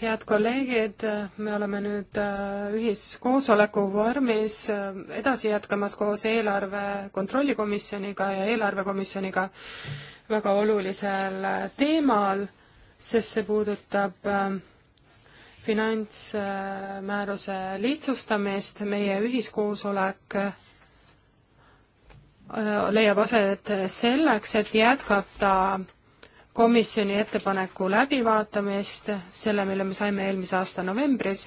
head kolleegid, me oleme nüüd äh, ühiskoosoleku vormis äh, edasi jätkamas koos eelarve kontrollikomisjoniga ja eelarvekomisjoniga väga olulisel äh, teemal, sest see puudutab finantsmääruse lihtsustamist, meie ühiskoosolek leiab aset selleks, et jätkata komisjoni ettepaneku läbivaatamist, selle, mille me saime eelmise aasta novembris,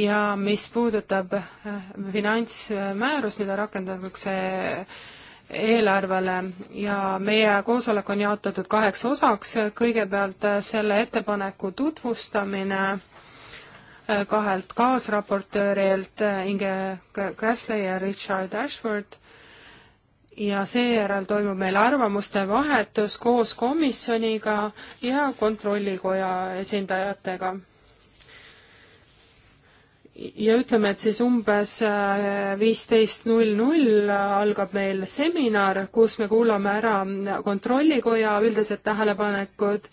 ja mis puudutab äh, finantsmäärust, mida rakendatakse eelarvele ja meie koosolek on jaotatud kaheks osaks, kõigepealt äh, selle ettepaneku tutvustamine äh, kahelt kaasraportöörilt Inge Gräsle ja Richard Ashford ja seejärel toimub meil arvamuste vahetus koos komisjoniga ja kontrollikoja esindajatega. ja ütleme, et siis umbes äh, viisteist null null algab meil seminar, kus me kuulame ära kontrollikoja üldised tähelepanekud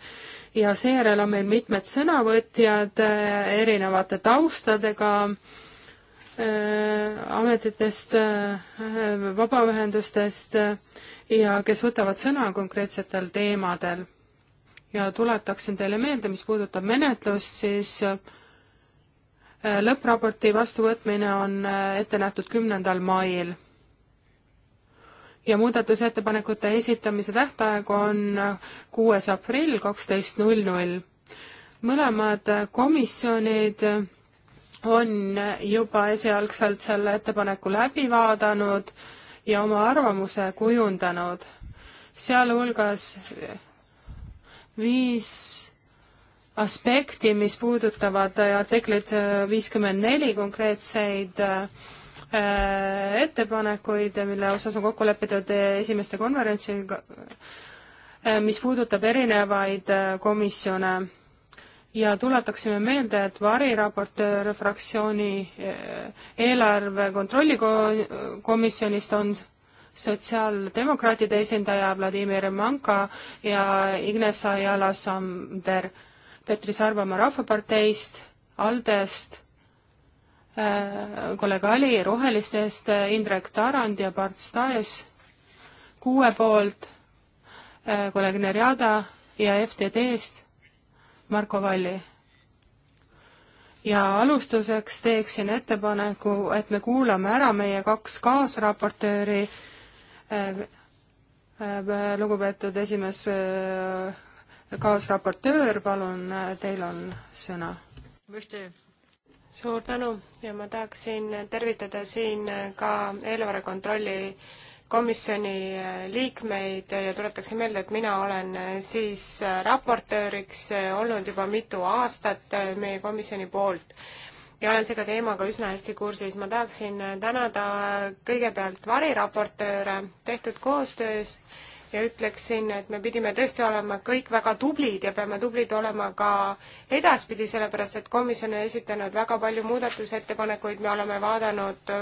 ja seejärel on meil mitmed sõnavõtjad äh, erinevate taustadega äh, Äh, ametitest, äh, vabaühendustest ja kes võtavad sõna konkreetsetel teemadel. ja tuletaksin teile meelde, mis puudutab menetlust, siis äh, lõppraporti vastuvõtmine on ette nähtud kümnendal mail. ja muudatusettepanekute esitamise tähtaeg on kuues aprill kaksteist null null. mõlemad komisjonid on juba esialgselt selle ettepaneku läbi vaadanud ja oma arvamuse kujundanud, sealhulgas viis aspekti, mis puudutavad artiklit viiskümmend neli konkreetseid äh, ettepanekuid, mille osas on kokku lepitud esimeste konverentsiga, äh, mis puudutab erinevaid äh, komisjone ja tuletaksime meelde, et variraportöör fraktsiooni eh, eelarve kontrolli komisjonist on sotsiaaldemokraatide esindaja Vladimir Manka ja Ignes Ajala-Sander Petri Sarvamaa Rahvaparteist, ALDE-st, eh, kolleeg Ali Rohelistest, Indrek Tarand ja Bart Staes, kuue poolt eh, kolleeg Nerjada ja FTD-st, Marko Valli. ja alustuseks teeksin ettepaneku, et me kuulame ära meie kaks kaasraportööri, äh, äh, lugupeetud esimees äh, kaasraportöör, palun, teil on sõna. suur tänu ja ma tahaksin tervitada siin ka eelarve kontrolli komisjoni liikmeid ja tuletaksin meelde, et mina olen siis raportööriks olnud juba mitu aastat meie komisjoni poolt ja olen selle teemaga üsna hästi kursis. ma tahaksin tänada kõigepealt variraportööre tehtud koostöö eest ja ütleksin, et me pidime tõesti olema kõik väga tublid ja peame tublid olema ka edaspidi, sellepärast et komisjon on esitanud väga palju muudatusettepanekuid, me oleme vaadanud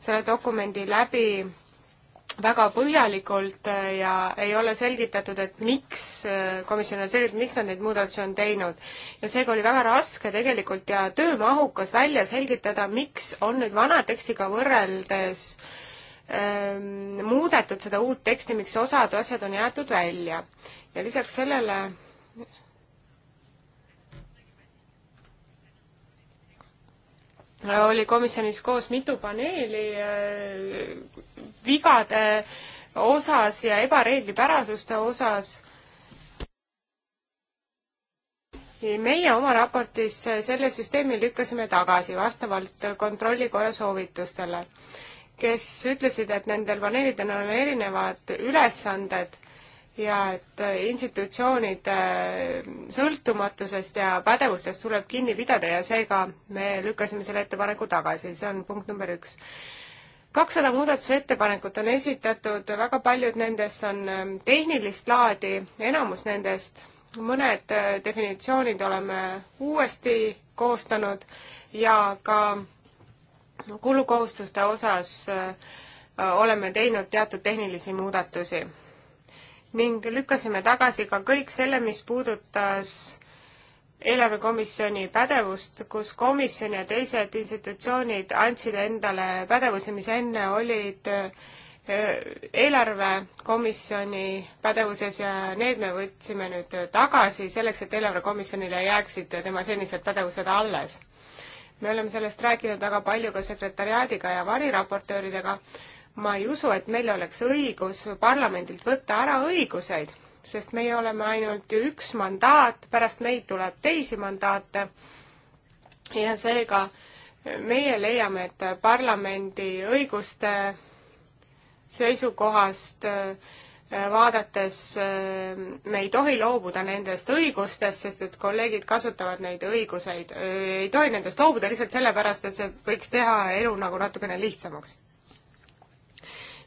selle dokumendi läbi väga põhjalikult äh, ja ei ole selgitatud, et miks, äh, komisjon on selgitatud, miks nad neid muudatusi on teinud. ja seega oli väga raske tegelikult ja töömahukas välja selgitada, miks on nüüd vana tekstiga võrreldes ähm, muudetud seda uut teksti, miks osad asjad on jäetud välja. ja lisaks sellele oli komisjonis koos mitu paneeli äh, vigade osas ja ebareeglipärasuste osas. meie oma raportis selle süsteemi lükkasime tagasi vastavalt Kontrollikoja soovitustele, kes ütlesid, et nendel paneelidel on erinevad ülesanded ja et institutsioonide sõltumatusest ja pädevustest tuleb kinni pidada ja seega me lükkasime selle ettepaneku tagasi, see on punkt number üks. kakssada muudatusettepanekut on esitatud, väga paljud nendest on ähm, tehnilist laadi, enamus nendest, mõned äh, definitsioonid oleme uuesti koostanud ja ka kulukohustuste osas äh, oleme teinud teatud tehnilisi muudatusi ning lükkasime tagasi ka kõik selle, mis puudutas eelarvekomisjoni pädevust, kus komisjon ja teised institutsioonid andsid endale pädevusi, mis enne olid äh, eelarvekomisjoni pädevuses ja need me võtsime nüüd tagasi selleks, et eelarvekomisjonile jääksid tema senised pädevused alles. me oleme sellest rääkinud väga palju ka sekretäriaadiga ja variraportööridega ma ei usu, et meil oleks õigus parlamendilt võtta ära õiguseid, sest meie oleme ainult ju üks mandaat, pärast meid tuleb teisi mandaate ja seega meie leiame, et parlamendi õiguste seisukohast äh, vaadates äh, me ei tohi loobuda nendest õigustest, sest et kolleegid kasutavad neid õiguseid. Äh, ei tohi nendest loobuda lihtsalt sellepärast, et see võiks teha elu nagu natukene lihtsamaks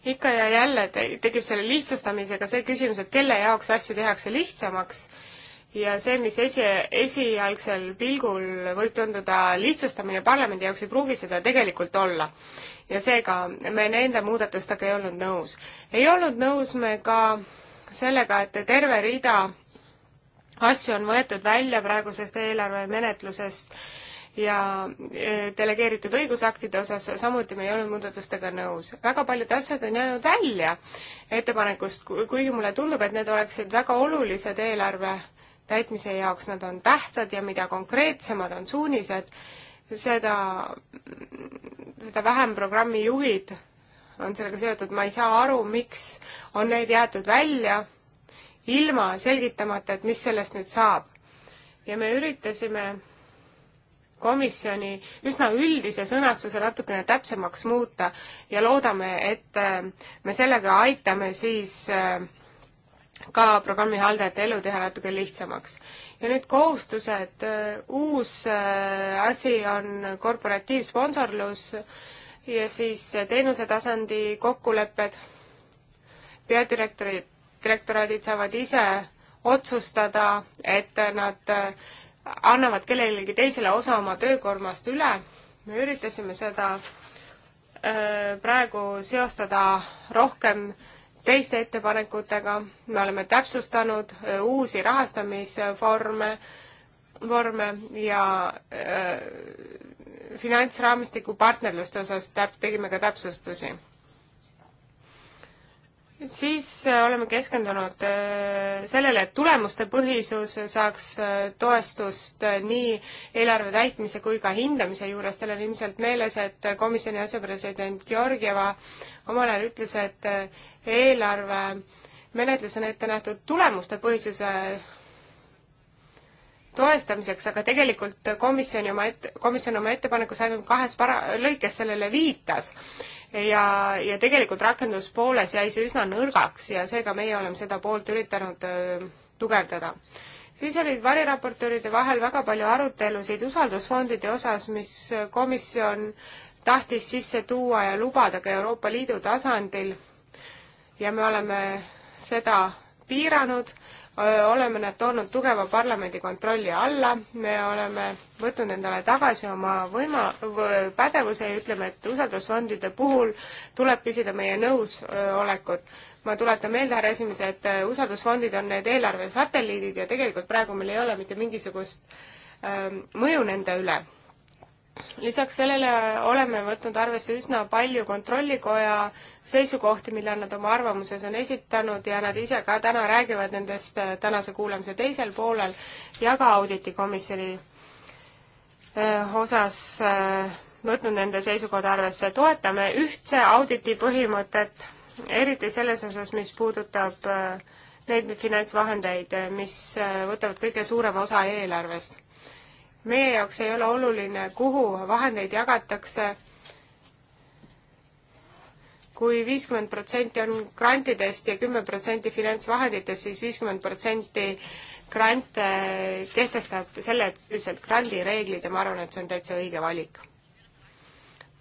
ikka ja jälle te tekib selle lihtsustamisega see küsimus, et kelle jaoks asju tehakse lihtsamaks ja see, mis esi, esialgsel pilgul võib tunduda lihtsustamine parlamendi jaoks, ei pruugi seda tegelikult olla. ja seega me nende muudatustega ei olnud nõus. ei olnud nõus me ka sellega, et terve rida asju on võetud välja praegusest eelarvemenetlusest ja eh, delegeeritud õigusaktide osas samuti me ei olnud muudatustega nõus. väga paljud asjad on jäänud välja ettepanekust, kuigi mulle tundub, et need oleksid väga olulised eelarve täitmise jaoks, nad on tähtsad ja mida konkreetsemad on suunised, seda, seda vähem programmi juhid on sellega seotud, ma ei saa aru, miks on need jäetud välja ilma selgitamata, et mis sellest nüüd saab. ja me üritasime komisjoni üsna üldise sõnastuse natukene täpsemaks muuta ja loodame, et äh, me sellega aitame siis äh, ka programmi haldajat elu teha natuke lihtsamaks. ja nüüd kohustused, äh, uus asi on korporatiivsponsorlus ja siis teenuse tasandi kokkulepped, peadirektorid, direktoraadid saavad ise otsustada, et nad annavad kellelegi teisele osa oma töökoormast üle. me üritasime seda äh, praegu seostada rohkem teiste ettepanekutega, me oleme täpsustanud äh, uusi rahastamisvorme, vorme ja äh, finantsraamistiku partnerluste osas täp-, tegime ka täpsustusi siis äh, oleme keskendunud äh, sellele, et tulemuste põhisus saaks äh, toestust nii eelarve täitmise kui ka hindamise juures. Teil on ilmselt meeles, et komisjoni asepresident Georgieva omal ajal ütles, et eelarve menetlus on ette nähtud tulemuste põhisuse toestamiseks, aga tegelikult komisjoni oma ette, komisjon oma ettepanekus ainult kahes para-, lõikes sellele viitas. ja, ja tegelikult rakenduspooles jäi see üsna nõrgaks ja seega meie oleme seda poolt üritanud öö, äh, tugevdada siis olid variraportööride vahel väga palju arutelusid usaldusfondide osas, mis komisjon tahtis sisse tuua ja lubada ka Euroopa Liidu tasandil. ja me oleme seda piiranud oleme nad toonud tugeva parlamendi kontrolli alla, me oleme võtnud endale tagasi oma võima- võ,, pädevuse ja ütleme, et usaldusfondide puhul tuleb küsida meie nõusolekut. ma tuletan meelde, härra esimees, et äh, usaldusfondid on need eelarve satelliidid ja tegelikult praegu meil ei ole mitte mingisugust öö, ähm, mõju nende üle lisaks sellele oleme võtnud arvesse üsna palju Kontrollikoja seisukohti, mille nad oma arvamuses on esitanud ja nad ise ka täna räägivad nendest äh, tänase kuulamise teisel poolel ja ka auditikomisjoni äh, osas äh, võtnud nende seisukohad arvesse. toetame ühtse auditi põhimõtet, eriti selles osas, mis puudutab neid finantsvahendeid, mis võtavad kõige suurema osa eelarvest meie jaoks ei ole oluline, kuhu vahendeid jagatakse kui viiskümmend protsenti on grantidest ja kümme protsenti finantsvahenditest, siis viiskümmend protsenti grante kehtestab selle lihtsalt grandi reeglid ja ma arvan, et see on täitsa õige valik.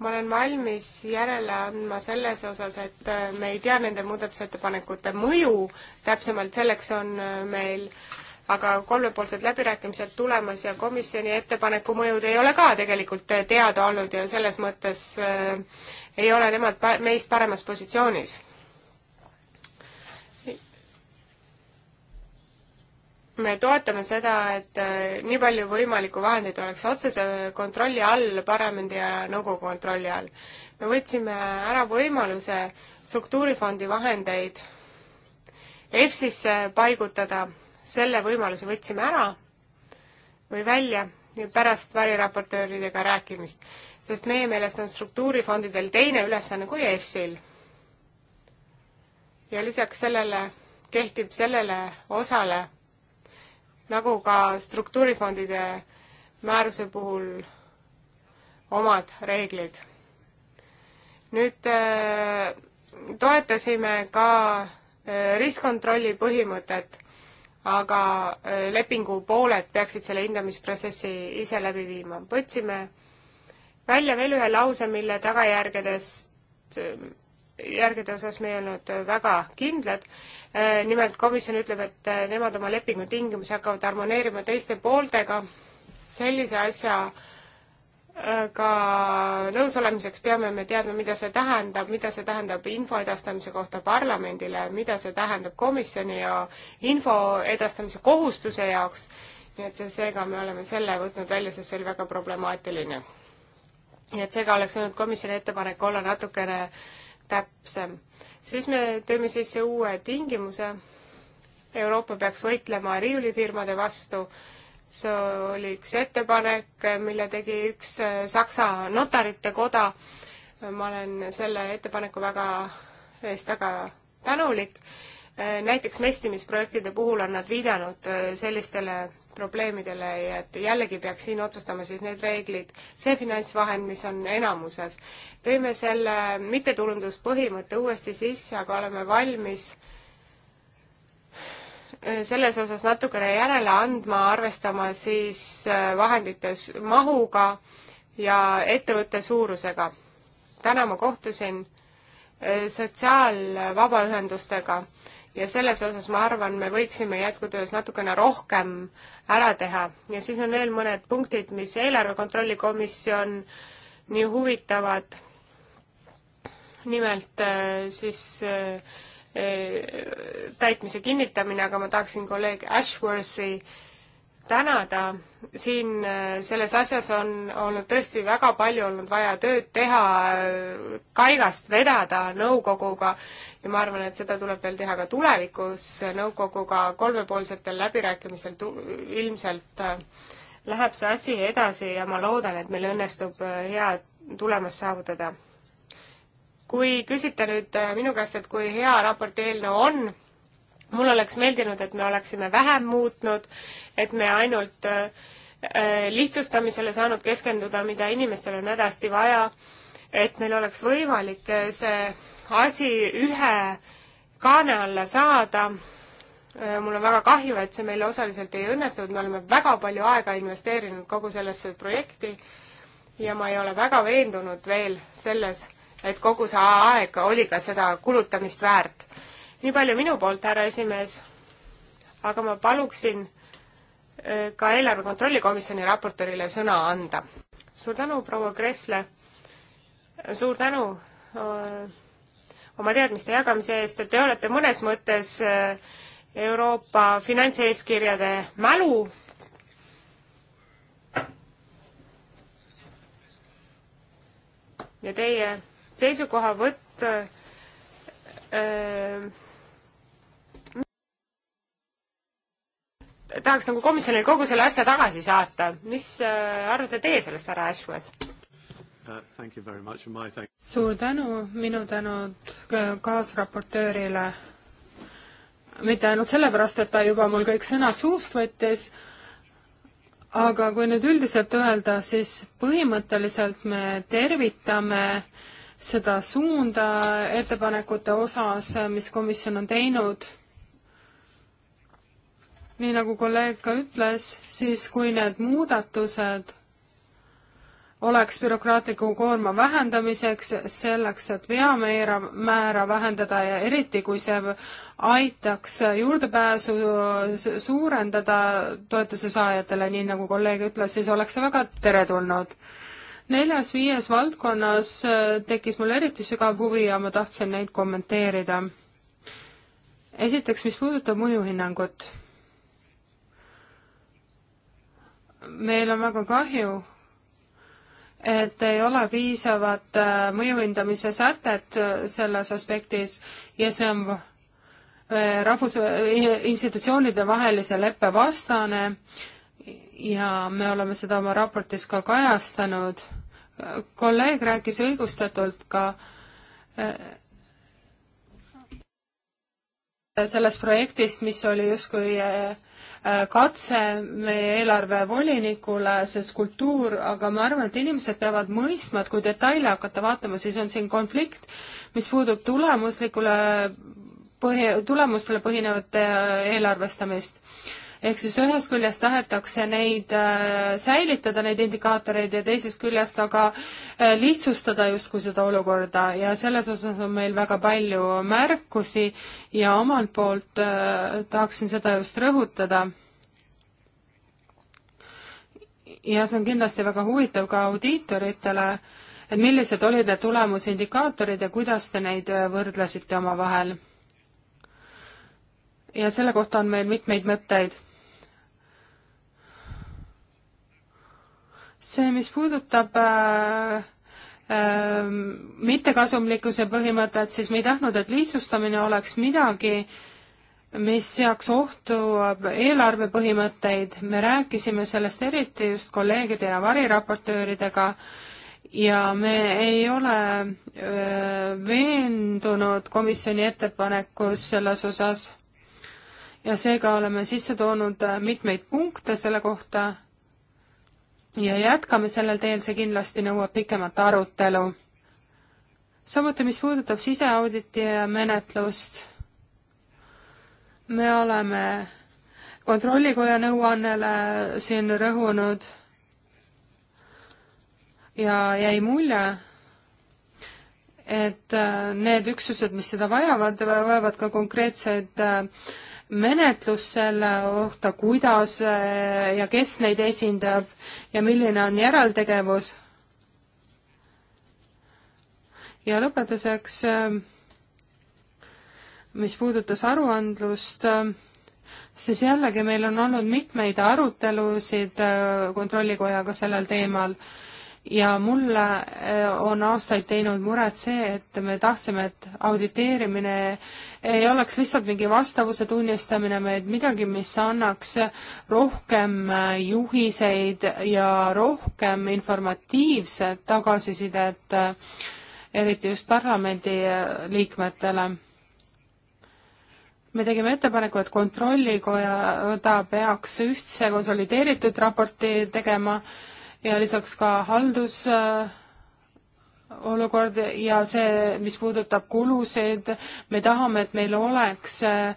ma olen valmis järele andma selles osas, et me ei tea nende muudatusettepanekute mõju, täpsemalt selleks on meil äh, aga kolmepoolsed läbirääkimised tulemas ja komisjoni ettepaneku mõjud ei ole ka tegelikult äh, teada olnud ja selles mõttes äh, ei ole nemad meist paremas positsioonis. me toetame seda, et äh, nii palju võimalikku vahendeid oleks otsese kontrolli all, parlamendi ja nõukogu kontrolli all. me võtsime ära võimaluse struktuurifondi vahendeid EFSisse paigutada selle võimaluse võtsime ära või välja pärast variraportööridega rääkimist, sest meie meelest on struktuurifondidel teine ülesanne kui EFSil. ja lisaks sellele kehtib sellele osale, nagu ka struktuurifondide määruse puhul omad reeglid. nüüd äh, toetasime ka äh, riskkontrolli põhimõtet aga äh, lepingu pooled peaksid selle hindamisprotsessi ise läbi viima. võtsime välja veel ühe lause, mille tagajärgedest, äh, järgede osas me ei olnud äh, väga kindlad. nimelt komisjon ütleb, et nemad oma lepingu tingimusi hakkavad harmoneerima teiste pooltega. sellise asja äh, ka nõus olemiseks peame me teadma, mida see tähendab, mida see tähendab info edastamise kohta parlamendile, mida see tähendab komisjoni ja info edastamise kohustuse jaoks. nii et seega me oleme selle võtnud välja, sest see oli väga problemaatiline. nii et seega oleks olnud komisjoni ettepanek olla natukene täpsem. siis me teeme sisse uue tingimuse. Euroopa peaks võitlema riiulifirmade vastu see oli üks ettepanek, mille tegi üks äh, Saksa notarite koda. ma olen selle ettepaneku väga, eest väga tänulik. Äh, näiteks mestimisprojektide puhul on nad viidanud äh, sellistele probleemidele ja et jällegi peaks siin otsustama siis need reeglid, see finantsvahend, mis on enamuses. tõime selle mittetulunduspõhimõtte uuesti sisse, aga oleme valmis selles osas natukene järele andma, arvestama siis äh, vahendite mahuga ja ettevõtte suurusega. täna ma kohtusin äh, sotsiaalvabaühendustega ja selles osas ma arvan, me võiksime jätkutöös natukene rohkem ära teha ja siis on veel mõned punktid, mis eelarve kontrolli komisjon nii huvitavad. nimelt äh, siis äh, täitmise kinnitamine, aga ma tahaksin kolleeg Ashworthi tänada, siin äh, selles asjas on olnud tõesti väga palju olnud vaja tööd teha, äh, kaigast vedada nõukoguga ja ma arvan, et seda tuleb veel teha ka tulevikus nõukoguga kolmepoolsetel läbirääkimistel tu-, ilmselt äh, läheb see asi edasi ja ma loodan, et meil õnnestub hea tulemus saavutada kui küsite nüüd äh, minu käest, et kui hea raporti eelnõu on, mul oleks meeldinud, et me oleksime vähem muutnud, et me ainult äh, äh, lihtsustamisele saanud keskenduda, mida inimestel on hädasti vaja, et meil oleks võimalik see asi ühe kaane alla saada. mul on väga kahju, et see meil osaliselt ei õnnestunud, me oleme väga palju aega investeerinud kogu sellesse projekti ja ma ei ole väga veendunud veel selles et kogu see aeg oli ka seda kulutamist väärt. nii palju minu poolt, härra esimees, aga ma paluksin äh, ka eelarve kontrolli komisjoni raportöörile sõna anda. suur tänu, proua Kressle, suur tänu äh, oma teadmiste jagamise eest, et te olete mõnes mõttes äh, Euroopa finantseeskirjade mälu ja teie seisukohavõtt öö, äh, tahaks nagu komisjonil kogu selle asja tagasi saata. mis äh, arvate teie sellest, härra Ashworth uh,? suur tänu, minu tänud kaasraportöörile. mitte ainult sellepärast, et ta juba mul kõik sõnad suust võttis, aga kui nüüd üldiselt öelda, siis põhimõtteliselt me tervitame äh, seda suunda ettepanekute osas, mis komisjon on teinud. nii nagu kolleeg ka ütles, siis kui need muudatused oleks bürokraatliku koorma vähendamiseks, selleks, et veamäära, määra vähendada ja eriti, kui see aitaks juurdepääsu suurendada toetuse saajatele, nii nagu kolleeg ütles, siis oleks see väga teretulnud neljas-viies valdkonnas äh, tekkis mul eriti sügav huvi ja ma tahtsin neid kommenteerida. esiteks, mis puudutab mõjuhinnangut. meil on väga kahju, et ei ole piisavat äh, mõjuhindamise sätet äh, selles aspektis ja see on rahvus-, institutsioonide vahelise leppe vastane ja me oleme seda oma raportis ka kajastanud kolleeg rääkis õigustatult ka äh, sellest projektist, mis oli justkui äh, äh, katse meie eelarvevolinikule, see skulptuur, aga ma arvan, et inimesed peavad mõistma, et kui detaile hakata vaatama, siis on siin konflikt, mis puudub tulemuslikule põhi, tulemustele põhinevat eelarvestamist ehk siis ühest küljest tahetakse neid äh, säilitada, neid indikaatoreid, ja teisest küljest aga äh, lihtsustada justkui seda olukorda ja selles osas on meil väga palju märkusi ja omalt poolt äh, tahaksin seda just rõhutada ja see on kindlasti väga huvitav ka audiitoritele, et millised olid need tulemusindikaatorid ja kuidas te neid võrdlesite omavahel. ja selle kohta on meil mitmeid mõtteid see, mis puudutab äh, äh, mittekasumlikkuse põhimõtet, siis me ei tahtnud, et lihtsustamine oleks midagi, mis seaks ohtu eelarve põhimõtteid. me rääkisime sellest eriti just kolleegide ja variraportööridega ja me ei ole öö, äh, veendunud komisjoni ettepanekus selles osas ja seega oleme sisse toonud äh, mitmeid punkte selle kohta ja jätkame sellel teel, see kindlasti nõuab pikemat arutelu. samuti, mis puudutab siseauditi menetlust, me oleme kontrollikoja nõuannele siin rõhunud ja jäi mulje, et äh, need üksused, mis seda vajavad, vajavad ka konkreetseid äh, menetlus selle kohta, kuidas eh, ja kes neid esindab ja milline on järeltegevus. ja lõpetuseks, eh, mis puudutas aruandlust, eh, siis jällegi meil on olnud mitmeid arutelusid Kontrollikojaga sellel teemal ja mulle eh, on aastaid teinud muret see, et me tahtsime, et auditeerimine ei oleks lihtsalt mingi vastavuse tunnistamine, vaid midagi, mis annaks rohkem eh, juhiseid ja rohkem informatiivset tagasisidet, eh, eriti just parlamendi liikmetele me tegime ettepaneku, et Kontrollikoja ta peaks ühtse konsolideeritud raporti tegema ja lisaks ka haldus olukord ja see, mis puudutab kulusid, me tahame, et meil oleks äh,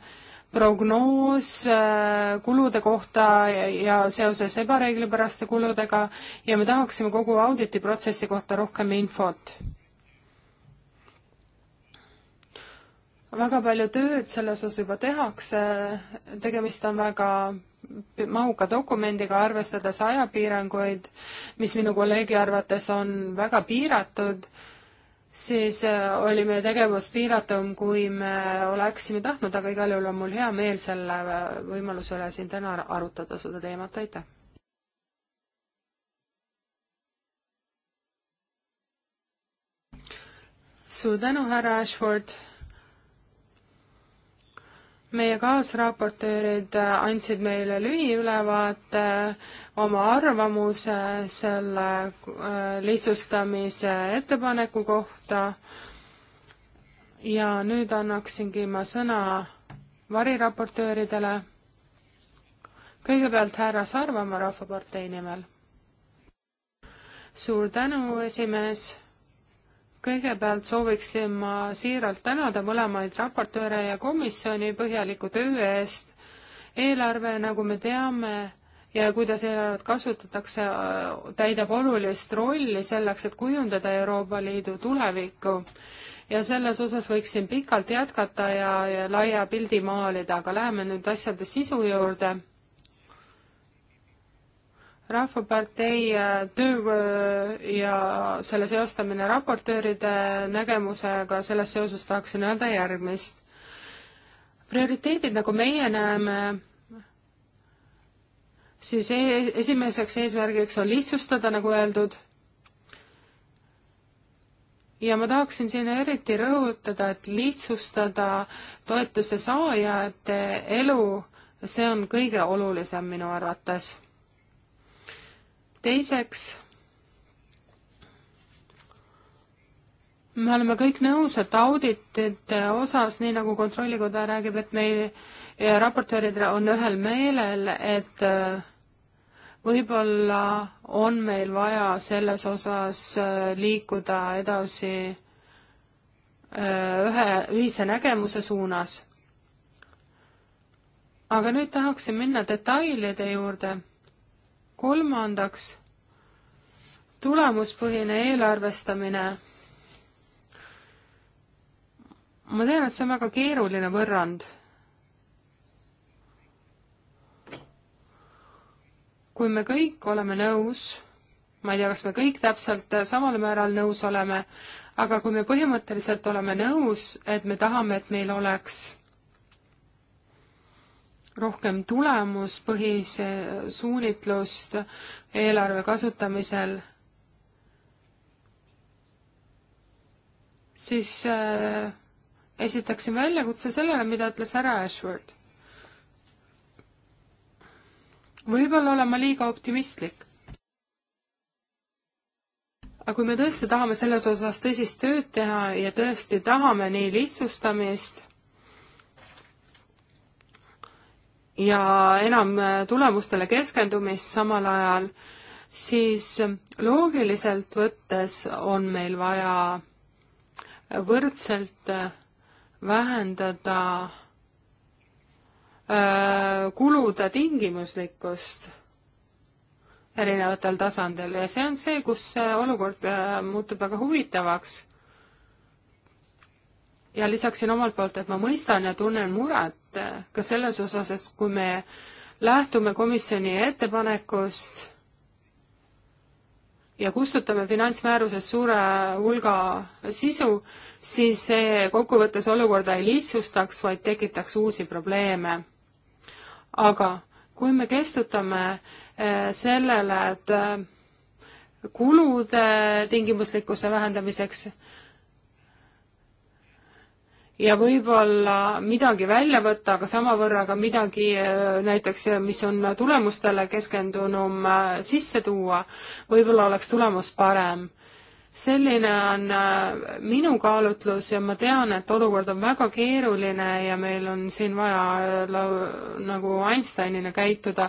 prognoos äh, kulude kohta ja seoses ebareeglipäraste kuludega ja me tahaksime kogu auditi protsessi kohta rohkem infot. väga palju tööd selles osas juba tehakse, tegemist on väga mahuka dokumendiga, arvestades ajapiiranguid, mis minu kolleegi arvates on väga piiratud, siis äh, oli meie tegevus piiratum, kui me oleksime tahtnud, aga igal juhul on mul hea meel selle äh, võimaluse üle siin täna arutada seda teemat, aitäh! suur tänu, härra Ashford! meie kaasraportöörid andsid meile lühiülevaate oma arvamuse selle äh, lihtsustamise ettepaneku kohta ja nüüd annaksingi ma sõna variraportööridele. kõigepealt härra Sarvamaa Rahvapartei nimel. suur tänu, esimees kõigepealt sooviksin ma siiralt tänada mõlemaid raportööre ja komisjoni põhjaliku töö eest. eelarve, nagu me teame, ja kuidas eelarvet kasutatakse, täidab olulist rolli selleks, et kujundada Euroopa Liidu tulevikku. ja selles osas võiksin pikalt jätkata ja, ja laia pildi maalida, aga läheme nüüd asjade sisu juurde rahvapartei äh, töö äh, ja selle seostamine raportööride nägemusega, selles seoses tahaksin öelda järgmist. prioriteedid, nagu meie näeme, siis e-, esimeseks eesmärgiks on lihtsustada, nagu öeldud, ja ma tahaksin siin eriti rõhutada, et lihtsustada toetuse saajate elu, see on kõige olulisem minu arvates teiseks, me oleme kõik nõus, et auditite osas, nii nagu Kontrollikoda räägib, et meil ja raportöörid on ühel meelel, et äh, võib-olla on meil vaja selles osas äh, liikuda edasi äh, ühe, ühise nägemuse suunas. aga nüüd tahaksin minna detailide juurde kolmandaks, tulemuspõhine eelarvestamine. ma tean, et see on väga keeruline võrrand. kui me kõik oleme nõus, ma ei tea, kas me kõik täpselt samal määral nõus oleme, aga kui me põhimõtteliselt oleme nõus, et me tahame, et meil oleks rohkem tulemuspõhise suunitlust eelarve kasutamisel, siis äh, esitaksin väljakutse sellele, mida ütles härra Ashford. võib-olla olen ma liiga optimistlik aga kui me tõesti tahame selles osas tõsist tööd teha ja tõesti tahame nii lihtsustamist ja enam tulemustele keskendumist samal ajal, siis loogiliselt võttes on meil vaja võrdselt äh, vähendada äh, kulude tingimuslikkust erinevatel tasandil ja see on see, kus see olukord äh, muutub väga huvitavaks. ja lisaksin omalt poolt, et ma mõistan ja tunnen muret ette äh, ka selles osas, et kui me lähtume komisjoni ettepanekust ja kustutame finantsmäärusest suure hulga sisu, siis see kokkuvõttes olukorda ei lihtsustaks, vaid tekitaks uusi probleeme. aga kui me kestutame äh, sellele, et äh, kulude tingimuslikkuse vähendamiseks, ja võib-olla midagi välja võtta, aga samavõrra ka midagi äh, näiteks, äh, mis on tulemustele keskendunum, äh, sisse tuua, võib-olla oleks tulemus parem. selline on minu kaalutlus ja ma tean, et olukord on väga keeruline ja meil on siin vaja nagu Einsteinina käituda,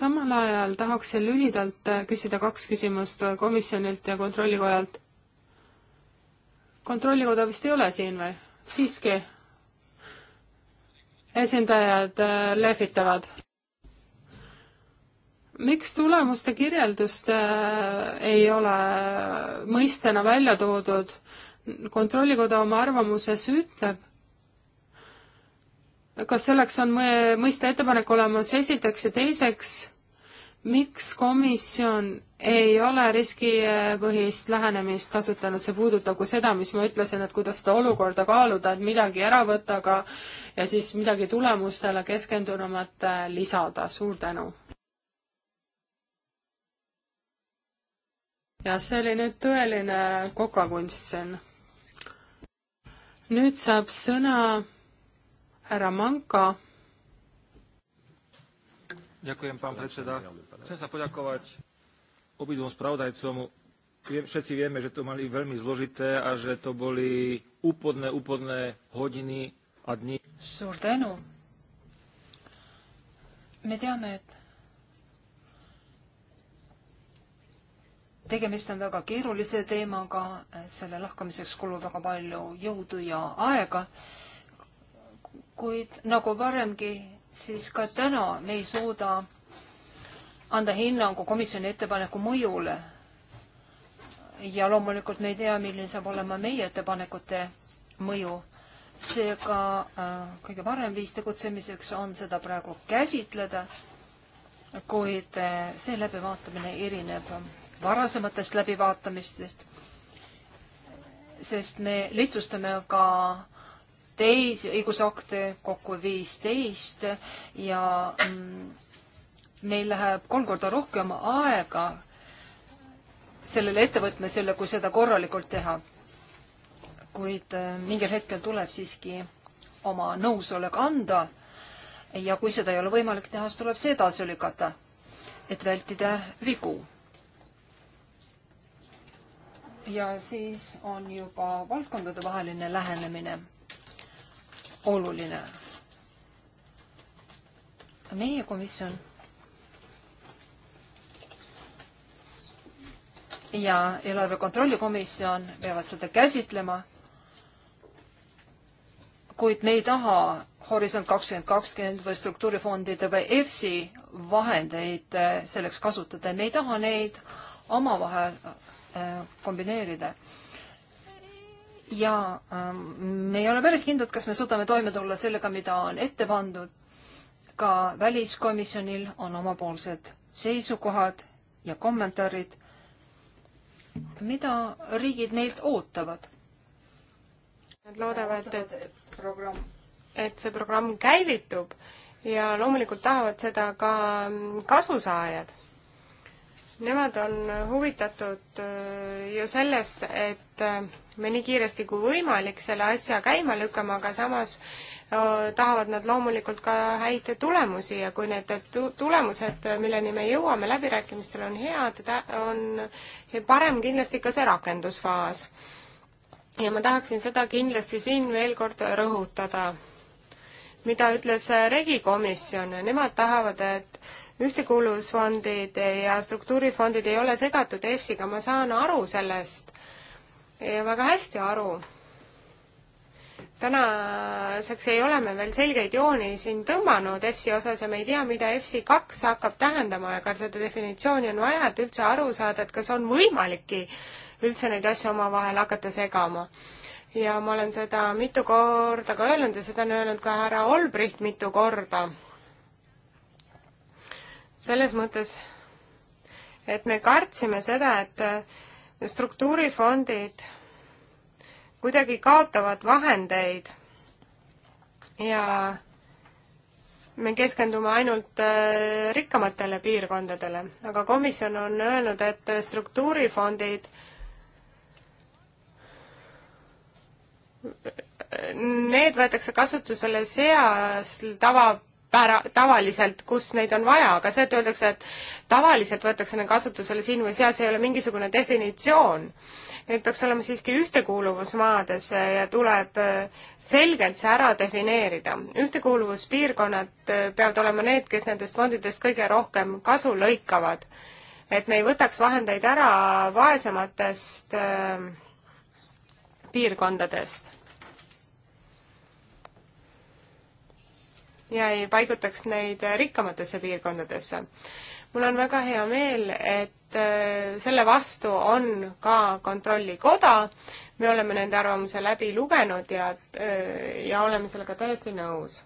samal ajal tahaksin lühidalt äh, küsida kaks küsimust äh, komisjonilt ja kontrollikojalt. kontrollikoda vist ei ole siin või? siiski. esindajad äh, lehvitavad. miks tulemuste kirjeldust ei ole mõistena välja toodud? kontrollikoda oma arvamuses ütleb, kas selleks on mõiste ettepanek olemas esiteks ja teiseks, miks komisjon ei ole riskipõhist lähenemist kasutanud, see puudutab ka seda, mis ma ütlesin, et kuidas seda olukorda kaaluda, et midagi ära võtta, aga ja siis midagi tulemustele keskendunumalt äh, lisada, suur tänu. ja see oli nüüd tõeline kokakunst siin. nüüd saab sõna härra Manka. obidvom spravodajcom všetci vieme, že to mali veľmi zložité a že to boli úplne, úplne hodiny a dni. Suur tänu. Me teame, et tegemist on väga keerulise teemaga, selle lahkamiseks kulub väga palju jõudu ja aega kuid nagu varemgi, siis ka täna me ei suuda anda hinnangu komisjoni ettepaneku mõjule. ja loomulikult me ei tea, milline saab olema meie ettepanekute mõju. seega äh, kõige parem viis tegutsemiseks on seda praegu käsitleda, kuid äh, see läbivaatamine erineb varasematest läbivaatamistest, sest me lihtsustame ka teisi õigusakte, kokku viisteist ja mm, meil läheb kolm korda rohkem aega sellele ettevõtmisele, kui seda korralikult teha. kuid äh, mingil hetkel tuleb siiski oma nõusolek anda ja kui seda ei ole võimalik teha, siis tuleb see edasi lükata, et vältida vigu ja siis on juba valdkondadevaheline lähenemine oluline. meie komisjon ja eelarve kontrolli komisjon peavad seda käsitlema, kuid me ei taha Horisont kakskümmend kakskümmend või struktuurifondide või EFSI vahendeid eh, selleks kasutada, me ei taha neid omavahel eh, kombineerida ja ähm, me ei ole päris kindlad, kas me suudame toime tulla sellega, mida on ette pandud. ka väliskomisjonil on omapoolsed seisukohad ja kommentaarid, mida riigid meilt ootavad. Nad loodavad, et programm, et see programm käivitub ja loomulikult tahavad seda ka mm, kasusaajad Nemad on huvitatud äh, ju sellest, et äh, me nii kiiresti kui võimalik selle asja käima lükkame, aga samas äh, tahavad nad loomulikult ka häid tulemusi ja kui need tulemused, milleni me jõuame läbirääkimistel, on head, on parem kindlasti ka see rakendusfaas. ja ma tahaksin seda kindlasti siin veel kord rõhutada, mida ütles regikomisjon, nemad tahavad, et ühtekuuluvusfondid ja struktuurifondid ei ole segatud EFSiga, ma saan aru sellest ja väga hästi aru. tänaseks ei ole me veel selgeid jooni siin tõmmanud EFSi osas ja me ei tea, mida EFSi kaks hakkab tähendama ja ka seda definitsiooni on vaja, et üldse aru saada, et kas on võimalikki üldse neid asju omavahel hakata segama ja ma olen seda mitu korda ka öelnud ja seda on öelnud ka härra Olbricht mitu korda selles mõttes, et me kartsime seda, et struktuurifondid kuidagi kaotavad vahendeid ja me keskendume ainult äh, rikkamatele piirkondadele, aga komisjon on öelnud, et struktuurifondid äh, Need võetakse kasutusele seas tava pära-, tavaliselt, kus neid on vaja, aga see, et öeldakse, et tavaliselt võetakse need kasutusele siin või seal, see ei ole mingisugune definitsioon. Need peaks olema siiski ühtekuuluvusmaades ja tuleb äh, selgelt see ära defineerida. ühtekuuluvuspiirkonnad äh, peavad olema need, kes nendest fondidest kõige rohkem kasu lõikavad. et me ei võtaks vahendeid ära vaesematest äh, piirkondadest ja ei paigutaks neid rikkamatesse piirkondadesse. mul on väga hea meel, et äh, selle vastu on ka Kontrollikoda, me oleme nende arvamuse läbi lugenud ja, äh, ja oleme sellega täiesti nõus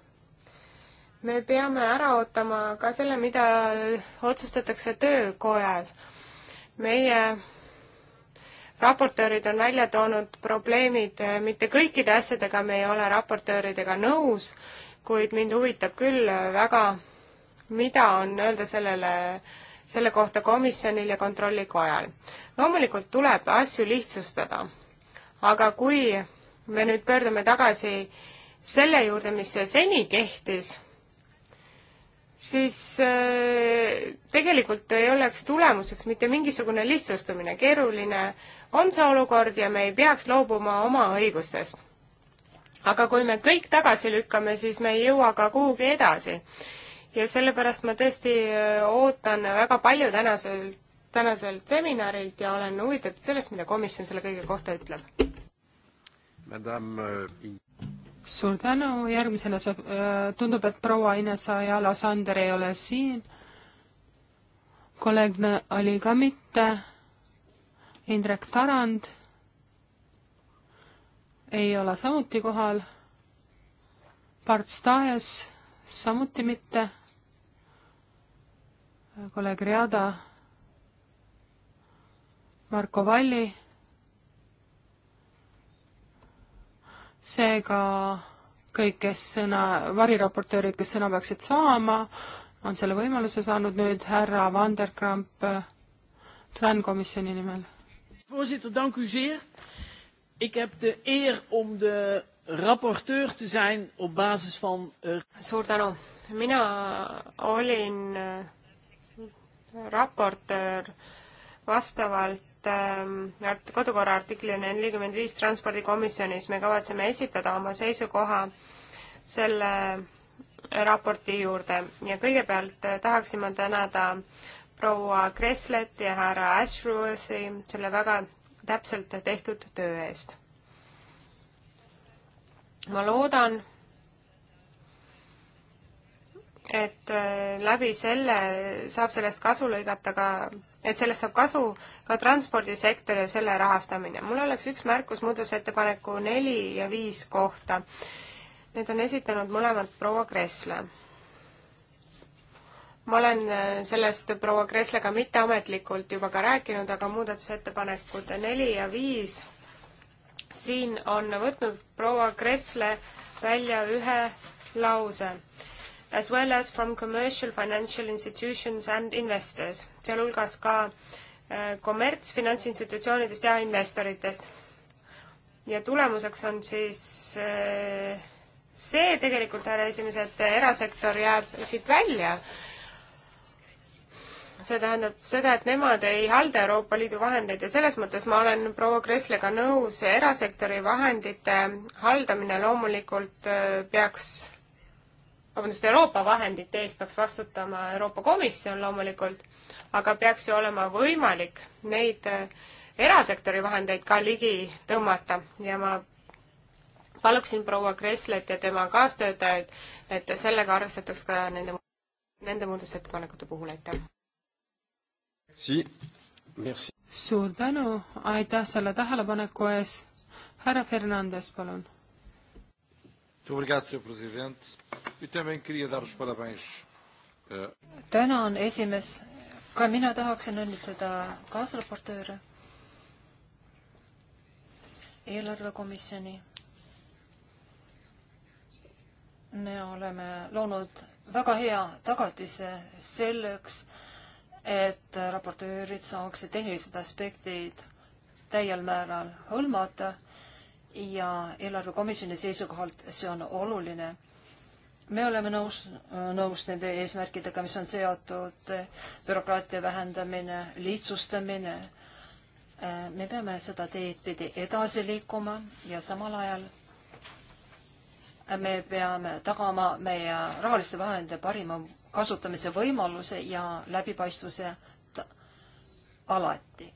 me peame ära ootama ka selle, mida otsustatakse töökojas. meie raportöörid on välja toonud probleemid, mitte kõikide asjadega me ei ole raportööridega nõus kuid mind huvitab küll väga, mida on öelda sellele selle kohta komisjonil ja kontrollikojal. loomulikult tuleb asju lihtsustada, aga kui me nüüd pöördume tagasi selle juurde, mis seni kehtis, siis äh, tegelikult ei oleks tulemuseks mitte mingisugune lihtsustumine, keeruline on see olukord ja me ei peaks loobuma oma õigustest aga kui me kõik tagasi lükkame, siis me ei jõua ka kuhugi edasi. ja sellepärast ma tõesti äh, ootan väga palju tänaselt, tänaselt seminarilt ja olen huvitatud sellest, mida komisjon selle kõige kohta ütleb. Madame äh, suur tänu, järgmisena saab, äh, tundub, et proua Ines Ajala-Sander ei ole siin. kolleeg oli ka mitte. Indrek Tarand ei ole samuti kohal. Parts Taes samuti mitte. kolleeg Riada, Marko Valli. seega kõik, kes sõna, variraportöörid, kes sõna peaksid saama, on selle võimaluse saanud nüüd härra Vanderkramp Tran komisjoni nimel. voorzitter, dank u zeer Ik heb de eer om de raporteur te zijn op basis van... Uh... Suur tänu. Mina olin eh, raportöör vastavalt äh, kodukorra artikli nelikümmend viis Transpordikomisjonis. me kavatseme esitada oma seisukoha selle raporti juurde ja kõigepealt tahaksin ma tänada proua Kreslet ja härra Ashworthi selle väga täpselt tehtud töö eest. ma loodan, et äh, läbi selle saab sellest kasu lõigata ka, et sellest saab kasu ka transpordisektor ja selle rahastamine. mul oleks üks märkus muudatusettepaneku neli ja viis kohta. Need on esitanud mõlemad proua Kressle ma olen äh, sellest proua Kreslega mitteametlikult juba ka rääkinud, aga muudatusettepanekud neli ja viis, siin on võtnud proua Kresle välja ühe lause. As well as from commercial financial institutions and investors, sealhulgas ka äh, kommerts finantsinstitutsioonidest ja investoritest. ja tulemuseks on siis äh, see tegelikult, härra esimees, et erasektor jääb siit välja see tähendab seda, et nemad ei halda Euroopa Liidu vahendeid ja selles mõttes ma olen proua Kresslega nõus, erasektori vahendite haldamine loomulikult äh, peaks, vabandust, Euroopa vahendite eest peaks vastutama Euroopa Komisjon loomulikult, aga peaks ju olema võimalik neid äh, erasektori vahendeid ka ligi tõmmata ja ma paluksin proua Kresslet ja tema kaastöötajaid, et sellega arvestataks ka nende, nende muudatusettepanekute puhul, aitäh! Si. suur tänu, aitäh selle tähelepaneku ees. härra Fernandes, palun. Eh, tänan, esimees. ka mina tahaksin õnnitleda kaasraportööre, eelarvekomisjoni. me oleme loonud väga hea tagatise selleks, et raportöörid saaksid tehnilised aspektid täiel määral hõlmata ja eelarvekomisjoni seisukohalt see on oluline. me oleme nõus, nõus nende eesmärkidega, mis on seotud bürokraatia vähendamine, lihtsustamine. me peame seda teed pidi edasi liikuma ja samal ajal me peame tagama meie rahaliste vahendite parima kasutamise võimaluse ja läbipaistvuse alati.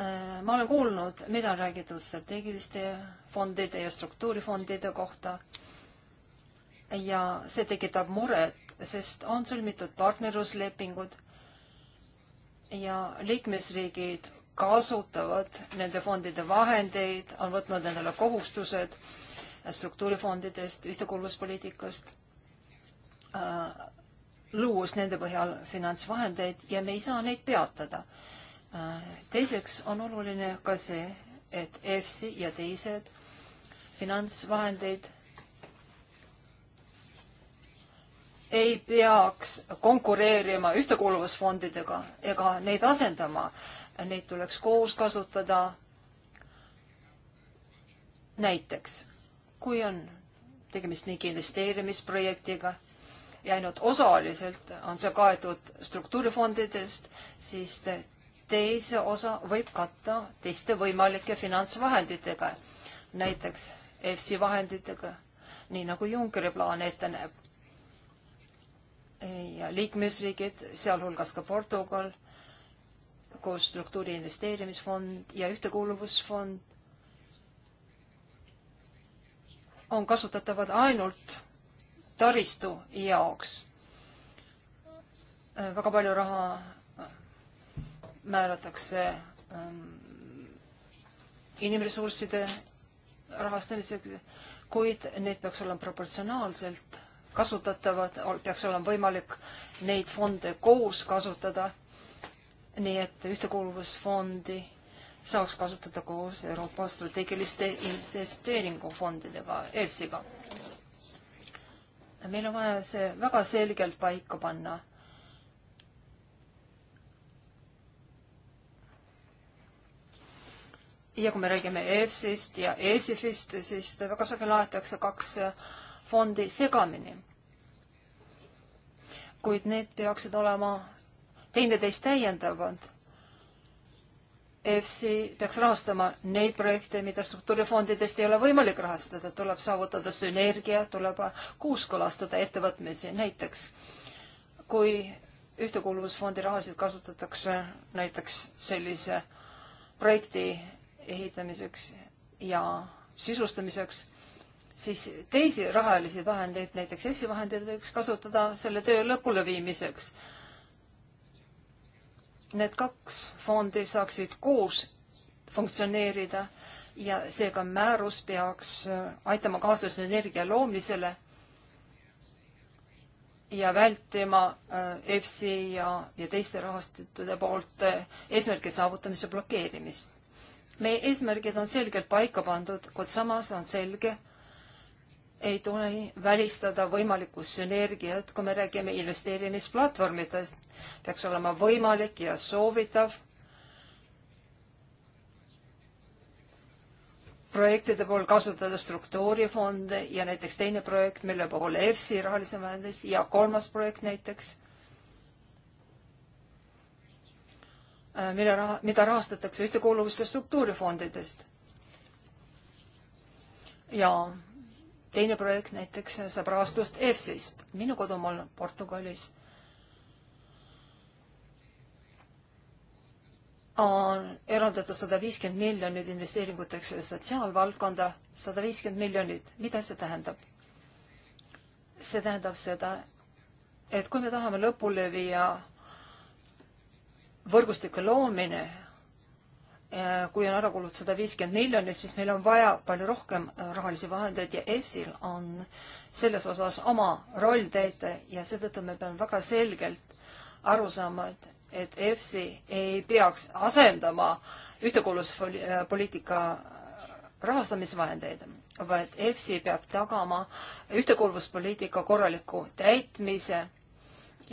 Äh, ma olen kuulnud, mida on räägitud strateegiliste fondide ja struktuurifondide kohta ja see tekitab muret, sest on sõlmitud partnerluslepingud ja liikmesriigid kasutavad nende fondide vahendeid, on võtnud endale kohustused struktuurifondidest, ühtekuuluvuspoliitikast äh,, luues nende põhjal finantsvahendeid ja me ei saa neid peatada äh,. teiseks on oluline ka see, et EFSI ja teised finantsvahendeid ei peaks konkureerima ühtekuuluvusfondidega ega neid asendama äh, neid tuleks koos kasutada. näiteks, kui on tegemist mingi investeerimisprojektiga ja ainult osaliselt on see kaetud struktuurifondidest, siis teise osa võib katta teiste võimalike finantsvahenditega, näiteks EFSI vahenditega, nii nagu Junckeri plaan ette näeb. ja liikmesriigid, sealhulgas ka Portugal koos struktuuri investeerimisfond ja ühtekuuluvusfond on kasutatavad ainult taristu jaoks. Äh, väga palju raha äh, määratakse ähm, inimressursside rahastamiseks, kuid need peaks olema proportsionaalselt kasutatavad, peaks olema võimalik neid fonde koos kasutada nii et ühtekuuluvusfondi saaks kasutada koos Euroopa strateegiliste investeeringufondidega, ERSiga. meil on vaja see väga selgelt paika panna ja kui me räägime EFSist ja ESIFist, siis väga sageli aetakse kaks fondi segamini. kuid need peaksid olema teineteist täiendavad. EFSI peaks rahastama neid projekte, mida struktuurifondidest ei ole võimalik rahastada, tuleb saavutada sünergia, tuleb kooskõlastada ettevõtmisi, näiteks kui ühtekuuluvusfondi rahasid kasutatakse näiteks sellise projekti ehitamiseks ja sisustamiseks, siis teisi rahalisi vahendeid, näiteks EFSI vahendeid võiks kasutada selle töö lõpuleviimiseks need kaks fondi saaksid koos funktsioneerida ja seega määrus peaks äh, aitama kaasa sünergia loomisele ja vältima äh, EFSI ja, ja teiste rahastatude poolt äh, eesmärgid saavutamise blokeerimist. meie eesmärgid on selgelt paika pandud, kuid samas on selge, ei tule välistada võimalikku sünergiat, kui me räägime investeerimisplatvormidest, peaks olema võimalik ja soovitav projektide puhul kasutada struktuurifonde ja näiteks teine projekt, mille puhul EFSI rahalise vahendist ja kolmas projekt näiteks, äh, mille raha, mida rahastatakse ühtekuuluvuse struktuurifondidest. ja teine projekt näiteks saab rahastust EFSist, minu kodumaal Portugalis. on eraldatud sada viiskümmend miljonit investeeringuteks sotsiaalvaldkonda, sada viiskümmend miljonit, mida see tähendab? see tähendab seda, et kui me tahame lõpule viia võrgustike loomine Äh, kui on ära kulunud sada viiskümmend miljonit, siis meil on vaja palju rohkem äh, rahalisi vahendeid ja EFSil on selles osas oma roll täita ja seetõttu me peame väga selgelt aru saama, et, et EFSi ei peaks asendama ühtekuuluvuspoliitika äh, rahastamisvahendeid, vaid EFSi peab tagama ühtekuuluvuspoliitika korraliku täitmise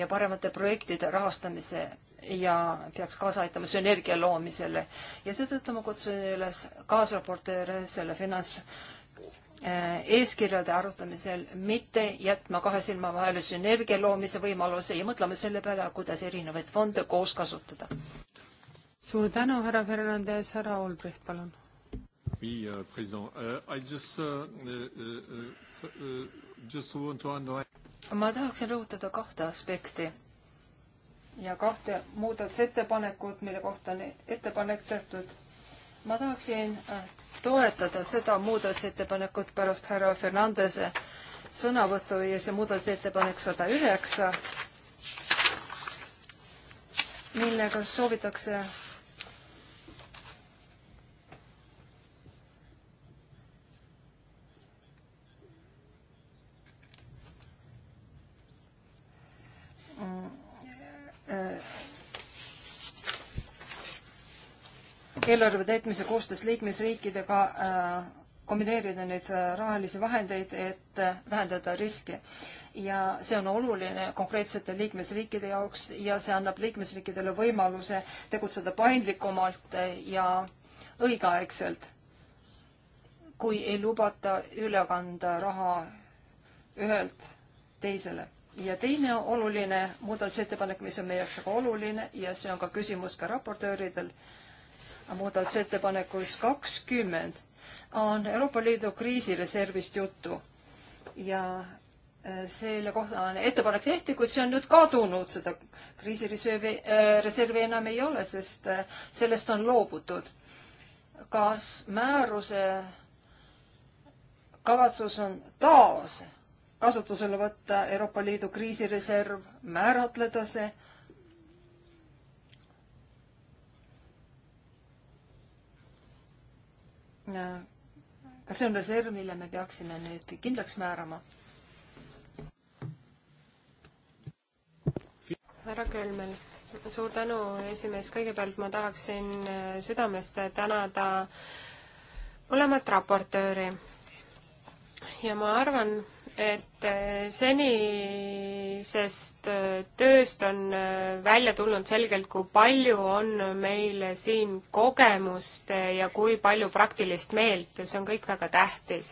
ja paremate projektide rahastamise ja peaks kaasa aitama sünergia loomisele. ja seetõttu ma kutsun üles kaasraportööre selle finants äh, eeskirjade arutamisel mitte jätma kahe silma vahele sünergia loomise võimaluse ja mõtlema selle peale, kuidas erinevaid fonde koos kasutada. suur tänu, härra Fernandes, härra Olbricht, palun. Oui, euh, Président. Euh, I just, uh, uh, uh, just want to underline ma tahaksin rõhutada kahte aspekti ja kahte muudatusettepanekut, mille kohta on ettepanek tehtud. ma tahaksin äh, toetada seda muudatusettepanekut pärast härra Fernandese sõnavõttu ja see muudatusettepanek sada üheksa, millega soovitakse Äh, eelarve täitmise koostöös liikmesriikidega äh, kombineerida neid äh, rahalisi vahendeid, et vähendada riske. ja see on oluline konkreetsete liikmesriikide jaoks ja see annab liikmesriikidele võimaluse tegutseda paindlikumalt ja õigeaegselt, kui ei lubata üle kanda raha ühelt teisele ja teine oluline muudatusettepanek, mis on meie jaoks väga oluline ja see on ka küsimus ka raportööridel, muudatusettepanekus kakskümmend on Euroopa Liidu kriisireservist juttu ja äh, selle kohta on ettepanek tehti, kuid see on nüüd kadunud, seda kriisireservi äh,, reservi enam ei ole, sest äh, sellest on loobutud. kas määruse kavatsus on taas kasutusele võtta Euroopa Liidu kriisireserv, määratleda see. kas see on reserv, mille me peaksime nüüd kindlaks määrama? härra Kölmel, suur tänu, esimees, kõigepealt ma tahaksin südamest tänada mõlemat raportööri ja ma arvan, et äh, senisest äh, tööst on äh, välja tulnud selgelt, kui palju on meil siin kogemust ja kui palju praktilist meelt, see on kõik väga tähtis.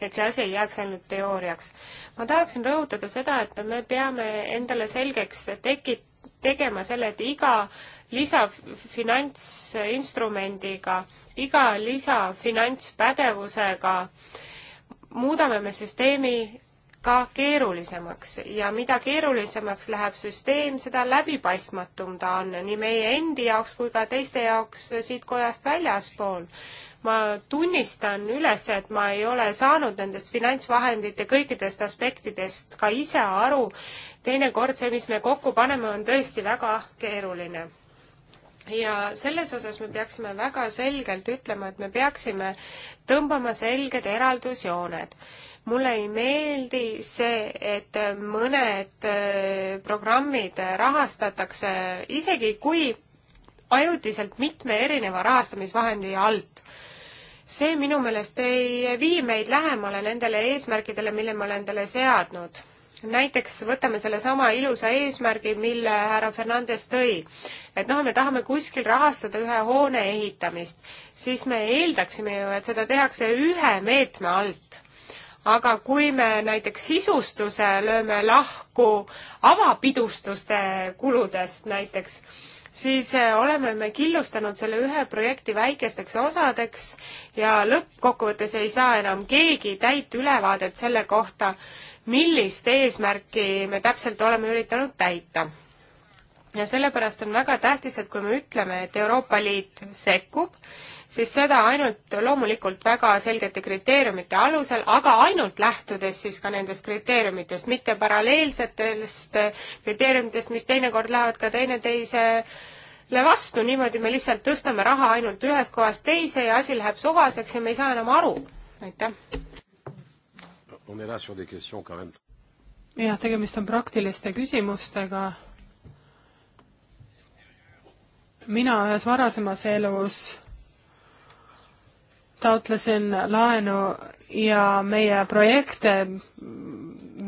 et see asi ei jääks ainult teooriaks. ma tahaksin rõhutada seda, et me peame endale selgeks tekit-, tegema selle, et iga lisafinantsinstrumendiga, iga lisafinantspädevusega äh, muudame me süsteemi ka keerulisemaks ja mida keerulisemaks läheb süsteem, seda läbipaistmatum ta on nii meie endi jaoks kui ka teiste jaoks siit kojast väljaspool. ma tunnistan üles, et ma ei ole saanud nendest finantsvahendite kõikidest aspektidest ka ise aru. teinekord see, mis me kokku paneme, on tõesti väga keeruline ja selles osas me peaksime väga selgelt ütlema, et me peaksime tõmbama selged eraldusjooned. mulle ei meeldi see, et mõned äh, programmid rahastatakse isegi kui ajutiselt mitme erineva rahastamisvahendi alt see minu meelest ei vii meid lähemale nendele eesmärkidele, mille me oleme endale seadnud näiteks võtame sellesama ilusa eesmärgi, mille härra Fernandes tõi, et noh, me tahame kuskil rahastada ühe hoone ehitamist, siis me eeldaksime ju, et seda tehakse ühe meetme alt aga kui me näiteks sisustuse lööme lahku avapidustuste kuludest näiteks, siis eh, oleme me killustanud selle ühe projekti väikesteks osadeks ja lõppkokkuvõttes ei saa enam keegi täit ülevaadet selle kohta, millist eesmärki me täpselt oleme üritanud täita. ja sellepärast on väga tähtis, et kui me ütleme, et Euroopa Liit sekkub, siis seda ainult loomulikult väga selgete kriteeriumite alusel, aga ainult lähtudes siis ka nendest kriteeriumitest, mitte paralleelsetest kriteeriumitest, mis teinekord lähevad ka teineteise selle vastu, niimoodi me lihtsalt tõstame raha ainult ühest kohast teise ja asi läheb sogaseks ja me ei saa enam aru. aitäh! jah, tegemist on praktiliste küsimustega. mina ühes varasemas elus taotlesin laenu ja meie projekte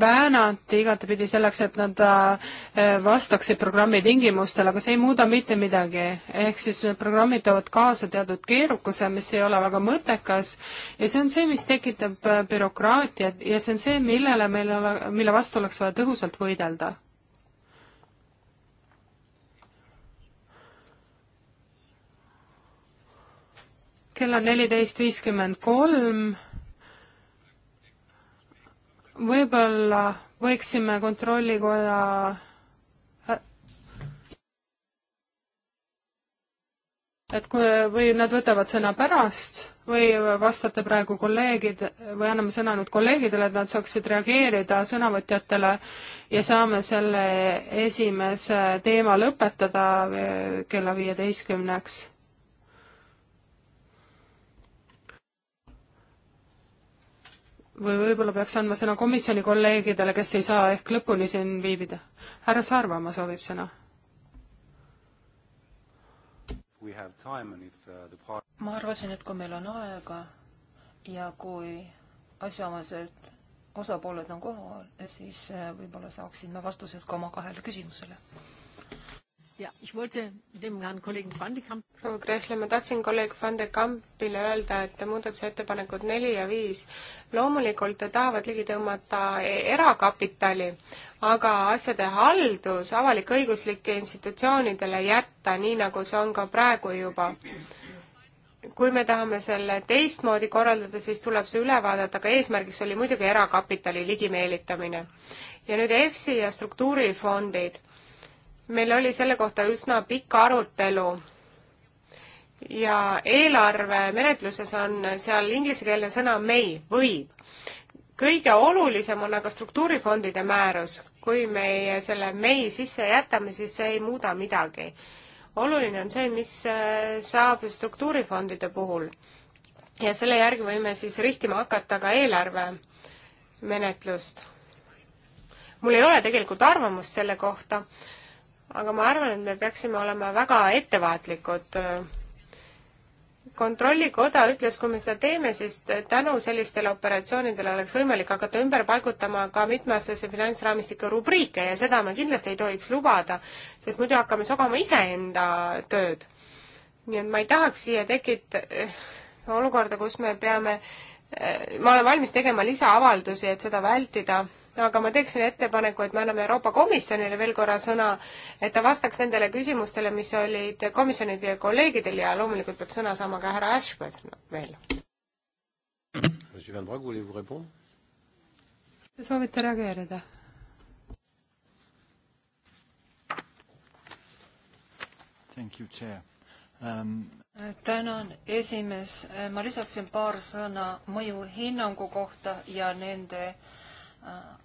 väänati igatepidi selleks, et nad äh, vastaksid programmi tingimustele, aga see ei muuda mitte midagi. ehk siis need programmid toovad kaasa teatud keerukuse, mis ei ole väga mõttekas ja see on see, mis tekitab äh, bürokraatiat ja see on see, millele meil ole, mille vastu oleks vaja tõhusalt võidelda. kell on neliteist viiskümmend kolm võib-olla võiksime kontrollikoja et kui, või nad võtavad sõna pärast või vastate praegu kolleegid või anname sõna nüüd kolleegidele, et nad saaksid reageerida sõnavõtjatele ja saame selle esimese teema lõpetada eh, kella viieteistkümneks või võib-olla peaks andma sõna komisjoni kolleegidele, kes ei saa ehk lõpuni siin viibida. härra Saarvamaa soovib sõna. Uh, ma arvasin, et kui meil on aega ja kui asjaomased osapooled on kohal, siis äh, võib-olla saaksin ma vastused ka oma kahele küsimusele proua Kressle, ma tahtsin kolleeg Van de Kampile öelda, et muudatusettepanekud neli ja viis loomulikult tahavad ligi tõmmata e-, erakapitali, aga asjade haldus avalik-õiguslike institutsioonidele jätta, nii nagu see on ka praegu juba. kui me tahame selle teistmoodi korraldada, siis tuleb see üle vaadata, aga eesmärgiks oli muidugi erakapitali ligimeelitamine. ja nüüd EFSI ja struktuurifondid meil oli selle kohta üsna pikk arutelu ja eelarve menetluses on seal inglisekeelne sõna may, võib. kõige olulisem on aga struktuurifondide määrus. kui meie selle may sisse jätame, siis see ei muuda midagi. oluline on see, mis äh, saab struktuurifondide puhul. ja selle järgi võime siis rihtima hakata ka eelarve menetlust. mul ei ole tegelikult arvamust selle kohta aga ma arvan, et me peaksime olema väga ettevaatlikud. kontrollikoda ütles, kui me seda teeme, siis tänu sellistele operatsioonidele oleks võimalik hakata ümber paigutama ka mitmeaastase finantsraamistiku rubriike ja seda me kindlasti ei tohiks lubada, sest muidu hakkame sogama iseenda tööd. nii et ma ei tahaks siia tekit- olukorda, kus me peame, ma olen valmis tegema lisaavaldusi, et seda vältida aga ma teeksin ettepaneku, et me anname Euroopa Komisjonile veel korra sõna, et ta vastaks nendele küsimustele, mis olid komisjonide kolleegidel ja loomulikult peab sõna saama ka härra Ashford veel. Te soovite reageerida? Thank you, Chair. Um, Tänan esimees. Ma lisaksin paar sõna mõjuhinnangu kohta ja nende äh,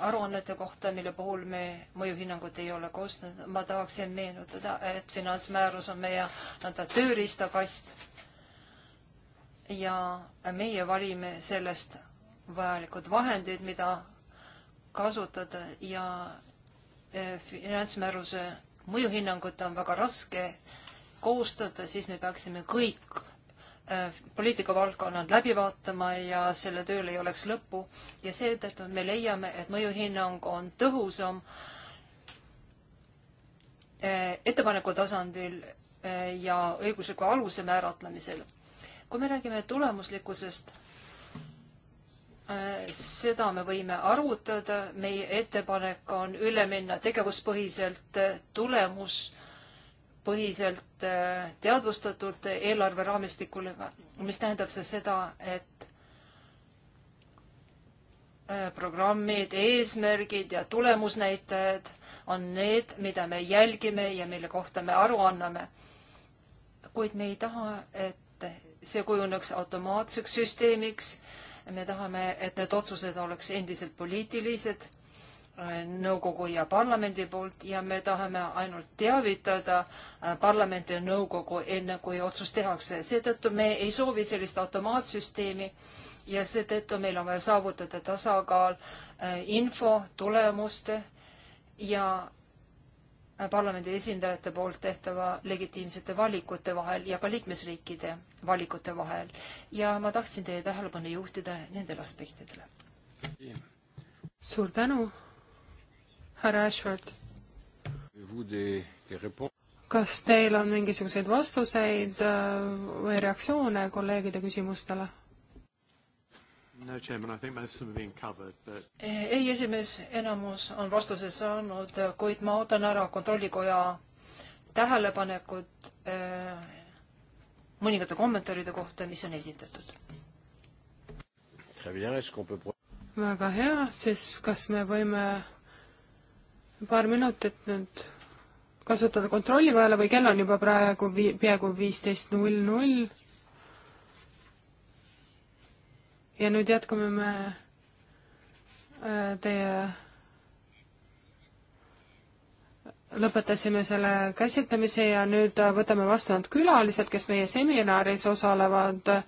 aruannete kohta, mille puhul me mõjuhinnangut ei ole koostanud. ma tahaksin meenutada, et finantsmäärus on meie nõnda tööriistakast ja meie valime sellest vajalikud vahendid, mida kasutada ja e, finantsmääruse mõjuhinnangut on väga raske koostada, siis me peaksime kõik Äh, poliitikavaldkonnad läbi vaatama ja selle tööl ei oleks lõppu ja seetõttu me leiame, et mõjuhinnang on tõhusam äh, ettepaneku tasandil äh, ja õigusliku aluse määratlemisel. kui me räägime tulemuslikkusest, seda me võime arutada, meie ettepanek on üle minna tegevuspõhiselt tulemus- põhiselt äh, teadvustatult eelarveraamistikule, mis tähendab see seda, et äh, programmid, eesmärgid ja tulemusnäitajad on need, mida me jälgime ja mille kohta me aru anname. kuid me ei taha, et see kujuneks automaatseks süsteemiks. me tahame, et need otsused oleks endiselt poliitilised nõukogu ja parlamendi poolt ja me tahame ainult teavitada äh, parlamenti ja nõukogu enne, kui otsus tehakse. seetõttu me ei soovi sellist automaatsüsteemi ja seetõttu meil on vaja saavutada tasakaal äh, info, tulemuste ja äh, parlamendi esindajate poolt tehtava legitiimsete valikute vahel ja ka liikmesriikide valikute vahel. ja ma tahtsin teie tähelepanu juhtida nendele aspektidele. suur tänu härra Ashford. kas teil on mingisuguseid vastuseid äh, või reaktsioone kolleegide küsimustele? No, Chairman, I think most of them have been covered, but... ei, esimees, enamus on vastuse saanud, kuid ma ootan ära Kontrollikoja tähelepanekud äh, mõningate kommentaaride kohta, mis on esitatud. väga hea, siis kas me võime paar minutit nüüd kasutada kontrollikojale või kell on juba praegu vii-, peaaegu viisteist null null. ja nüüd jätkame me äh, teie, lõpetasime selle käsitlemise ja nüüd äh, võtame vastu need külalised, kes meie seminaris osalevad äh,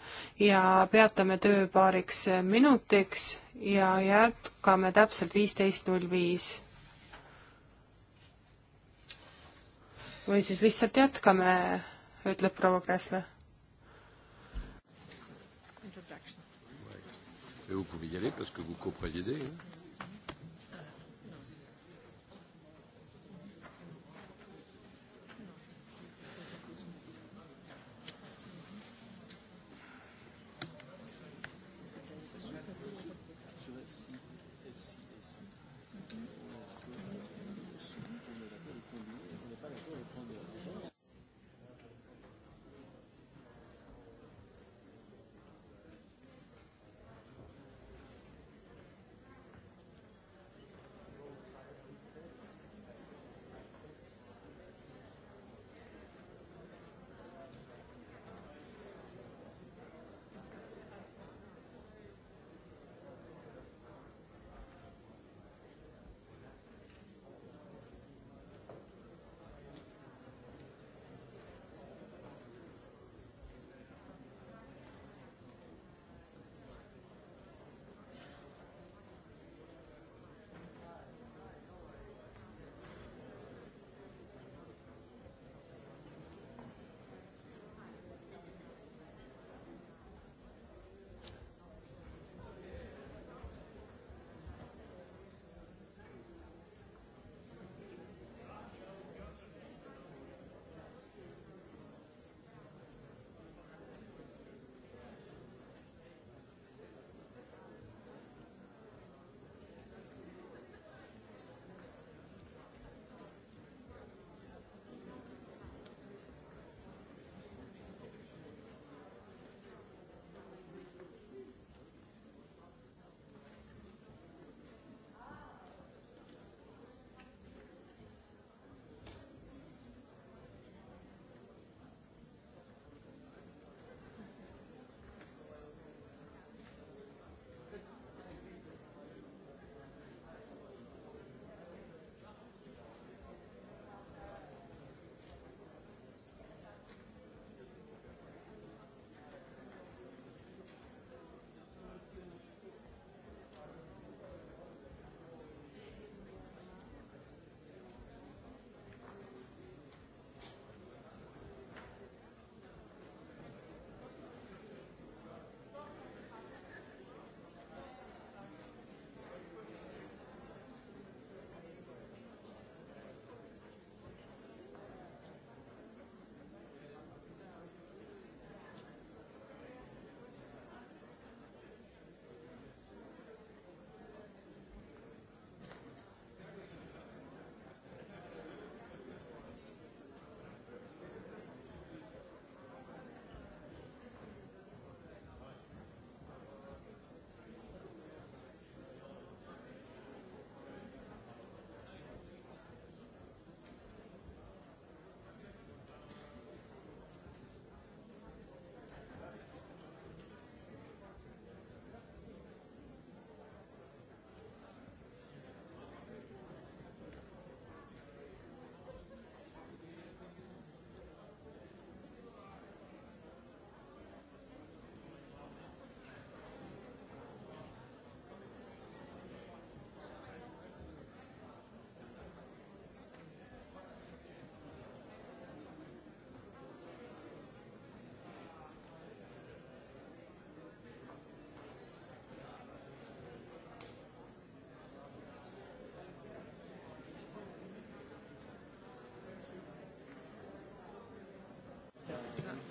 ja peatame töö paariks minutiks ja jätkame täpselt viisteist null viis või siis lihtsalt jätkame, ütleb proua Kressle. Et vous pouvez y aller parce que vous co-présidez. Hein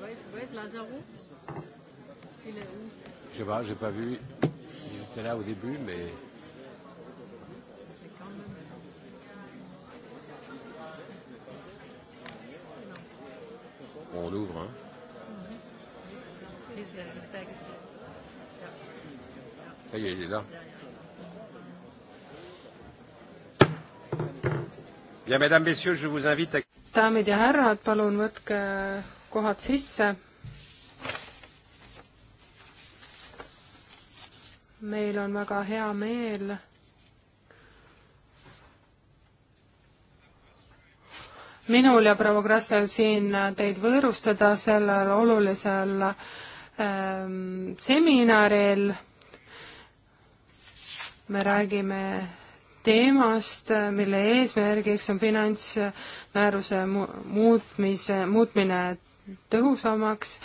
Where's, where's Lazaro Il est où Je sais pas, j'ai pas vu. Il était là au début, mais. C'est quand même. Bon, on ouvre, hein. He's there, he's back. Ça y est, il est là. Bien, mesdames, messieurs, je vous invite à... daamid ja härrad, palun võtke kohad sisse. meil on väga hea meel minul ja proua Krastel siin teid võõrustada sellel olulisel ähm, seminaril. me räägime teemast, mille eesmärgiks on finantsmääruse mu muutmise, muutmine tõhusamaks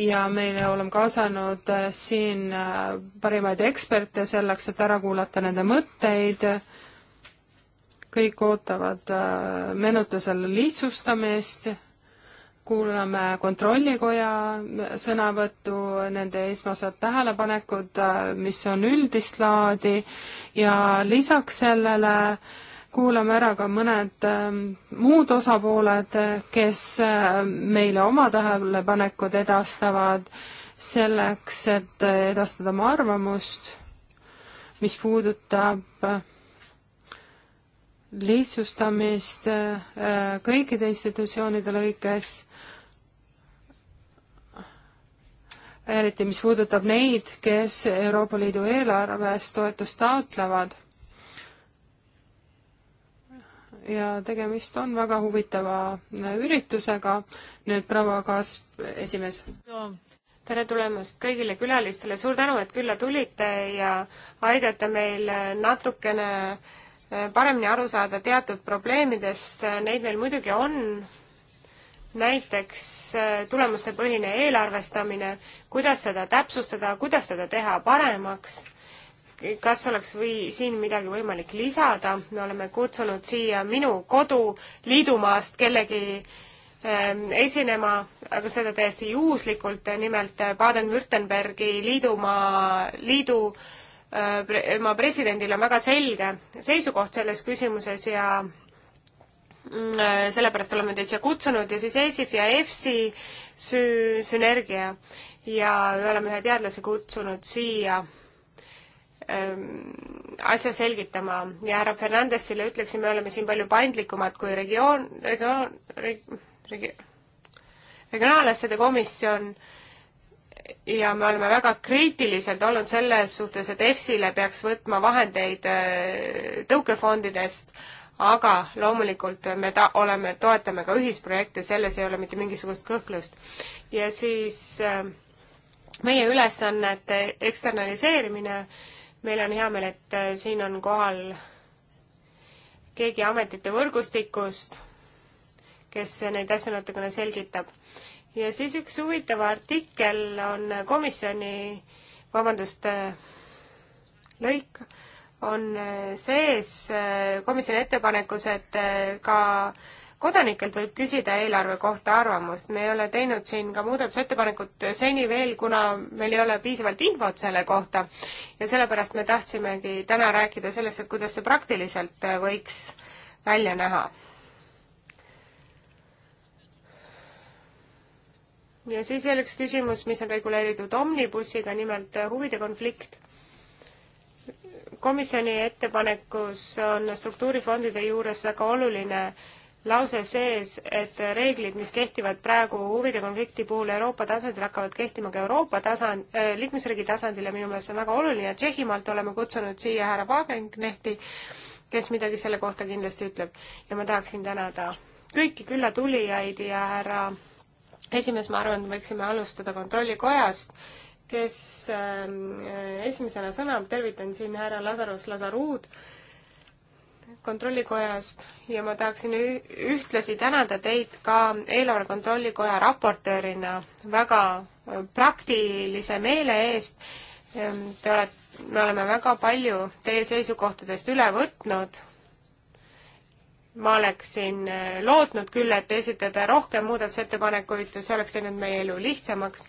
ja meile oleme kaasanud äh, siin äh, parimaid eksperte selleks, et ära kuulata nende mõtteid, kõik ootavad äh, meenutusel lihtsustamist, kuulame Kontrollikoja sõnavõttu, nende esmased tähelepanekud, mis on üldist laadi ja lisaks sellele äh, kuulame ära ka mõned äh, muud osapooled, kes äh, meile oma tähelepanekud edastavad selleks, et edastada oma arvamust, mis puudutab äh, lihtsustamist äh, kõikide institutsioonide lõikes, eriti mis puudutab neid, kes Euroopa Liidu eelarvest toetust taotlevad ja tegemist on väga huvitava üritusega. nüüd proua Kaas, esimees no.. tere tulemast kõigile külalistele, suur tänu, et külla tulite ja aidate meil natukene eh, paremini aru saada teatud probleemidest, neid meil muidugi on, näiteks eh, tulemustepõhine eelarvestamine, kuidas seda täpsustada, kuidas seda teha paremaks kas oleks või siin midagi võimalik lisada, me oleme kutsunud siia minu kodu Liidumaast kellegi ähm, esinema, aga seda täiesti juhuslikult, nimelt äh, Baden-Württembergi liidumaa, liidu äh, maa presidendil on väga selge seisukoht selles küsimuses ja mm, äh, sellepärast oleme teid siia kutsunud ja siis ESIF ja EFSI sü-, sünergia ja me oleme ühe teadlase kutsunud siia Ähm, asja selgitama ja härra Fernandesile ütleksin, me oleme siin palju paindlikumad kui regioon, regioon, reg-, reg-, regionaalasjade komisjon ja me oleme väga kriitilised olnud selles suhtes, et EFSile peaks võtma vahendeid äh, tõukefondidest, aga loomulikult me ta-, oleme, toetame ka ühisprojekte, selles ei ole mitte mingisugust kõhklust. ja siis äh, meie ülesannete eksternaliseerimine äh, meil on hea meel, et äh, siin on kohal keegi ametite võrgustikust, kes neid asju natukene selgitab. ja siis üks huvitav artikkel on komisjoni, vabandust, äh, lõik on äh, sees komisjoni ettepanekus, et ka äh, kodanikelt võib küsida eelarve kohta arvamust, me ei ole teinud siin ka muudatusettepanekut seni veel, kuna meil ei ole piisavalt infot selle kohta ja sellepärast me tahtsimegi täna rääkida sellest, et kuidas see praktiliselt võiks välja näha. ja siis veel üks küsimus, mis on reguleeritud omnibussiga, nimelt huvide konflikt komisjoni ettepanekus on struktuurifondide juures väga oluline lause sees, et reeglid, mis kehtivad praegu huvide konflikti puhul Euroopa tasandil, hakkavad kehtima ka Euroopa tasand äh,, liikmesriigi tasandil ja minu meelest see on väga oluline. Tšehhimaalt oleme kutsunud siia härra Wagenknechti, kes midagi selle kohta kindlasti ütleb. ja ma tahaksin tänada kõiki külla tulijaid ja härra esimees, ma arvan, võiksime alustada Kontrollikojast, kes äh, esimesena sõna, tervitan siin härra Lazarus Lazaruud äh,, kontrollikojast ja ma tahaksin ühtlasi tänada teid ka eelarve kontrollikoja raportöörina väga äh, praktilise meele eest. Ehm, te olete, me oleme väga palju teie seisukohtadest üle võtnud. ma oleksin äh, lootnud küll, et esitada rohkem muudatusettepanekuid, see oleks teinud meie elu lihtsamaks.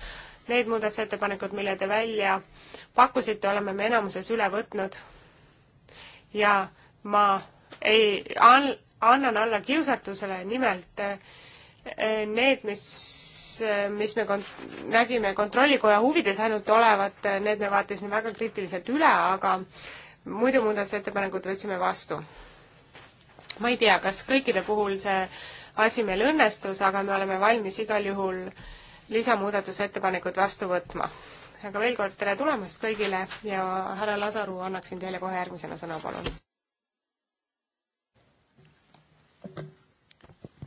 Need muudatusettepanekud, mille te välja pakkusite, oleme me enamuses üle võtnud ja ma ei an,, annan alla kiusatusele, nimelt eh, need, mis, eh, mis me kont-, nägime Kontrollikoja huvides ainult olevat, eh, need me vaatasime väga kriitiliselt üle, aga muidu muudatusettepanekud võtsime vastu. ma ei tea, kas kõikide puhul see asi meil õnnestus, aga me oleme valmis igal juhul lisamuudatusettepanekud vastu võtma. aga veel kord tere tulemast kõigile ja härra Lasaru, annaksin teile kohe järgmisena sõna, palun.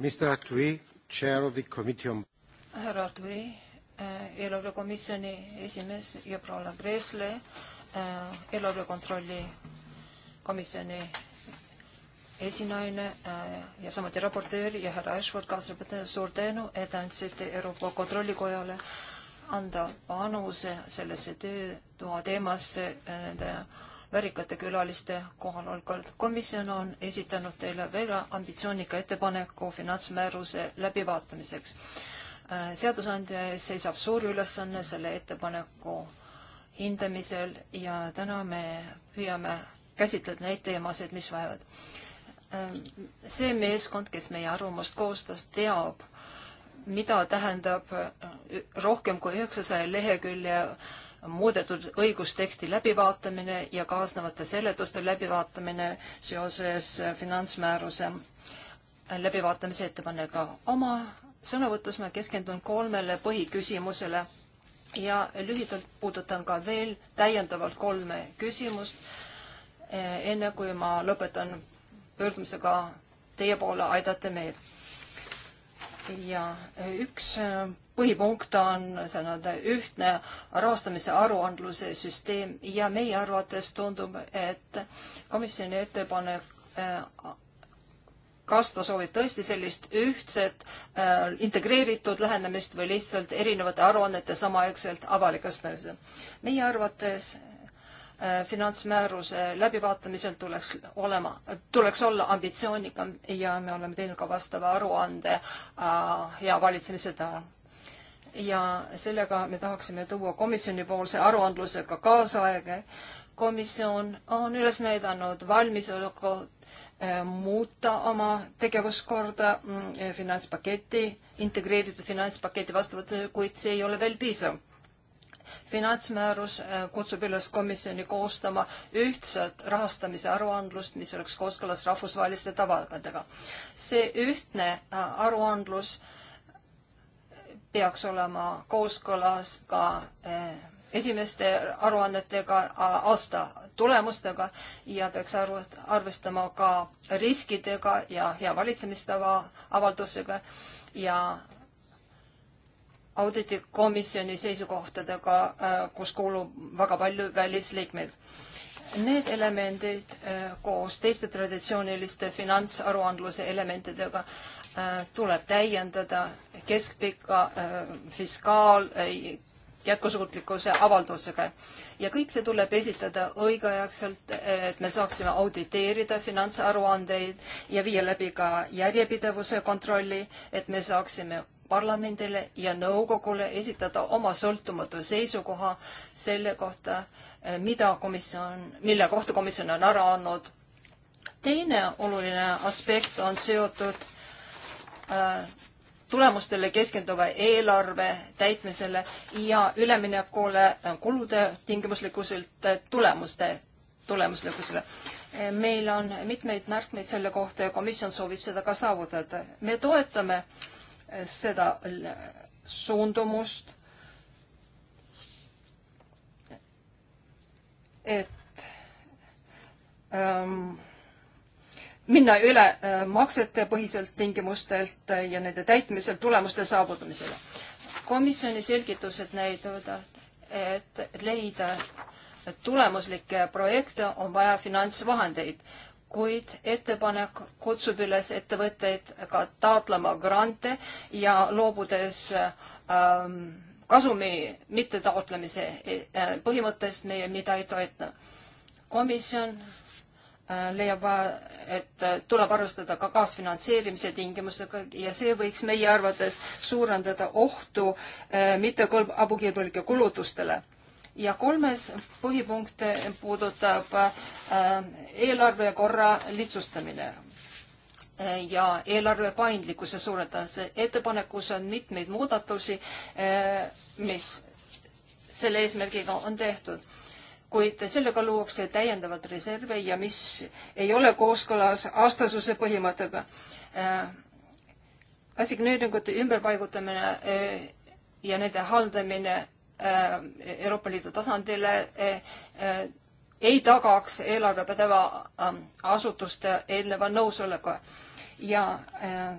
Mr Artui, chair of the committee on. härra Artui, eh, eelarvekomisjoni esimees ja proua Kresle, eh, eelarvekontrolli komisjoni esinaine eh, ja samuti raportöör ja härra Ashford, kaasraportöör, suur tänu, et andsite Euroopa Kontrollikojale anda panuse sellesse töötoa teemasse nende äh, väärikate külaliste kohalolekul. komisjon on esitanud teile väga ambitsioonika ettepaneku finantsmääruse läbivaatamiseks. Äh, seadusandja ees seisab suur ülesanne selle ettepaneku hindamisel ja täna me püüame käsitleda neid teemasid, mis vajavad. Äh, see meeskond, kes meie arvamust koostas, teab, mida tähendab äh, rohkem kui üheksasaja lehekülje muudetud õigusteksti läbivaatamine ja kaasnevate seletuste läbivaatamine seoses finantsmääruse läbivaatamise ettepanega. oma sõnavõtus ma keskendun kolmele põhiküsimusele ja lühidalt puudutan ka veel täiendavalt kolme küsimust, enne kui ma lõpetan pöördumisega teie poole, aidata meil ja üks äh, põhipunkt on nii-öelda ühtne rahastamise aruandluse süsteem ja meie arvates tundub, et komisjoni ettepanek äh, kas ta soovib tõesti sellist ühtset äh, integreeritud lähenemist või lihtsalt erinevate aruannete samaaegselt avalikestamist. meie arvates Äh, finantsmääruse läbivaatamisel tuleks olema, tuleks olla ambitsioonikam ja me oleme teinud ka vastava aruande äh, hea valitsemise taha ja sellega me tahaksime tuua komisjonipoolse aruandlusega kaasaega. komisjon on üles näidanud valmisoleku äh, muuta oma tegevuskorda, mm, finantspaketi, integreeritud finantspaketi vastuvõttu, kuid see ei ole veel piisav finantsmäärus äh, kutsub üles komisjoni koostama ühtset rahastamise aruandlust, mis oleks kooskõlas rahvusvaheliste tavadega. see ühtne äh, aruandlus peaks olema kooskõlas ka äh, esimeste aruannetega, aasta tulemustega ja peaks arv-, arvestama ka riskidega ja hea valitsemistava avaldusega ja auditikomisjoni seisukohtadega, äh, kus kuulub väga palju välisliikmeid. Need elemendid äh, koos teiste traditsiooniliste finantsaruandluse elementidega äh, tuleb täiendada keskpika fiskaal jätkusuutlikkuse avaldusega. ja kõik see tuleb esitada õigeaegselt, et me saaksime auditeerida finantsaruandeid ja viia läbi ka järjepidevuse kontrolli, et me saaksime parlamendile ja nõukogule esitada oma sõltumatu seisukoha selle kohta, eh, mida komisjon, mille kohta komisjon on ära andnud. teine oluline aspekt on seotud äh, tulemustele keskenduva eelarve täitmisele ja üleminekule eh, kulude tingimuslikkuselt tulemuste tulemuslikkusele. meil on mitmeid märkmeid selle kohta ja komisjon soovib seda ka saavutada. me toetame äh, seda suundumust, et ähm, minna üle äh, maksetepõhiselt tingimustelt ja nende täitmiselt tulemuste saavutamisele. komisjoni selgitused näitavad, et leida tulemuslikke projekte on vaja finantsvahendeid kuid ettepanek kutsub üles ettevõtteid ka taotlema grante ja loobudes ähm, kasumi mittetaotlemise äh, põhimõttest meie mida ei toeta. komisjon äh, leiab, et äh, tuleb arvestada ka kaasfinantseerimise tingimustega ja see võiks meie arvates suurendada ohtu mittekõlb-, abukirjanike kulutustele ja kolmes põhipunkt puudutab äh, eelarvekorra lihtsustamine äh, ja eelarve paindlikkuse suurendamise ettepanekus on mitmeid muudatusi, äh, mis selle eesmärgiga on tehtud. kuid sellega luuakse täiendavalt reserve ja mis ei ole kooskõlas aastasuse põhimõttega. assigneeringute ümberpaigutamine ja nende haldamine Äh, Euroopa Liidu tasandile e, e, ei tagaks eelarve pädeva ähm, asutuste eelneva nõusoleku. ja äh,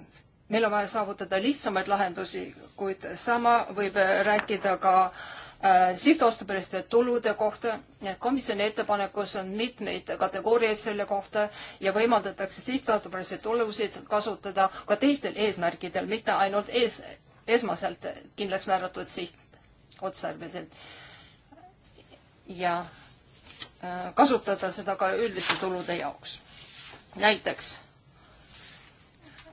meil on vaja saavutada lihtsamaid lahendusi, kuid sama võib rääkida ka äh, sihtotstarbeliste tulude kohta. komisjoni ettepanekus on mitmeid kategooriaid selle kohta ja võimaldatakse sihtotstarbelisi tulusid kasutada ka teistel eesmärkidel, mitte ainult ees, esmaselt kindlaks määratud siht otsearveliselt ja äh, kasutada seda ka üldiste tulude jaoks. näiteks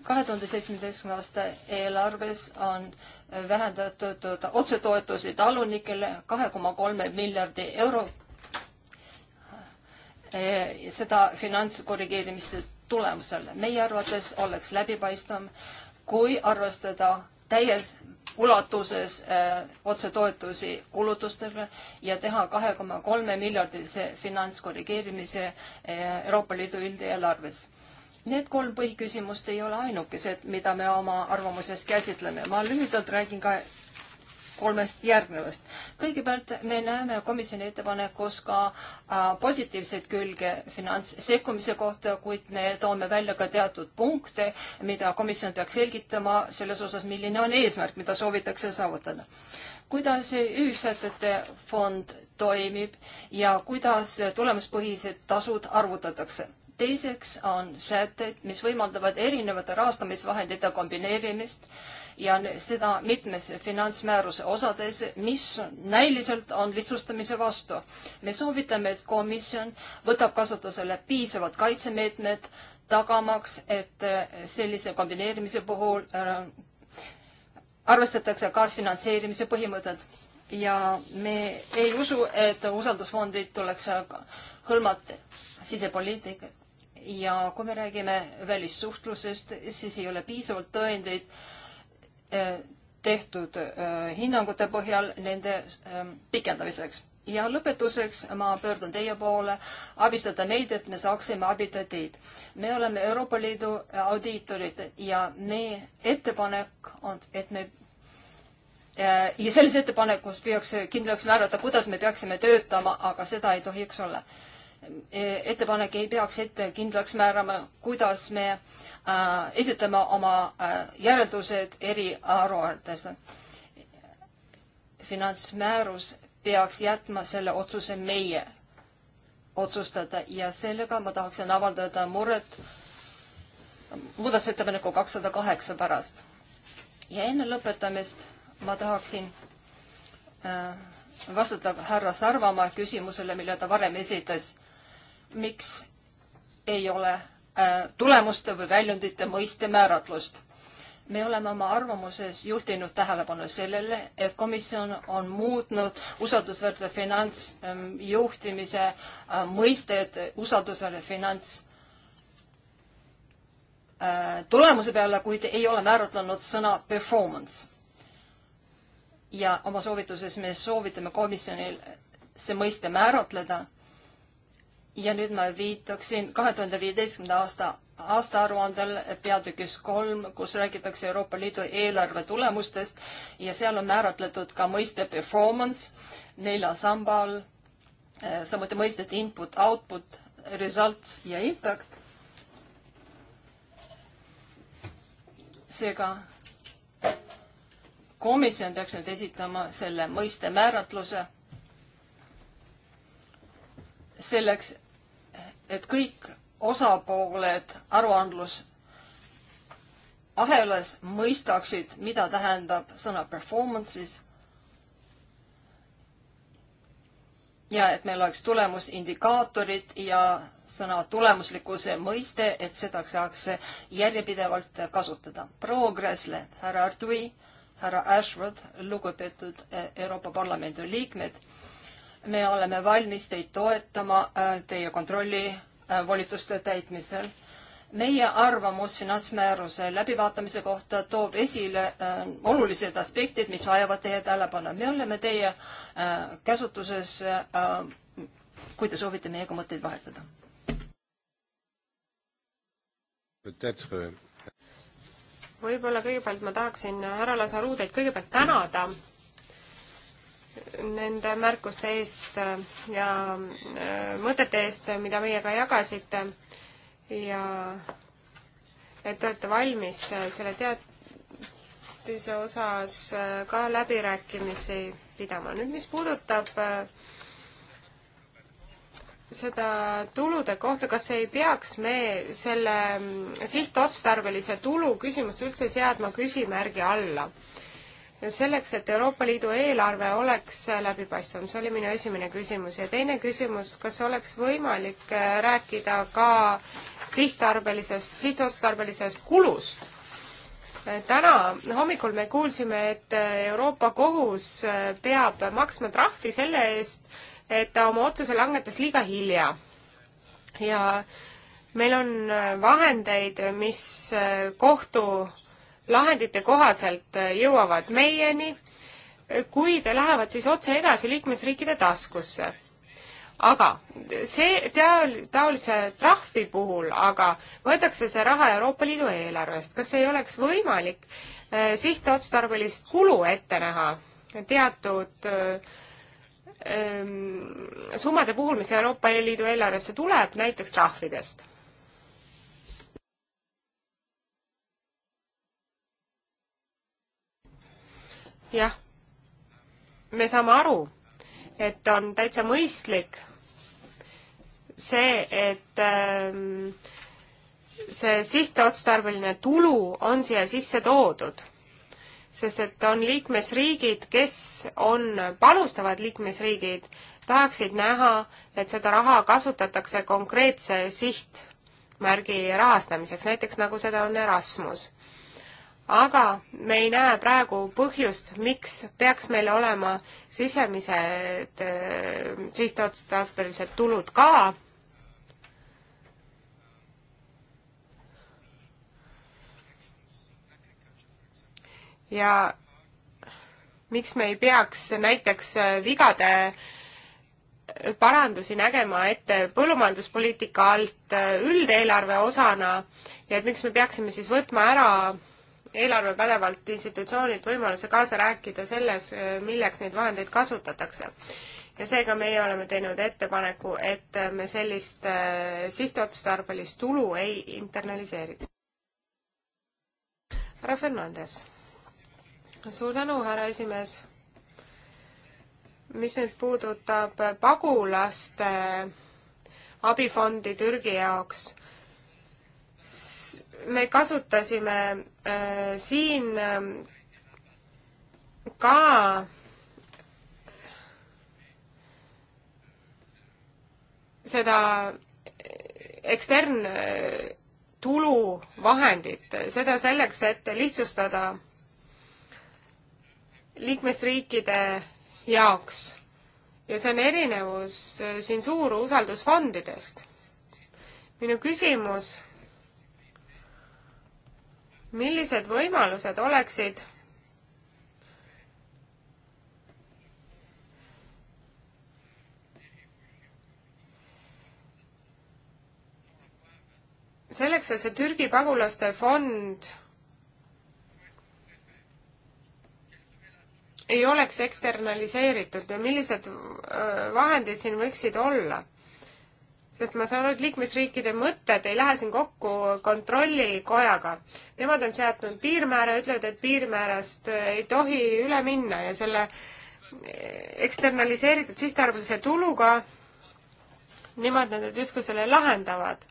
kahe tuhande seitsmeteistkümne aasta eelarves on vähendatud otsetoetusi talunikele kahe koma kolme miljardi euro. Äh, seda finantskorrigeerimiste tulemusel. meie arvates oleks läbipaistvam, kui arvestada täies ulatuses äh, otsetoetusi kulutustele ja teha kahe koma kolme miljardilise finantskorrigeerimise äh, Euroopa Liidu üldeelarves. Need kolm põhiküsimust ei ole ainukesed, mida me oma arvamuses käsitleme. ma lühidalt räägin ka kolmest järgnevast. kõigepealt me näeme komisjoni ettepanekus ka äh, positiivseid külge finantssekkumise kohta, kuid me toome välja ka teatud punkte, mida komisjon peaks selgitama selles osas, milline on eesmärk, mida soovitakse saavutada. kuidas ühissätete fond toimib ja kuidas tulemuspõhised tasud arvutatakse teiseks on sätted, mis võimaldavad erinevate rahastamisvahendite kombineerimist äh, ja seda mitmes finantsmääruse osades, mis näiliselt on lihtsustamise vastu. me soovitame, et komisjon võtab kasutusele piisavad kaitsemeetmed, tagamaks, et eh, sellise kombineerimise puhul äh, arvestatakse kaasfinantseerimise põhimõtet ja me ei usu, et usaldusfondid tuleks äh, hõlmata sisepoliitikaga. ja kui me räägime välissuhtlusest, siis ei ole piisavalt tõendeid äh, Äh, tehtud äh, hinnangute põhjal nende ähm, pikendamiseks. ja lõpetuseks ma pöördun teie poole abistada meid, et me saaksime abida teid. me oleme Euroopa Liidu äh, audiitorid ja meie ettepanek on, et me ja selles ettepanekus peaks kindlaks määrata, kuidas me peaksime töötama, aga seda ei tohiks olla ettepanek ei peaks ette kindlaks määrama, kuidas me Äh, esitama oma äh, järeldused eriaruandes. finantsmäärus peaks jätma selle otsuse meie otsustada ja sellega ma tahaksin avaldada muret muudatusettepaneku kakssada kaheksa pärast. ja enne lõpetamist ma tahaksin äh, vastata härra Sarvamaa küsimusele, mille ta varem esitas. miks ei ole Äh, tulemuste või väljundite mõiste määratlust. me oleme oma arvamuses juhtinud tähelepanu sellele, et komisjon on muutnud usaldusväärse finantsjuhtimise ähm, äh, mõisted usaldusväärne finants äh, tulemuse peale, kuid ei ole määratlenud sõna performance. ja oma soovituses me soovitame komisjonil see mõiste määratleda ja nüüd ma viitaksin kahe tuhande viieteistkümnenda aasta aastaaruandel peatükis kolm, kus räägitakse Euroopa Liidu eelarve tulemustest ja seal on määratletud ka mõiste performance nelja samba all, eh, samuti mõisted input, output, results ja impact. seega komisjon peaks nüüd esitama selle mõiste määratluse selleks, et kõik osapooled aruandlus ahelas mõistaksid, mida tähendab sõna performances. ja et meil oleks tulemusindikaatorid ja sõna tulemuslikkuse mõiste, et seda saaks järjepidevalt kasutada. proua Gräzle, härra Artui, härra Ashworth, lugupeetud eh, Euroopa Parlamendi liikmed me oleme valmis teid toetama äh, teie kontrolli äh, volituste täitmisel. meie arvamus finantsmääruse läbivaatamise kohta toob esile äh, olulised aspektid, mis vajavad teie tähelepanu. me oleme teie äh, käsutuses äh,, kui te soovite meiega mõtteid vahetada. Euh, võib-olla kõigepealt ma tahaksin härra Lazaru teid kõigepealt tänada nende märkuste eest äh, ja äh, mõtete eest, mida meiega jagasite ja et olete valmis äh, selle teatise osas ka läbirääkimisi pidama. nüüd, mis puudutab seda tulude kohta, kas ei peaks me selle mm, sihtotstarbelise tulu küsimust üldse seadma küsimärgi alla? selleks, et Euroopa Liidu eelarve oleks läbipaistvam, see oli minu esimene küsimus ja teine küsimus, kas oleks võimalik äh, rääkida ka sihtarbelisest, sihtotstarbelisest kulust? Äh, täna hommikul me kuulsime, et äh, Euroopa Kohus peab maksma trahvi selle eest, et ta oma otsuse langetas liiga hilja. ja meil on vahendeid, mis kohtu lahendite kohaselt äh, jõuavad meieni, äh, kuid lähevad siis otse edasi liikmesriikide taskusse. aga see teol-, taolise trahvi puhul aga võetakse see raha Euroopa Liidu eelarvest. kas ei oleks võimalik äh, sihtotstarbelist kulu ette näha teatud äh, äh, summade puhul, mis Euroopa Liidu eelarvesse tuleb, näiteks trahvidest? jah, me saame aru, et on täitsa mõistlik see, et ähm, see sihtotstarbeline tulu on siia sisse toodud, sest et on liikmesriigid, kes on, panustavad liikmesriigid, tahaksid näha, et seda raha kasutatakse konkreetse sihtmärgi rahastamiseks, näiteks nagu seda on Erasmus aga me ei näe praegu põhjust, miks peaks meil olema sisemised äh, sihtotstarbelised tulud ka. ja miks me ei peaks näiteks äh, vigade äh, parandusi nägema ette põllumajanduspoliitika alt üldeelarve osana ja et miks me peaksime siis võtma ära eelarvepädevalt institutsioonilt võimaluse kaasa rääkida selles, milleks neid vahendeid kasutatakse. ja seega meie oleme teinud ettepaneku, et me sellist äh, sihtotstarbelist tulu ei internaliseeriks. härra Fernandes. suur tänu, härra esimees. mis nüüd puudutab pagulaste abifondi Türgi jaoks, me kasutasime äh, siin äh, ka seda eksterntulu äh, vahendit, seda selleks, et lihtsustada liikmesriikide jaoks. ja see on erinevus äh, siin suur usaldusfondidest. minu küsimus millised võimalused oleksid selleks, et see Türgi pagulaste fond ei oleks eksternaliseeritud ja millised äh, vahendid siin võiksid olla? sest ma saan aru, et liikmesriikide mõtted ei lähe siin kokku kontrollikojaga. Nemad on seatud piirmäära, ütlevad, et piirmäärast ei tohi üle minna ja selle eksternaliseeritud sihtarbelise tuluga nemad nende justkui selle lahendavad.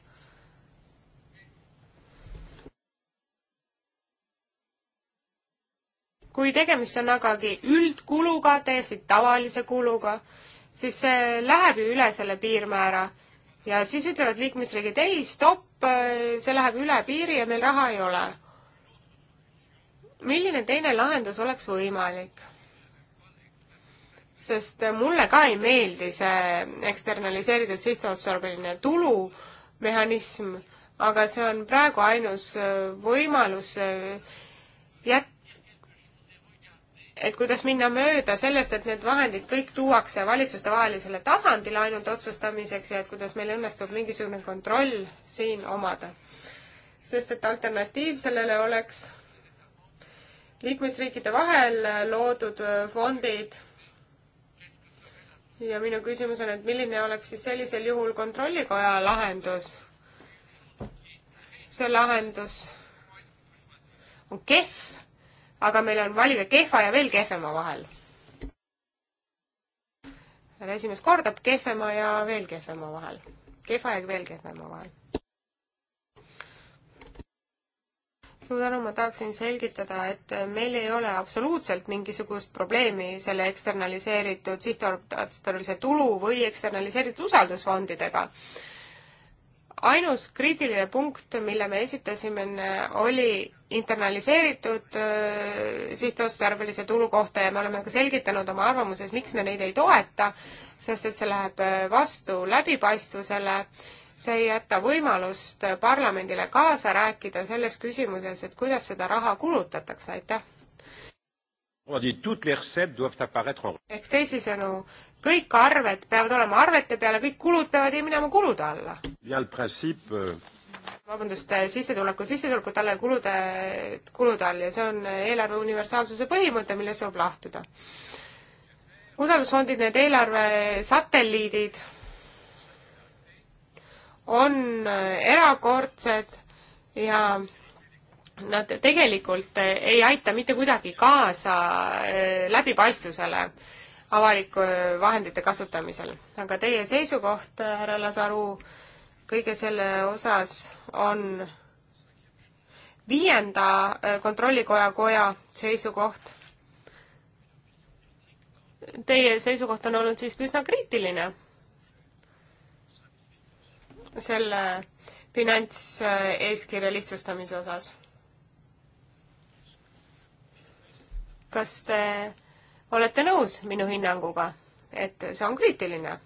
kui tegemist on agagi üldkuluga, täiesti tavalise kuluga, siis see läheb ju üle selle piirmäära ja siis ütlevad liikmesriigid ei, stopp, see läheb üle piiri ja meil raha ei ole. milline teine lahendus oleks võimalik? sest mulle ka ei meeldi see eksternaliseeritud sihtotstarbeline tulumehhanism, aga see on praegu ainus võimalus jät-, et kuidas minna mööda sellest, et need vahendid kõik tuuakse valitsustevahelisele tasandile ainult otsustamiseks ja et kuidas meil õnnestub mingisugune kontroll siin omada. sest et alternatiiv sellele oleks liikmesriikide vahel loodud fondid ja minu küsimus on, et milline oleks siis sellisel juhul Kontrollikoja lahendus? see lahendus on kehv aga meil on valida kehva ja veel kehvema vahel. härra esimees kordab kehvema ja veel kehvema vahel. kehva ja veel kehvema vahel. suur tänu, ma tahaksin selgitada, et meil ei ole absoluutselt mingisugust probleemi selle eksternaliseeritud sihtorganisatsioonilise tulu või eksternaliseeritud usaldusfondidega ainus kriitiline punkt, mille me esitasime, oli internaliseeritud sihtotstarbelise tulu kohta ja me oleme ka selgitanud oma arvamuses, miks me neid ei toeta, sest et see läheb vastu läbipaistvusele, see ei jäta võimalust parlamendile kaasa rääkida selles küsimuses, et kuidas seda raha kulutatakse, aitäh. ehk teisisõnu, kõik arved peavad olema arvete peale, kõik kulud peavad minema kulude alla vabandust, äh, sissetuleku, sissetuleku talle ja kulude, kulude all ja see on eelarve universaalsuse põhimõte, millest tuleb lahtuda. usaldusfondid, need eelarve satelliidid on erakordsed ja nad tegelikult ei aita mitte kuidagi kaasa äh, läbipaistvusele avaliku vahendite kasutamisel. aga teie seisukoht, härra Lasaru, kõige selle osas on viienda äh, kontrollikoja koja seisukoht. Teie seisukoht on olnud siiski üsna kriitiline selle finantseeskirja lihtsustamise osas. kas te olete nõus minu hinnanguga, et see on kriitiline?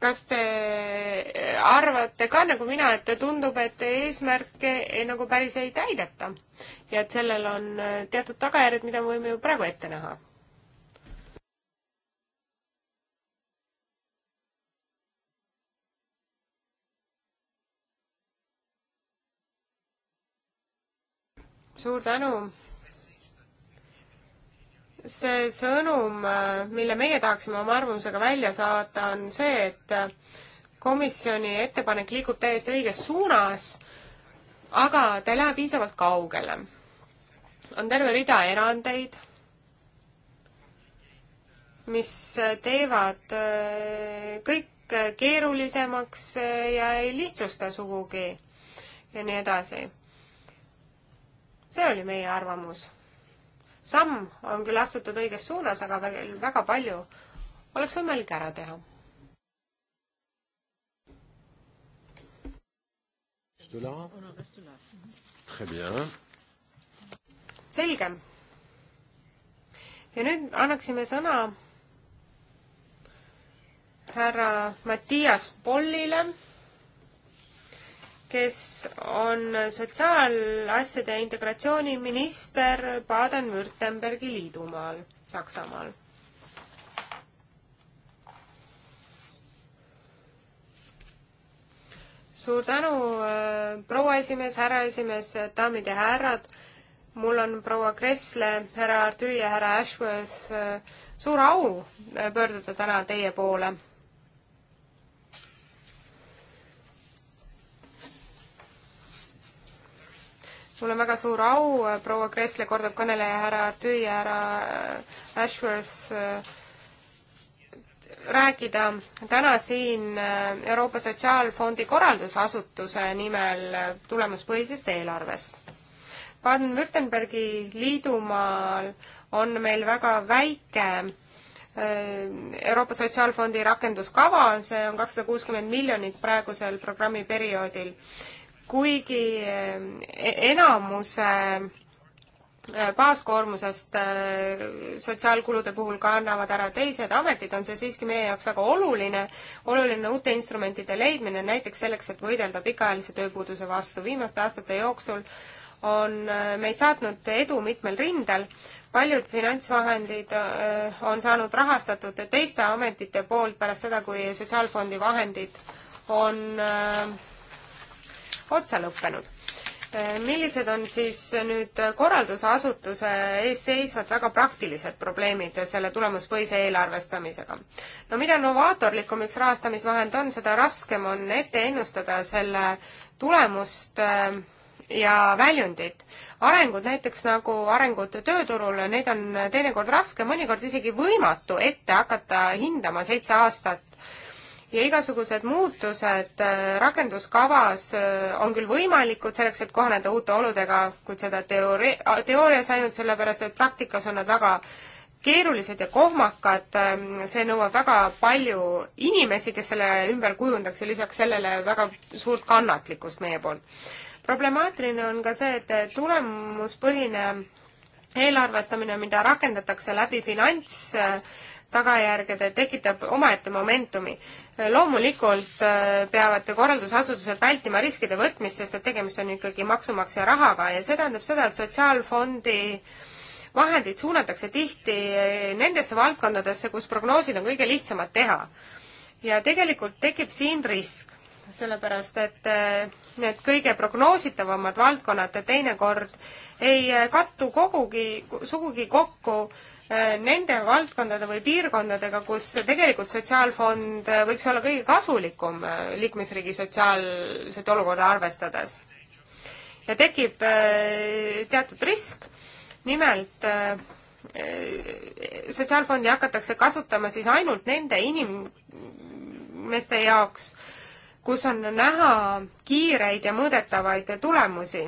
kas te arvate ka nagu mina, et tundub, et eesmärke ei, eh, nagu päris ei täideta ja et sellel on eh, teatud tagajärjed, mida me võime ju praegu ette näha? suur tänu see sõnum, mille meie tahaksime oma arvamusega välja saata, on see, et komisjoni ettepanek liigub täiesti õiges suunas, aga ta ei lähe piisavalt kaugele. on terve rida erandeid, mis teevad äh, kõik keerulisemaks ja ei lihtsusta sugugi ja nii edasi. see oli meie arvamus samm on küll astutud õiges suunas, aga veel väga palju oleks võimalik ära teha. selge. ja nüüd annaksime sõna härra Mattias Pollile kes on sotsiaalasjade integratsiooniminister Baden-Württembergi liidumaal Saksamaal. suur tänu, äh, proua esimees, härra esimees, daamid ja härrad. mul on proua Kressle, härra Artüri ja härra Ashworth äh, suur au äh, pöörduda täna teie poole mul on väga suur au, äh, proua Kressle kordab kõneleja härra Artüi ja härra äh, Ashworth äh, rääkida täna siin Euroopa Sotsiaalfondi korraldusasutuse nimel tulemuspõhisest eelarvest. Baden-Württembergi liidumaal on meil väga väike Euroopa Sotsiaalfondi rakenduskava, see on kakssada kuuskümmend miljonit praegusel programmiperioodil kuigi eh, e-, enamuse eh, baaskoormusest eh, sotsiaalkulude puhul kannavad ära teised ametid, on see siiski meie jaoks väga oluline, oluline uute instrumentide leidmine, näiteks selleks, et võidelda pikaajalise tööpuuduse vastu. viimaste aastate jooksul on meid saatnud edu mitmel rindel, paljud finantsvahendid on saanud rahastatud teiste ametite poolt pärast seda, kui Sotsiaalfondi vahendid on otsa lõppenud. Äh, millised on siis nüüd korraldusasutuse ees seisvad väga praktilised probleemid selle tulemuspõhise eelarvestamisega? no mida novaatorlikum üks rahastamisvahend on, seda raskem on ette ennustada selle tulemust äh, ja väljundid. arengud näiteks nagu arengud tööturul, neid on teinekord raske, mõnikord isegi võimatu ette hakata hindama seitse aastat ja igasugused muutused äh, rakenduskavas äh, on küll võimalikud selleks, et kohaneda uute oludega, kuid seda teoori-, teoorias ainult sellepärast, et praktikas on nad väga keerulised ja kohmakad, ähm, see nõuab väga palju inimesi, kes selle ümber kujundaks ja lisaks sellele väga suurt kannatlikkust meie poolt. problemaatiline on ka see, et tulemuspõhine eelarvestamine, mida rakendatakse läbi finants äh, tagajärgede, tekitab omaette momentumi. loomulikult äh, peavad korraldusasutused vältima riskide võtmist, sest et tegemist on ikkagi maksumaksja rahaga ja see tähendab seda, et sotsiaalfondi vahendid suunatakse tihti äh, nendesse valdkondadesse, kus prognoosid on kõige lihtsamad teha. ja tegelikult tekib siin risk, sellepärast et äh, need kõige prognoositavamad valdkonnad teinekord ei kattu kogugi, sugugi kokku Äh, nende valdkondade või piirkondadega, kus tegelikult sotsiaalfond äh, võiks olla kõige kasulikum äh, liikmesriigi sotsiaalset olukorda arvestades. ja tekib teatud risk, nimelt sotsiaalfondi hakatakse kasutama siis ainult nende inimeste jaoks, kus on näha kiireid ja mõõdetavaid tulemusi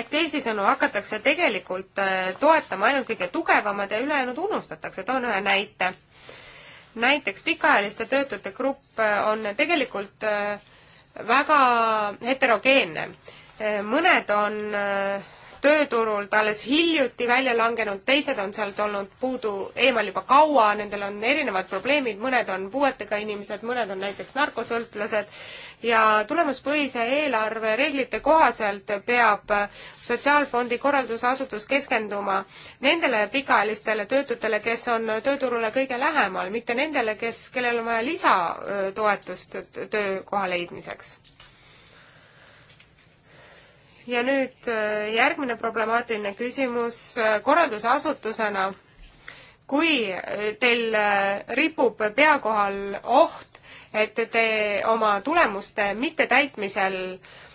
ehk teisisõnu hakatakse tegelikult äh, toetama ainult kõige tugevamad ja ülejäänud unustatakse, toon ühe näite. näiteks pikaajaliste töötute grupp äh, on tegelikult äh, väga heterogeenne. mõned on tööturult alles hiljuti välja langenud, teised on sealt olnud puudu eemal juba kaua, nendel on erinevad probleemid, mõned on puuetega inimesed, mõned on näiteks narkosõltlased ja tulemuspõhise eelarve reeglite kohaselt peab Sotsiaalfondi korraldusasutus keskenduma nendele pikaajalistele töötutele, kes on tööturule kõige lähemal, mitte nendele, kes, kellel on vaja lisatoetust töökoha leidmiseks ja nüüd äh, järgmine problemaatiline küsimus äh, korraldusasutusena. kui äh, teil ripub pea kohal oht, et te oma tulemuste mittetäitmisel äh,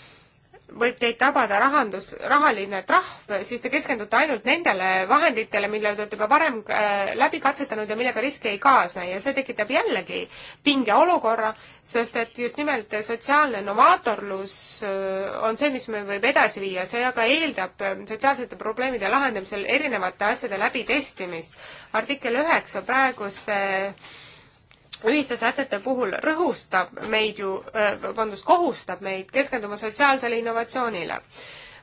võib teid tabada rahandus, rahaline trahv, siis te keskendute ainult nendele vahenditele, mille te olete juba varem äh, läbi katsetanud ja millega riske ei kaasne ja see tekitab jällegi pingeolukorra, sest et just nimelt sotsiaalne novaatorlus äh, on see, mis meil võib edasi viia, see aga eeldab äh, sotsiaalsete probleemide lahendamisel erinevate asjade läbitestimist. artikkel üheksa praeguste äh, ühiste sätete puhul rõhustab meid ju, äh, vabandust, kohustab meid keskenduma sotsiaalsele innovatsioonile.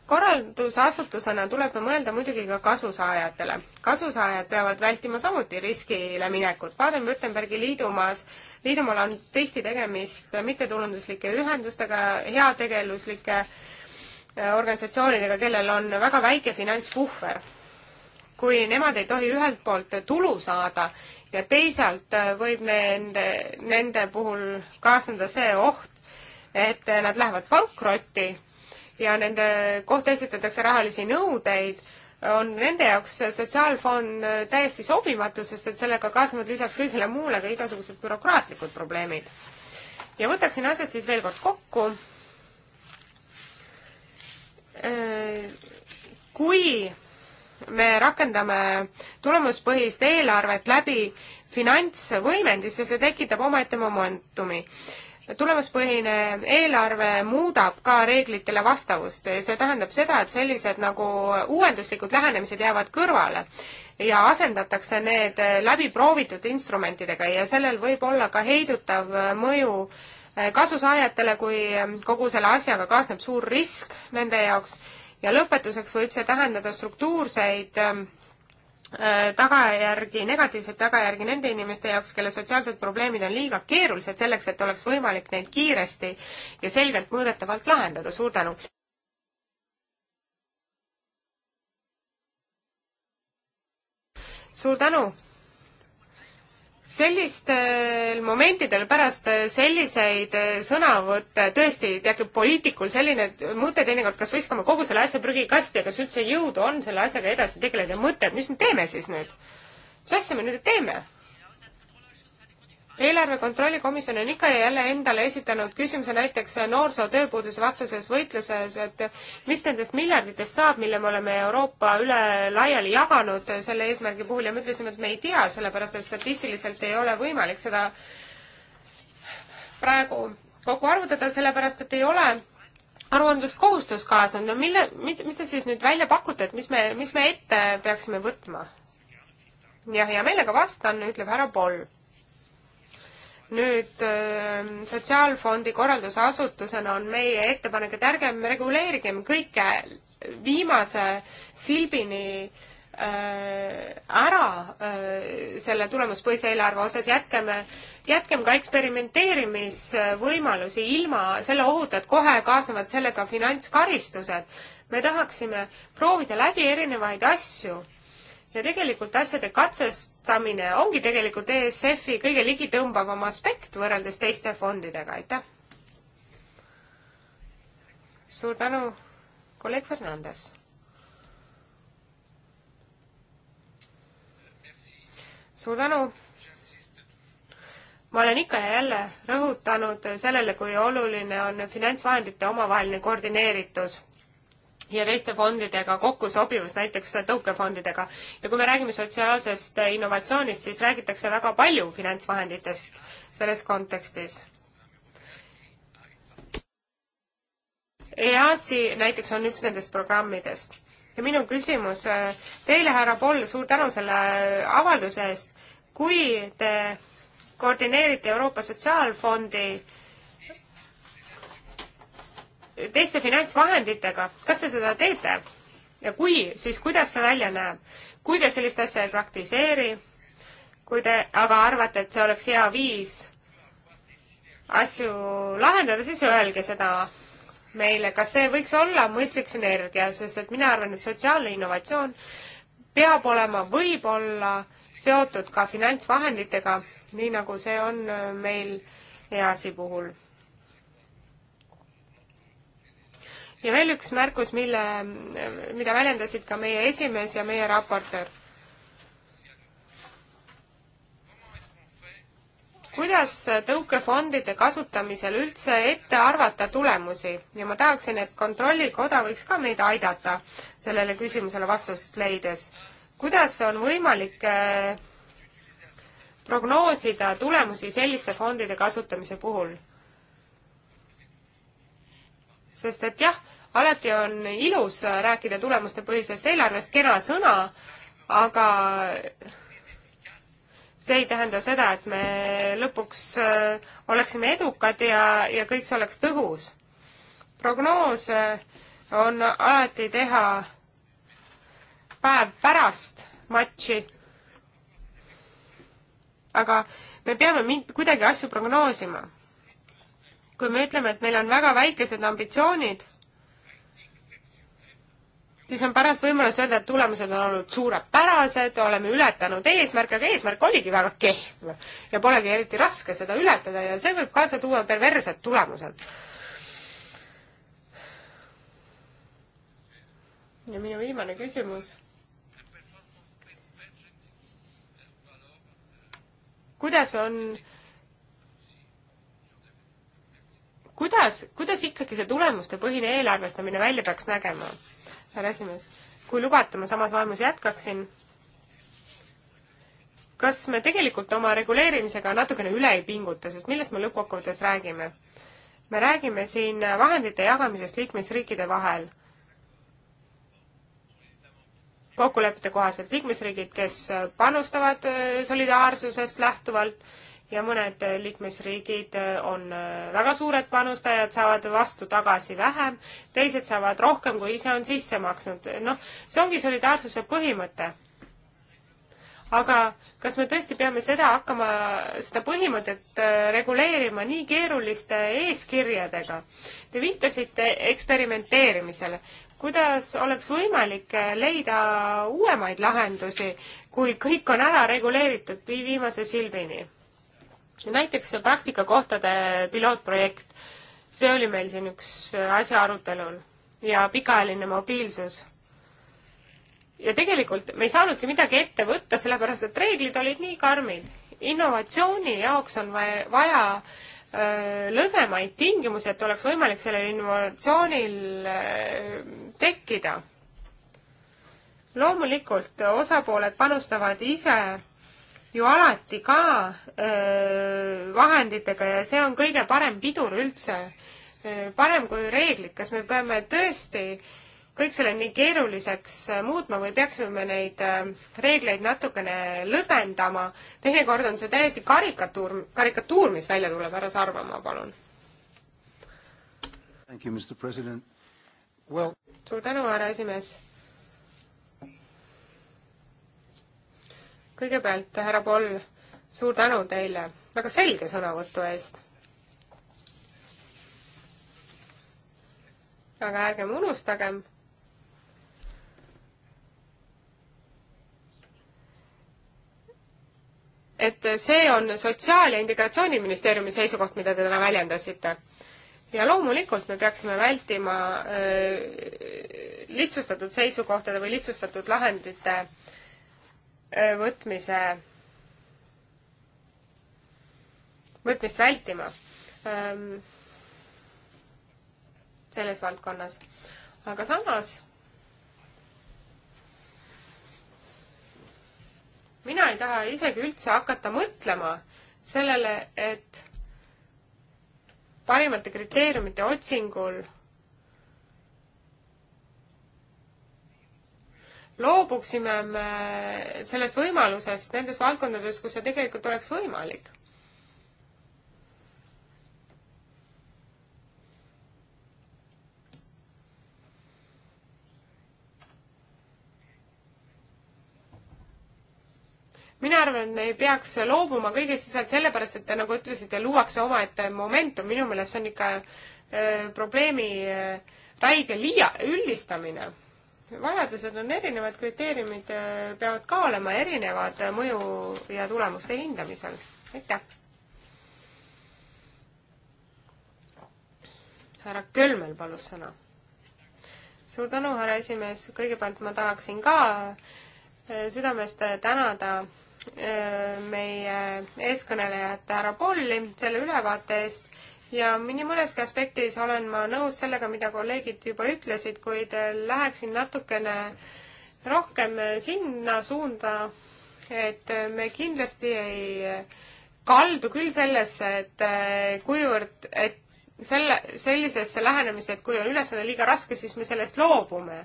korraldusasutusena tuleb mõelda muidugi ka kasusaajatele. kasusaajad peavad vältima samuti riskile minekut. Baden-Württembergi liidumaas, liidumaal on tihti tegemist mittetulunduslike ühendustega, heategevuslike äh, organisatsioonidega, kellel on väga väike finantspuhver kui nemad ei tohi ühelt poolt tulu saada ja teisalt äh, võib nende, nende puhul kaasneda see oht, et äh, nad lähevad pankrotti ja nende kohta esitatakse rahalisi nõudeid, on nende jaoks sotsiaalfond äh, täiesti sobimatu, sest et sellega kaasnevad lisaks kõigele muule ka igasugused bürokraatlikud probleemid. ja võtaksin asjad siis veel kord kokku. kui me rakendame tulemuspõhist eelarvet läbi finantsvõimendis ja see tekitab omaette momentumi. tulemuspõhine eelarve muudab ka reeglitele vastavust, see tähendab seda, et sellised nagu uuenduslikud lähenemised jäävad kõrvale ja asendatakse need läbiproovitud instrumentidega ja sellel võib olla ka heidutav mõju eh, kasusaajatele, kui kogu selle asjaga kaasneb suur risk nende jaoks ja lõpetuseks võib see tähendada struktuurseid ähm, äh, tagajärgi, negatiivseid tagajärgi nende inimeste jaoks, kelle sotsiaalsed probleemid on liiga keerulised selleks, et oleks võimalik neid kiiresti ja selgelt mõõdetavalt lahendada. suur tänu! suur tänu! sellistel momentidel pärast selliseid äh, sõnavõtte tõesti tekib poliitikul selline mõte teinekord, kas viskame kogu selle asja prügikasti ja kas üldse jõudu on selle asjaga edasi tegeleda, mõte, et mis me teeme siis nüüd? mis asja me nüüd teeme? eelarve kontrolli komisjon on ikka ja jälle endale esitanud küsimuse näiteks noorsoo tööpuuduse vastases võitluses, et mis nendest miljarditest saab, mille me oleme Euroopa üle laiali jaganud selle eesmärgi puhul ja me ütlesime, et me ei tea, sellepärast et statistiliselt ei ole võimalik seda praegu kokku arvutada, sellepärast et ei ole aruandluskohustus kaasanud, no mille, mis, mis te siis nüüd välja pakute, et mis me, mis me ette peaksime võtma? jah, hea meelega vastan, ütleb härra Poll nüüd ähm, Sotsiaalfondi korraldusasutusena on meie ettepanek, et ärgem reguleerigem kõike viimase silbini äh, ära äh, selle tulemuspõhise eelarve osas, jätkame, jätkame ka eksperimenteerimisvõimalusi ilma selle ohuta, et kohe kaasnevad sellega finantskaristused. me tahaksime proovida läbi erinevaid asju ja tegelikult asjade katsest rahastamine ongi tegelikult ESF-i kõige ligitõmbavam aspekt võrreldes teiste fondidega, aitäh! suur tänu, kolleeg Fernandes! suur tänu! ma olen ikka ja jälle rõhutanud sellele, kui oluline on finantsvahendite omavaheline koordineeritus ja teiste fondidega kokku sobivus, näiteks tõukefondidega. ja kui me räägime sotsiaalsest innovatsioonist, siis räägitakse väga palju finantsvahenditest selles kontekstis. EAS-i näiteks on üks nendest programmidest. ja minu küsimus eh, teile, härra Poll, suur tänu selle avalduse eest. kui te koordineerite Euroopa Sotsiaalfondi teiste finantsvahenditega, kas te seda teete? ja kui, siis kuidas see välja näeb? kui te sellist asja ei praktiseeri, kui te aga arvate, et see oleks hea viis asju lahendada, siis öelge seda meile, kas see võiks olla mõistlik sünergia, sest et mina arvan, et sotsiaalne innovatsioon peab olema võib-olla seotud ka finantsvahenditega, nii nagu see on meil EAS-i puhul ja veel üks märkus, mille, mida väljendasid ka meie esimees ja meie raportöör. kuidas tõukefondide kasutamisel üldse ette arvata tulemusi ja ma tahaksin, et Kontrollikoda võiks ka meid aidata sellele küsimusele vastust leides. kuidas on võimalik eh, prognoosida tulemusi selliste fondide kasutamise puhul? sest et jah alati on ilus rääkida tulemustepõhisest eelarvest, kena sõna, aga see ei tähenda seda, et me lõpuks äh, oleksime edukad ja, ja kõik see oleks tõhus. prognoos äh, on alati teha päev pärast matši. aga me peame mind kuidagi asju prognoosima. kui me ütleme, et meil on väga väikesed ambitsioonid siis on pärast võimalus öelda, et tulemused on olnud suurepärased, oleme ületanud eesmärke, aga eesmärk oligi väga kehv. ja polegi eriti raske seda ületada ja see võib kaasa tuua perversed tulemused. ja minu viimane küsimus. kuidas on kuidas, kuidas ikkagi see tulemustepõhine eelarvestamine välja peaks nägema? härra esimees. kui lubate, ma samas vaimus jätkaksin. kas me tegelikult oma reguleerimisega natukene üle ei pinguta, sest millest me lõppkokkuvõttes räägime? me räägime siin vahendite jagamisest liikmesriikide vahel. kokkulepete kohaselt liikmesriigid, kes panustavad äh, solidaarsusest lähtuvalt ja mõned liikmesriigid on väga suured panustajad, saavad vastu tagasi vähem, teised saavad rohkem, kui ise on sisse maksnud. noh, see ongi solidaarsuse põhimõte. aga kas me tõesti peame seda hakkama, seda põhimõtet äh, reguleerima nii keeruliste eeskirjadega? Te viitasite eksperimenteerimisele. kuidas oleks võimalik äh, leida uuemaid lahendusi, kui kõik on ära reguleeritud viimase silmini? näiteks praktikakohtade pilootprojekt, see oli meil siin üks asja arutelul ja pikaajaline mobiilsus. ja tegelikult me ei saanudki midagi ette võtta, sellepärast et reeglid olid nii karmid. innovatsiooni jaoks on vaja, vaja lõdvemaid tingimusi, et oleks võimalik sellel innovatsioonil tekkida. loomulikult osapooled panustavad ise ju alati ka öö, vahenditega ja see on kõige parem pidur üldse, parem kui reeglid, kas me peame tõesti kõik selle nii keeruliseks äh, muutma või peaksime me neid äh, reegleid natukene lõdvendama. teinekord on see täiesti karikatuur, karikatuur, mis välja tuleb, härra Sarvamaa, palun. Well... suur tänu, härra esimees kõigepealt, härra Poll, suur tänu teile väga selge sõnavõtu eest. aga ärgem unustagem, et see on Sotsiaal- ja Integratsiooniministeeriumi seisukoht, mida te täna väljendasite. ja loomulikult me peaksime vältima öö, äh, lihtsustatud seisukohtade või lihtsustatud lahendite öö, võtmise, võtmist vältima ähm, selles valdkonnas. aga samas mina ei taha isegi üldse hakata mõtlema sellele, et parimate kriteeriumite otsingul loobuksime me sellest võimalusest nendes valdkondades, kus see tegelikult oleks võimalik. mina arvan, et me ei peaks loobuma kõigest lihtsalt sellepärast, et te nagu ütlesite, luuakse omaette momentum, minu meelest see on ikka öö, äh, probleemi öö, äh, räige liia-, üldistamine vajadused on erinevad, kriteeriumid äh, peavad ka olema erinevad äh, mõju ja tulemuste hindamisel. aitäh! härra Kölmel palus sõna. suur tänu, härra esimees, kõigepealt ma tahaksin ka äh, südamest tänada meie eeskõnelejat härra Polli selle ülevaate eest ja nii mõneski aspektis olen ma nõus sellega, mida kolleegid juba ütlesid, kuid äh, läheksin natukene rohkem äh, sinna suunda, et äh, me kindlasti ei kaldu küll sellesse, et kuivõrd, et selle, sellisesse lähenemisse, et kui on ülesanne liiga raske, siis me sellest loobume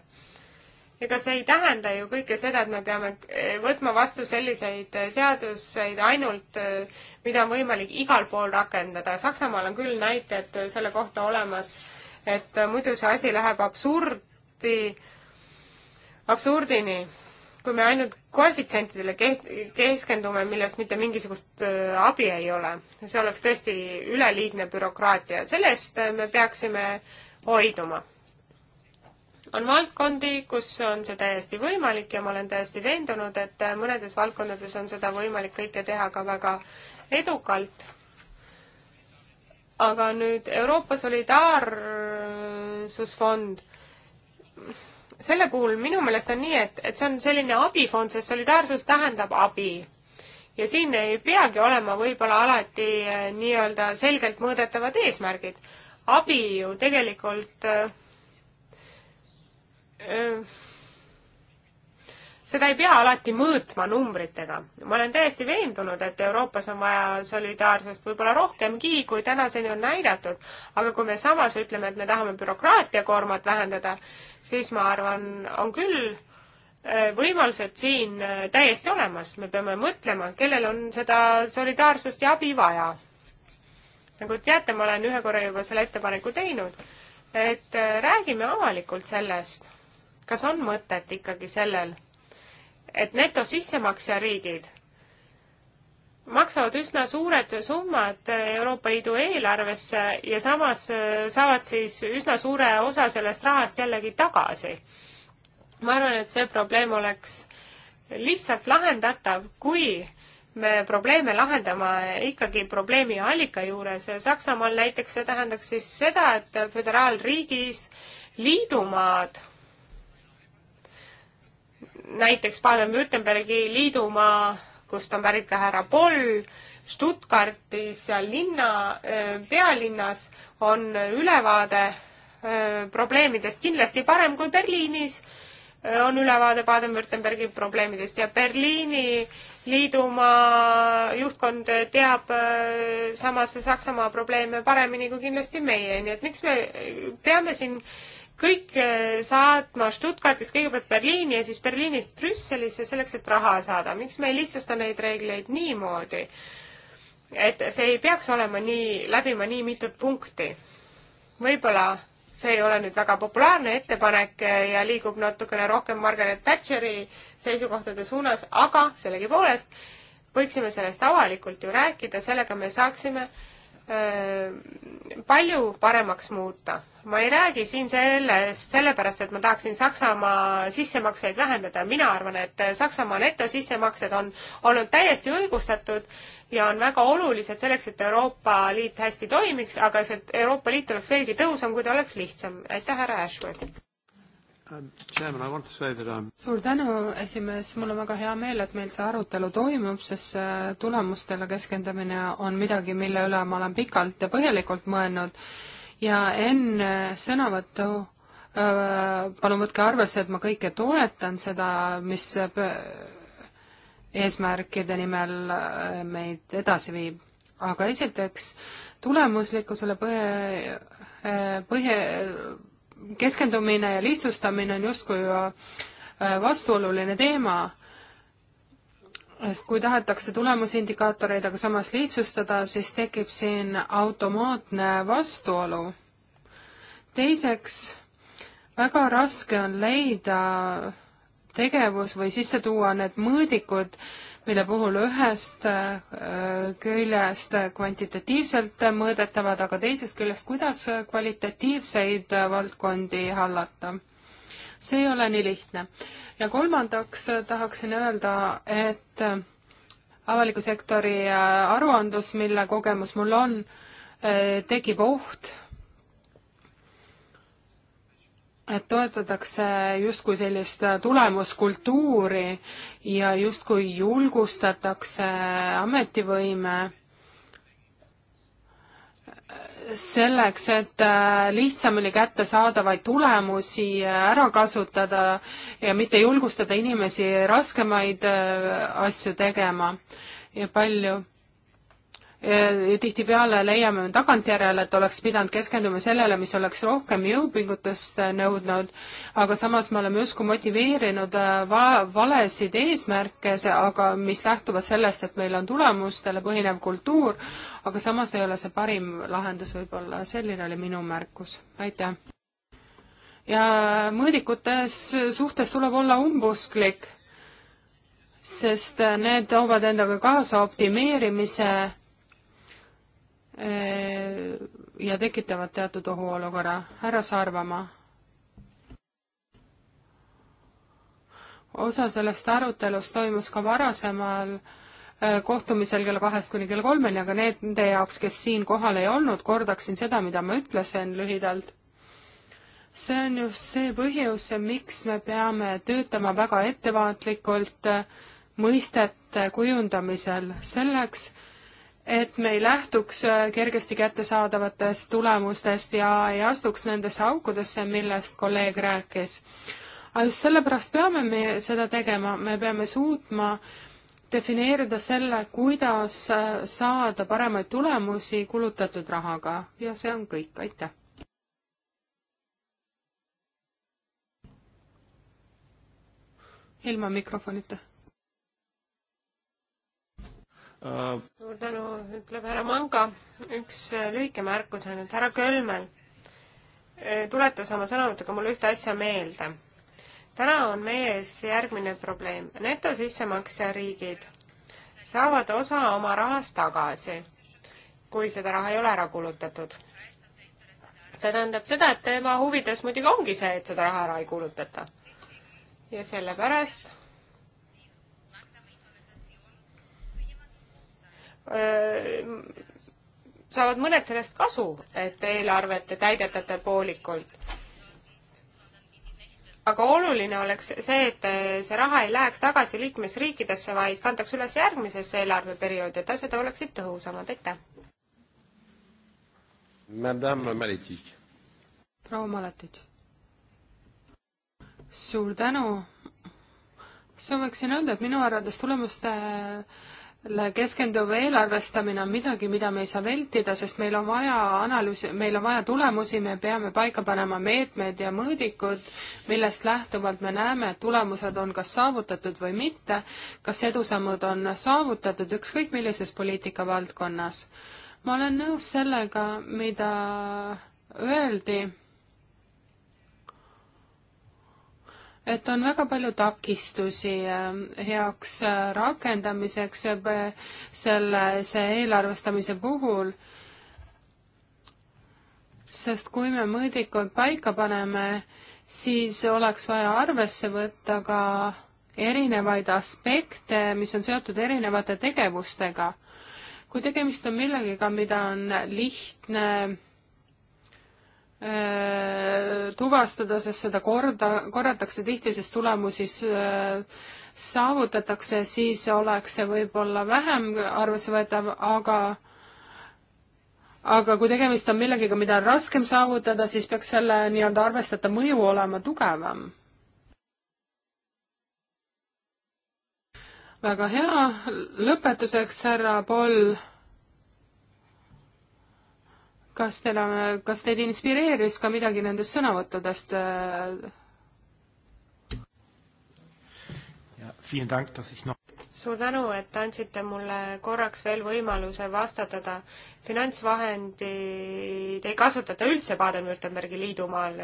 ega see ei tähenda ju kõike seda, et me peame eh, võtma vastu selliseid eh, seaduseid ainult, eh, mida on võimalik igal pool rakendada. Saksamaal on küll näited selle kohta olemas, et muidu see asi läheb absurdi, absurdini, kui me ainult koefitsientidele keskendume, millest mitte mingisugust abi ei ole. see oleks tõesti üleliigne bürokraatia. sellest me peaksime hoiduma on valdkondi, kus on see täiesti võimalik ja ma olen täiesti veendunud, et mõnedes valdkondades on seda võimalik kõike teha ka väga edukalt. aga nüüd Euroopa Solidaarsusfond, selle puhul minu meelest on nii, et, et see on selline abifond, sest solidaarsus tähendab abi. ja siin ei peagi olema võib-olla alati eh, nii-öelda selgelt mõõdetavad eesmärgid. abi ju tegelikult äh, seda ei pea alati mõõtma numbritega. ma olen täiesti veendunud, et Euroopas on vaja solidaarsust võib-olla rohkemgi, kui tänaseni on näidatud, aga kui me samas ütleme, et me tahame bürokraatiakoormat vähendada, siis ma arvan, on küll eh, võimalused siin eh, täiesti olemas, me peame mõtlema, kellel on seda solidaarsust ja abi vaja. nagu teate, ma olen ühe korra juba selle ettepaneku teinud, et eh, räägime avalikult sellest kas on mõtet ikkagi sellel, et netosissemaksjariigid maksavad üsna suured summad Euroopa Liidu eelarvesse ja samas äh, saavad siis üsna suure osa sellest rahast jällegi tagasi. ma arvan, et see probleem oleks lihtsalt lahendatav, kui me probleeme lahendama ikkagi probleemi allika juures. Saksamaal näiteks see tähendaks siis seda, et föderaalriigis liidumaad näiteks Baden-Württembergi liidumaa, kust on pärit ka härra Poll, Stuttgartis, seal linna, pealinnas on ülevaade probleemidest kindlasti parem kui Berliinis on ülevaade Baden-Württembergi probleemidest ja Berliini liidumaa juhtkond teab samas Saksamaa probleeme paremini kui kindlasti meie, nii et miks me peame siin kõik eh, saatma Stuttgartist kõigepealt Berliini ja siis Berliinist Brüsselisse selleks, et raha saada. miks me ei lihtsusta neid reegleid niimoodi, et see ei peaks olema nii, läbima nii mitut punkti? võib-olla see ei ole nüüd väga populaarne ettepanek ja liigub natukene rohkem Margaret Thatcheri seisukohtade suunas, aga sellegipoolest võiksime sellest avalikult ju rääkida, sellega me saaksime öö, eh, palju paremaks muuta ma ei räägi siin sellest sellepärast, et ma tahaksin Saksamaa sissemakseid vähendada, mina arvan, et Saksamaa netosissemaksed on olnud täiesti õigustatud ja on väga olulised selleks, et Euroopa Liit hästi toimiks, aga see Euroopa Liit oleks veelgi tõhusam, kui ta oleks lihtsam. aitäh, härra Ashworth! Uh, um, suur tänu, esimees, mul on väga hea meel, et meil see arutelu toimub, sest äh, tulemustele keskendumine on midagi, mille üle ma olen pikalt ja põhjalikult mõelnud ja enne äh, sõnavõttu äh, palun võtke arvesse, et ma kõike toetan seda, mis äh, eesmärkide nimel meid edasi viib. aga esiteks tulemuslikkusele põhe, põhe, keskendumine ja lihtsustamine on justkui vastuoluline teema sest kui tahetakse tulemusindikaatoreid aga samas lihtsustada, siis tekib siin automaatne vastuolu. teiseks, väga raske on leida tegevus või sisse tuua need mõõdikud, mille puhul ühest äh, küljest kvantitatiivselt mõõdetavad, aga teisest küljest, kuidas kvalitatiivseid valdkondi hallata. see ei ole nii lihtne ja kolmandaks äh, tahaksin öelda, et äh, avaliku sektori äh, aruandlus, mille kogemus mul on, tekib oht, et toetatakse justkui sellist tulemuskultuuri ja justkui julgustatakse ametivõime selleks, et äh, lihtsamini kättesaadavaid tulemusi äh, ära kasutada ja mitte julgustada inimesi raskemaid äh, asju tegema ja palju tihtipeale leiame tagantjärele, et oleks pidanud keskenduma sellele, mis oleks rohkem jõupingutust äh, nõudnud, aga samas me oleme justkui motiveerinud äh, va-, valesid eesmärke, aga mis lähtuvad sellest, et meil on tulemustele põhinev kultuur, aga samas ei ole see parim lahendus võib-olla, selline oli minu märkus, aitäh. ja mõõdikutes suhtes tuleb olla umbusklik, sest äh, need toovad endaga kaasa optimeerimise Äh, ja tekitavad teatud ohuolukorra. härra Saarvamaa. osa sellest arutelust toimus ka varasemal äh, kohtumisel kella kahest kuni kella kolmeni, aga nende jaoks, kes siin kohal ei olnud, kordaksin seda, mida ma ütlesin lühidalt. see on just see põhjus, miks me peame töötama väga ettevaatlikult äh, mõistete kujundamisel, selleks, et me ei lähtuks äh, kergesti kättesaadavatest tulemustest ja ei astuks nendesse aukudesse, millest kolleeg rääkis. aga just sellepärast peame me seda tegema, me peame suutma defineerida selle, kuidas äh, saada paremaid tulemusi kulutatud rahaga ja see on kõik, aitäh! ilma mikrofonita suur tänu, ütleb härra Manga. üks äh, lühike märkus ainult, härra Kölmel äh, tuletas oma sõnavõtuga mulle ühte asja meelde. täna on meie ees järgmine probleem. netosissemaksja riigid saavad osa oma rahast tagasi, kui seda raha ei ole ära kulutatud. see tähendab seda, et tema huvides muidugi ongi see, et seda raha ära ei kulutata. ja sellepärast saavad mõned sellest kasu, et eelarvet täidetate poolikult. aga oluline oleks see, et see raha ei läheks tagasi liikmesriikidesse, vaid kantakse üles järgmisesse eelarveperioodi, et asjad oleksid tõhusamad, aitäh. Madame Maletic. proua Maletic. suur tänu. sooviksin öelda, et minu arvates tulemuste äh, keskenduv eelarvestamine on midagi, mida me ei saa vältida, sest meil on vaja analüüsi, meil on vaja tulemusi, me peame paika panema meetmed ja mõõdikud, millest lähtuvalt me näeme, et tulemused on kas saavutatud või mitte, kas edusammud on saavutatud ükskõik millises poliitikavaldkonnas. ma olen nõus sellega, mida öeldi et on väga palju takistusi äh, heaks äh, rakendamiseks äh, selle, see eelarvestamise puhul, sest kui me mõõdikud paika paneme, siis oleks vaja arvesse võtta ka erinevaid aspekte, mis on seotud erinevate tegevustega. kui tegemist on millegagi, mida on lihtne Äh, tuvastada, sest seda korda, korratakse tihti, sest tulemusi äh, saavutatakse, siis oleks see võib-olla vähem arvesse võetav, aga aga kui tegemist on millegiga, mida on raskem saavutada, siis peaks selle nii-öelda arvestatav mõju olema tugevam väga hea. lõpetuseks, härra Poll, kas teil on, kas teid inspireeris ka midagi nendest sõnavõttudest? suur tänu, et andsite mulle korraks veel võimaluse vastatada. finantsvahendid ei kasutata üldse Baden-Württembergi liidumaal.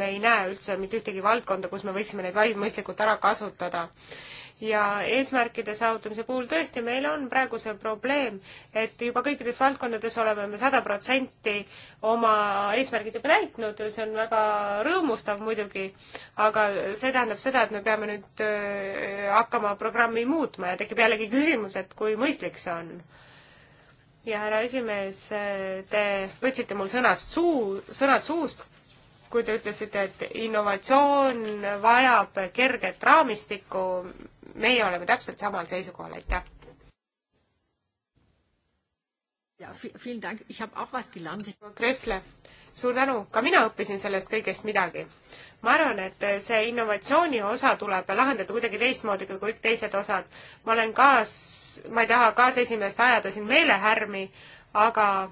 me ei näe üldse mitte ühtegi valdkonda, kus me võiksime neid vaid mõistlikult ära kasutada ja eesmärkide saavutamise puhul tõesti, meil on praegu see probleem, et juba kõikides valdkondades oleme me sada protsenti oma eesmärgid juba täitnud, see on väga rõõmustav muidugi, aga see tähendab seda, et me peame nüüd äh, hakkama programmi muutma ja tekib jällegi küsimus, et kui mõistlik see on ja härra esimees, äh, te võtsite mul sõnast suu, sõnad suust, kui te ütlesite, et innovatsioon vajab kerget raamistikku, meie oleme täpselt samal seisukohal, aitäh. Kressle, suur tänu, ka mina õppisin sellest kõigest midagi. ma arvan, et see innovatsiooni osa tuleb lahendada kuidagi teistmoodi kui kõik teised osad. ma olen kaas, ma ei taha kaasesimeest ajada siin meelehärmi, aga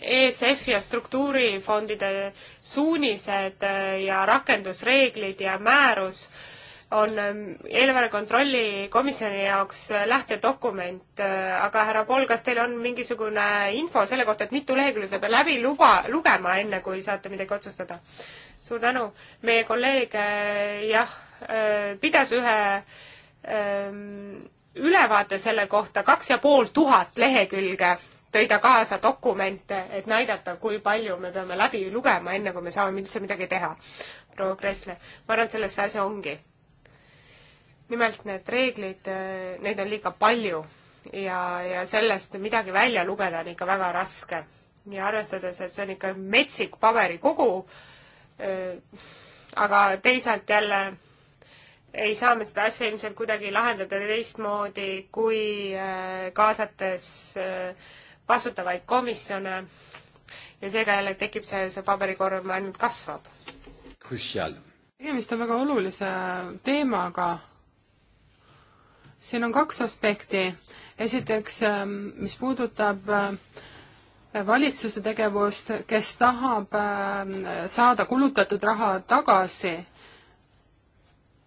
ESF ja struktuurifondide suunised ja rakendusreeglid ja määrus äh, on ähm, eelarve kontrolli komisjoni jaoks äh, lähtedokument, äh, aga härra Pool, kas teil on mingisugune info selle kohta, et mitu lehekülge peab läbi luba, lugema, enne kui saate midagi otsustada? suur tänu, meie kolleeg äh, jah, pidas ühe ähm, ülevaate selle kohta, kaks ja pool tuhat lehekülge tõi ta kaasa dokumente, et näidata, kui palju me peame läbi lugema, enne kui me saame üldse midagi teha. proua Kressle, ma arvan, et selles see asi ongi nimelt need reeglid, äh, neid on liiga palju ja, ja sellest midagi välja lugeda on ikka väga raske. ja arvestades, et see on ikka metsik paberikogu, äh, aga teisalt jälle ei saa me seda asja ilmselt kuidagi lahendada teistmoodi, kui äh, kaasates vastutavaid komisjone ja seega jälle tekib see, see paberikorv ainult kasvab. tegemist on väga olulise teemaga siin on kaks aspekti. esiteks, ähm, mis puudutab äh, valitsuse tegevust, kes tahab ähm, saada kulutatud raha tagasi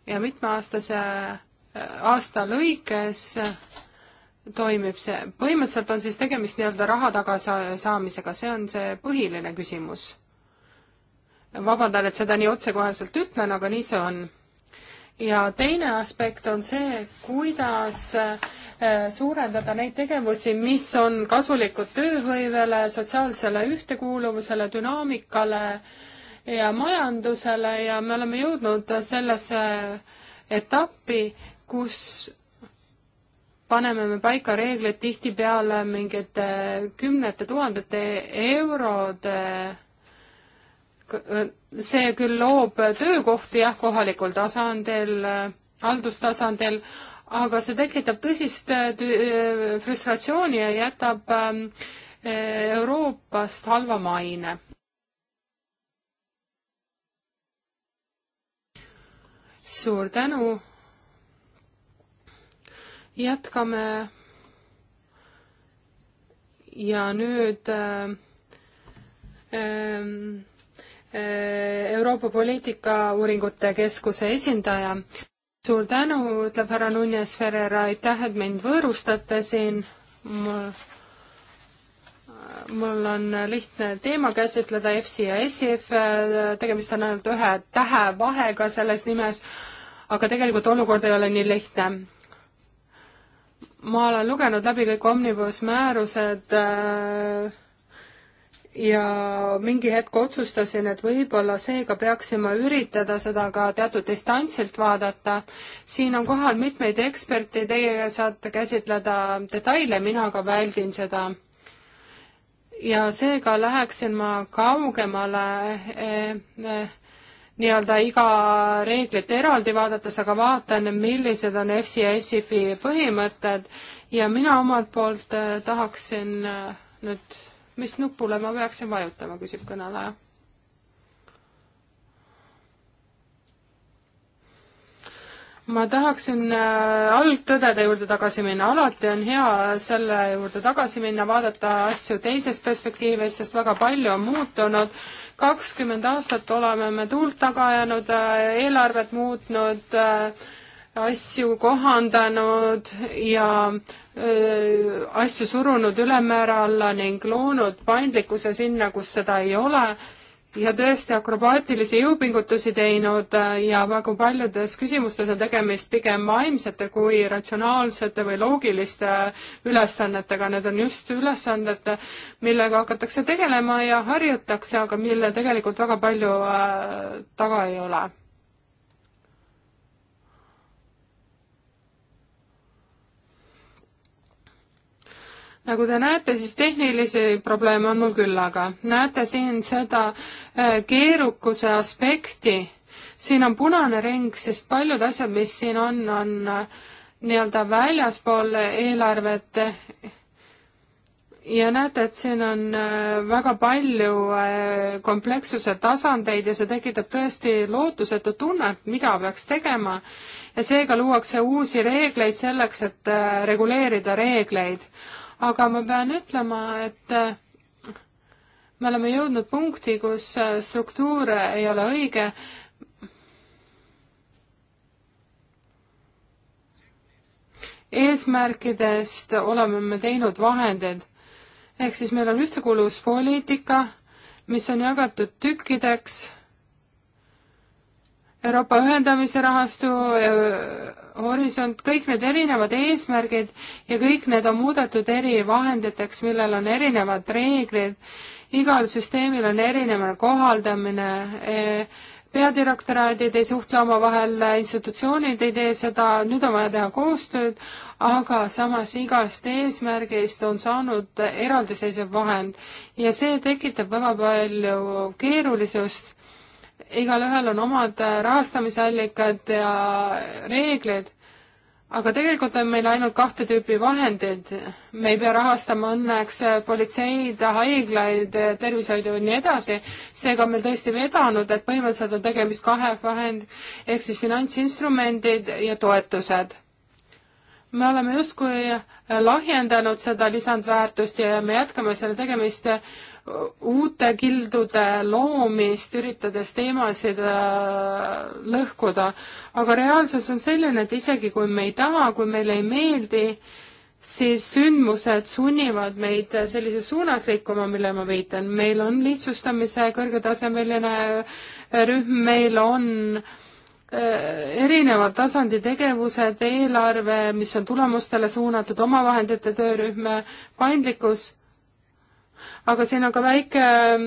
ja mitmeaastase äh, aasta lõikes äh, toimib see. põhimõtteliselt on siis tegemist nii-öelda raha tagasaamisega, see on see põhiline küsimus. vabandan, et seda nii otsekoheselt ütlen, aga nii see on ja teine aspekt on see, kuidas äh, suurendada neid tegevusi, mis on kasulikud tööhõivele, sotsiaalsele ühtekuuluvusele, dünaamikale ja majandusele ja me oleme jõudnud sellesse etappi, kus paneme me paika reeglid tihtipeale mingite kümnete tuhandete eurode see küll loob töökohti jah, kohalikul tasandil, haldustasandil, aga see tekitab tõsist äh, äh, frustratsiooni ja jätab ähm, äh, Euroopast halva maine. suur tänu. jätkame. ja nüüd äh, äh, Äh, Euroopa Poliitikauuringute Keskuse esindaja. suur tänu, ütleb härra Nunes Ferreira, aitäh, et mind võõrustate siin. mul, mul on lihtne teema käsitleda, EFSI ja ESIF, tegemist on ainult ühe tähe vahega selles nimes, aga tegelikult olukord ei ole nii lihtne ma olen lugenud läbi kõik Omnibus määrused äh, ja mingi hetk otsustasin, et võib-olla seega peaksime üritada seda ka teatud distantsilt vaadata. siin on kohal mitmeid eksperte, teie saate käsitleda detaile, mina aga väldin seda. ja seega läheksin ma kaugemale eh, eh, nii-öelda iga reeglit eraldi vaadates, aga vaatan, millised on EFSI ja SIFi põhimõtted ja mina omalt poolt eh, tahaksin eh, nüüd mis nupule ma peaksin vajutama, küsib kõneleja. ma tahaksin äh, algtõdede juurde tagasi minna, alati on hea selle juurde tagasi minna, vaadata asju teisest perspektiivist, sest väga palju on muutunud kakskümmend aastat oleme me tuult taga ajanud, äh, eelarvet muutnud äh,, asju kohandanud ja öö, äh, asju surunud ülemäära alla ning loonud paindlikkuse sinna, kus seda ei ole ja tõesti akrobaatilisi jõupingutusi teinud äh, ja väga paljudes küsimustes on tegemist pigem vaimsete kui ratsionaalsete või loogiliste ülesannetega, need on just ülesanded, millega hakatakse tegelema ja harjutakse, aga mille tegelikult väga palju äh, taga ei ole nagu te näete, siis tehnilisi probleeme on mul küll, aga näete siin seda äh, keerukuse aspekti. siin on punane ring, sest paljud asjad, mis siin on, on äh, nii-öelda väljaspool eelarvet. ja näete, et siin on äh, väga palju komplekssuse tasandeid ja see tekitab tõesti lootusetu tunnet, mida peaks tegema. ja seega luuakse uusi reegleid selleks, et reguleerida reegleid aga ma pean ütlema, et äh, me oleme jõudnud punkti, kus äh, struktuur ei ole õige. eesmärkidest oleme me teinud vahendid, ehk siis meil on ühtekuuluvuspoliitika, mis on jagatud tükkideks Euroopa ühendamise rahastu, äh, Horisont, kõik need erinevad eesmärgid ja kõik need on muudetud erivahenditeks, millel on erinevad reeglid, igal süsteemil on erinev kohaldamine, eh, peadirektoraadid ei suhtle omavahel, institutsioonid ei tee seda, nüüd on vaja teha koostööd, aga samas igast eesmärgist on saanud eraldiseisev vahend ja see tekitab väga palju keerulisust igalühel on omad äh, rahastamisallikad ja reeglid, aga tegelikult on meil ainult kahte tüüpi vahendid. me ei pea rahastama õnneks äh, politseid, haiglaid, äh, tervishoidu ja nii edasi, seega on meil tõesti vedanud, et põhimõtteliselt on tegemist kahe vahend, ehk siis finantsinstrumendid ja toetused me oleme justkui lahjendanud seda lisandväärtust ja me jätkame selle tegemist uute kildude loomist, üritades teemasid äh, lõhkuda. aga reaalsus on selline, et isegi kui me ei taha, kui meile ei meeldi, siis sündmused sunnivad meid sellises suunas liikuma, mille ma viitan. meil on lihtsustamise kõrgetasemeline äh, rühm, meil on äh, erineva tasandi tegevused, eelarve, mis on tulemustele suunatud, omavahendite töörühm, paindlikkus aga siin on ka väike ähm,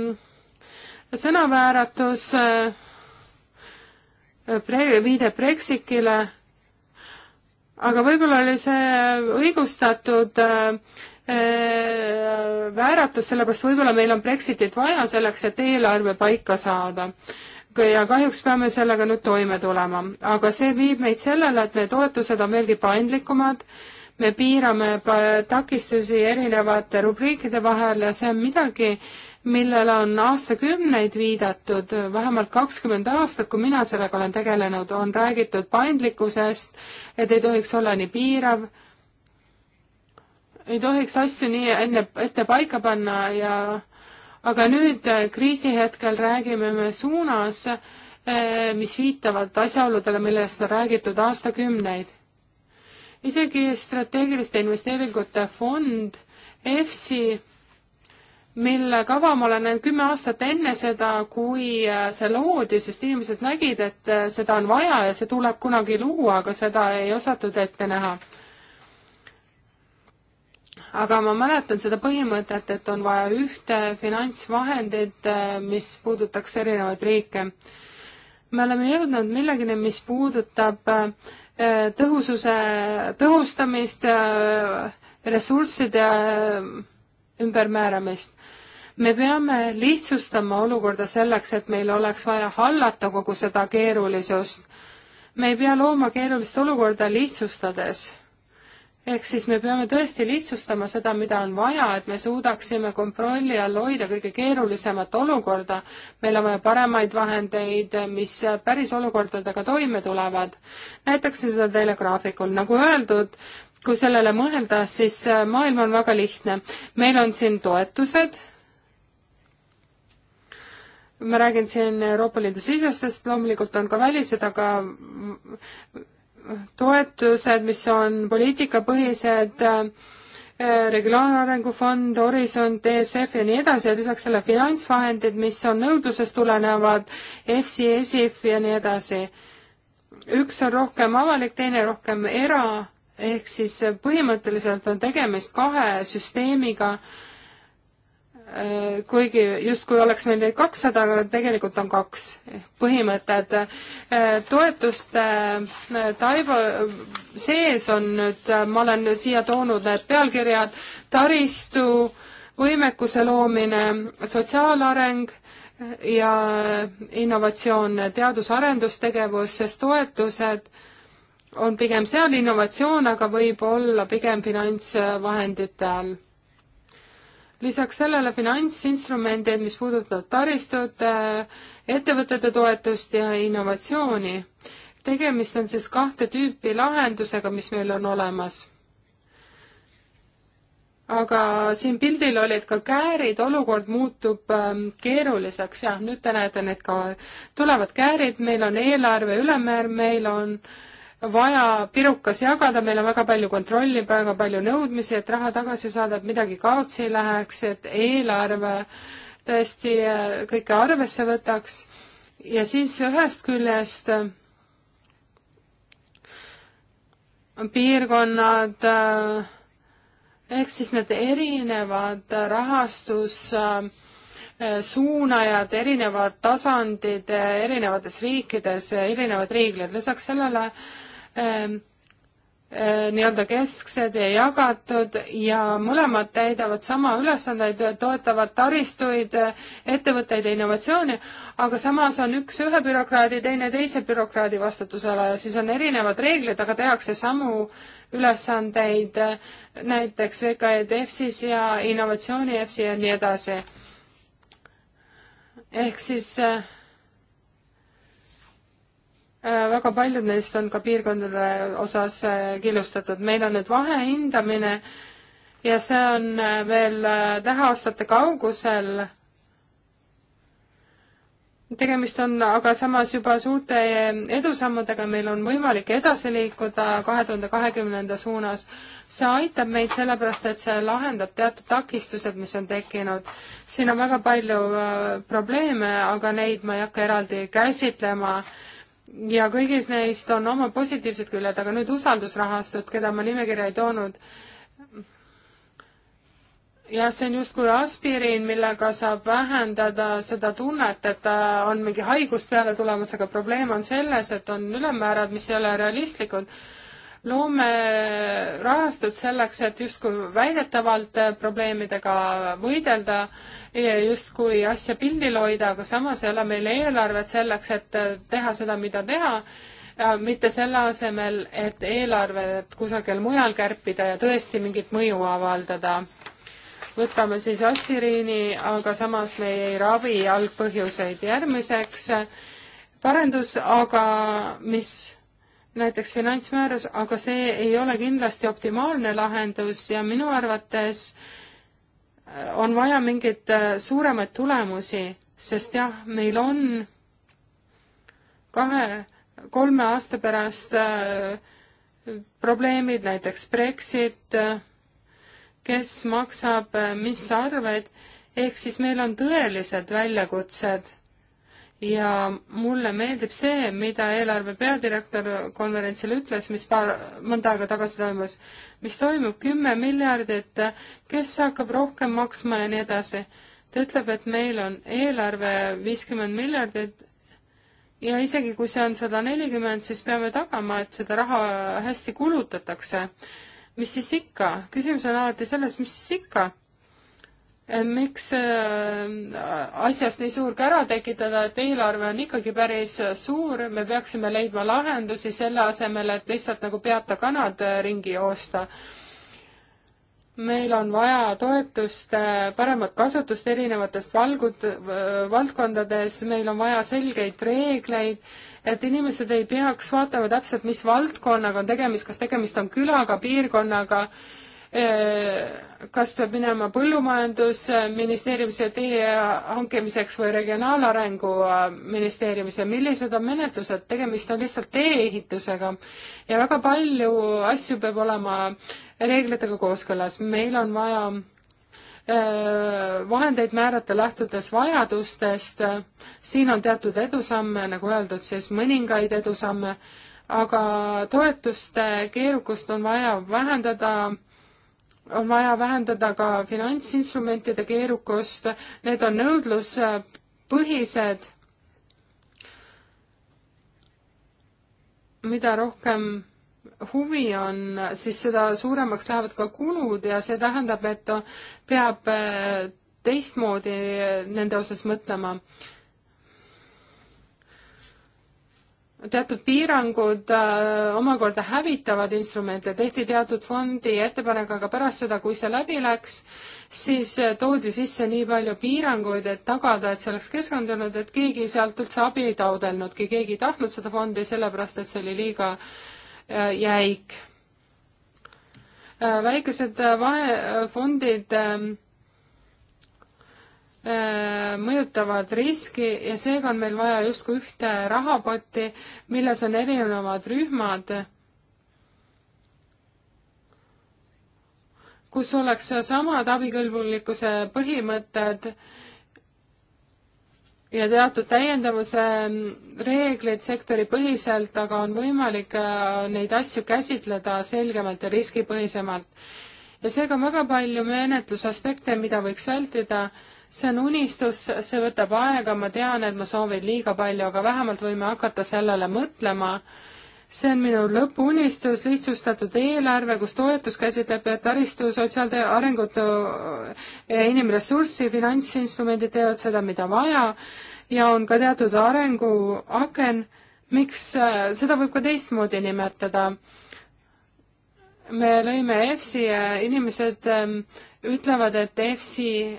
sõnavääratus äh, pre-, viide Brexitile, aga võib-olla oli see õigustatud äh, äh, vääratus, sellepärast võib-olla meil on Brexitit vaja selleks, et eelarve paika saada. ja kahjuks peame sellega nüüd toime tulema, aga see viib meid sellele, et meie toetused on veelgi paindlikumad me piirame äh, takistusi erinevate rubriikide vahel ja see on midagi, millele on aastakümneid viidatud, vähemalt kakskümmend aastat, kui mina sellega olen tegelenud, on räägitud paindlikkusest, et ei tohiks olla nii piirav, ei tohiks asju nii enne, ette paika panna ja aga nüüd äh, kriisihetkel räägime me suunas, äh, mis viitavad asjaoludele, millest on räägitud aastakümneid isegi strateegiliste investeeringute fond, EFSI, mille kava ma olen näinud kümme aastat enne seda, kui äh, see loodi, sest inimesed nägid, et äh, seda on vaja ja see tuleb kunagi luua, aga seda ei osatud ette näha. aga ma mäletan seda põhimõtet, et on vaja ühte finantsvahendit, äh, mis puudutaks erinevaid riike. me oleme jõudnud millegini, mis puudutab äh, tõhususe tõhustamist ja ressursside ümbermääramist. me peame lihtsustama olukorda selleks, et meil oleks vaja hallata kogu seda keerulisust. me ei pea looma keerulist olukorda lihtsustades ehk siis me peame tõesti lihtsustama seda, mida on vaja, et me suudaksime kontrolli all hoida kõige keerulisemat olukorda. meil on vaja paremaid vahendeid, mis päris olukordadega toime tulevad. näitaksin seda teile graafikul, nagu öeldud, kui sellele mõelda, siis äh, maailm on väga lihtne. meil on siin toetused, ma räägin siin Euroopa Liidu sisestest, loomulikult on ka välised, aga toetused, mis on poliitikapõhised, äh, regionaalarengu fond, Horisont, ESF ja nii edasi ja lisaks selle finantsvahendid, mis on nõudlusest tulenevad, EFSI, ESIF ja nii edasi. üks on rohkem avalik, teine rohkem era, ehk siis põhimõtteliselt on tegemist kahe süsteemiga, Äh, kuigi justkui oleks meil neid kakssada, aga tegelikult on kaks põhimõtet. Äh, toetuste äh, taiba sees on nüüd, ma olen siia toonud need pealkirjad, taristu, võimekuse loomine, sotsiaalareng ja innovatsioon, teadus-arendustegevus, sest toetused on pigem seal innovatsioon, aga võib olla pigem finantsvahendite all lisaks sellele finantsinstrumendid, mis puudutavad taristut, äh, ettevõtete toetust ja innovatsiooni. tegemist on siis kahte tüüpi lahendusega, mis meil on olemas. aga siin pildil olid ka käärid, olukord muutub ähm, keeruliseks, jah, nüüd te näete need ka, tulevad käärid, meil on eelarve ülemäär, meil on äh, vaja pirukas jagada, meil on väga palju kontrolli, väga palju nõudmisi, et raha tagasi saada, et midagi kaotsi ei läheks, et eelarve tõesti äh, kõike arvesse võtaks ja siis ühest küljest äh, piirkonnad äh, ehk siis need erinevad rahastussuunajad, erinevad tasandid erinevates riikides, erinevad riigid, lisaks sellele äh, Ähm, äh, nii-öelda kesksed ja jagatud ja mõlemad täidavad sama ülesandeid, toetavad taristuid, ettevõtteid ja innovatsiooni, aga samas on üks ühe bürokraadi, teine teise bürokraadi vastutusala ja siis on erinevad reeglid, aga tehakse samu ülesandeid näiteks VKE-d EFSis ja innovatsiooni EFSi ja nii edasi. ehk siis äh, Äh, väga paljud neist on ka piirkondade osas äh, killustatud. meil on nüüd vahehindamine ja see on äh, veel täheaastate kaugusel. tegemist on aga samas juba suurte edusammudega, meil on võimalik edasi liikuda kahe tuhande kahekümnenda suunas. see aitab meid sellepärast, et see lahendab teatud takistused, mis on tekkinud. siin on väga palju probleeme, aga neid ma ei hakka eraldi käsitlema ja kõigis neist on oma positiivsed küljed, aga nüüd usaldusrahastud, keda ma nimekirja ei toonud, jah, see on justkui aspiriin, millega saab vähendada seda tunnet, et äh, on mingi haigus peale tulemas, aga probleem on selles, et on ülemmäärad, mis ei ole realistlikud loome rahastut selleks, et justkui väidetavalt äh, probleemidega võidelda, justkui asja pildil hoida, aga samas ei ole meil eelarvet selleks, et äh, teha seda, mida teha, mitte selle asemel, et eelarvet kusagil mujal kärpida ja tõesti mingit mõju avaldada võtame siis aspiriini, aga samas me ei ravi algpõhjuseid. järgmiseks äh, parendus, aga mis näiteks finantsmäärus, aga see ei ole kindlasti optimaalne lahendus ja minu arvates äh, on vaja mingeid äh, suuremaid tulemusi, sest jah, meil on kahe, kolme aasta pärast äh, probleemid, näiteks Brexit äh,, kes maksab, äh, mis arved, ehk siis meil on tõelised väljakutsed ja mulle meeldib see, mida eelarve peadirektor konverentsil ütles, mis paar, mõnda aega tagasi toimus, mis toimub, kümme miljardit, kes hakkab rohkem maksma ja nii edasi. ta ütleb, et meil on eelarve viiskümmend miljardit ja isegi kui see on sada nelikümmend, siis peame tagama, et seda raha hästi kulutatakse. mis siis ikka, küsimus on alati selles, mis siis ikka Äh, miks äh, asjast nii suur kära tekitada, et eelarve on ikkagi päris äh, suur, me peaksime leidma lahendusi selle asemel, et lihtsalt nagu peata kanad ringi joosta. meil on vaja toetuste paremat kasutust erinevatest valgud, valdkondades, meil on vaja selgeid reegleid, et inimesed ei peaks vaatama täpselt, mis valdkonnaga on tegemist, kas tegemist on külaga, piirkonnaga Äh, kas peab minema Põllumajandusministeeriumisse tee hankimiseks või Regionaalarengu äh, ministeeriumisse, millised on menetlused, tegemist on lihtsalt tee-ehitusega ja väga palju asju peab olema reeglitega kooskõlas, meil on vaja äh, vahendeid määrata lähtudes vajadustest, siin on teatud edusamme, nagu öeldud, siis mõningaid edusamme, aga toetuste keerukust on vaja vähendada on vaja vähendada ka finantsinstrumentide keerukust, need on nõudluspõhised, mida rohkem huvi on, siis seda suuremaks lähevad ka kulud ja see tähendab, et peab teistmoodi nende osas mõtlema. teatud piirangud äh, omakorda hävitavad instrumente, tehti teatud fondi ettepanek, aga pärast seda, kui see läbi läks, siis äh, toodi sisse nii palju piiranguid, et tagada, et see oleks keskendunud, et keegi sealt üldse abi ei taodelnudki, keegi ei tahtnud seda fondi, sellepärast et see oli liiga äh, jäik. Äh, väikesed äh, vahe, äh, fondid ähm, Äh, mõjutavad riski ja seega on meil vaja justkui ühte rahapotti, milles on erinevad rühmad, kus oleks samad abikõlbulikkuse põhimõtted ja teatud täiendavuse reeglid sektoripõhiselt, aga on võimalik äh, neid asju käsitleda selgemalt ja riskipõhisemalt. ja seega on väga palju menetlusaspekte, mida võiks vältida see on unistus, see võtab aega, ma tean, et ma soovin liiga palju, aga vähemalt võime hakata sellele mõtlema. see on minu lõpuunistus, lihtsustatud eelarve, kus toetus käsitleb taristu, sotsiaaltöö arengut, eh, inimressurssi, finantsinstrumendid teevad seda, mida vaja ja on ka teatud arenguaken, miks, eh, seda võib ka teistmoodi nimetada. me lõime EFSi ja inimesed eh, ütlevad, et EFSi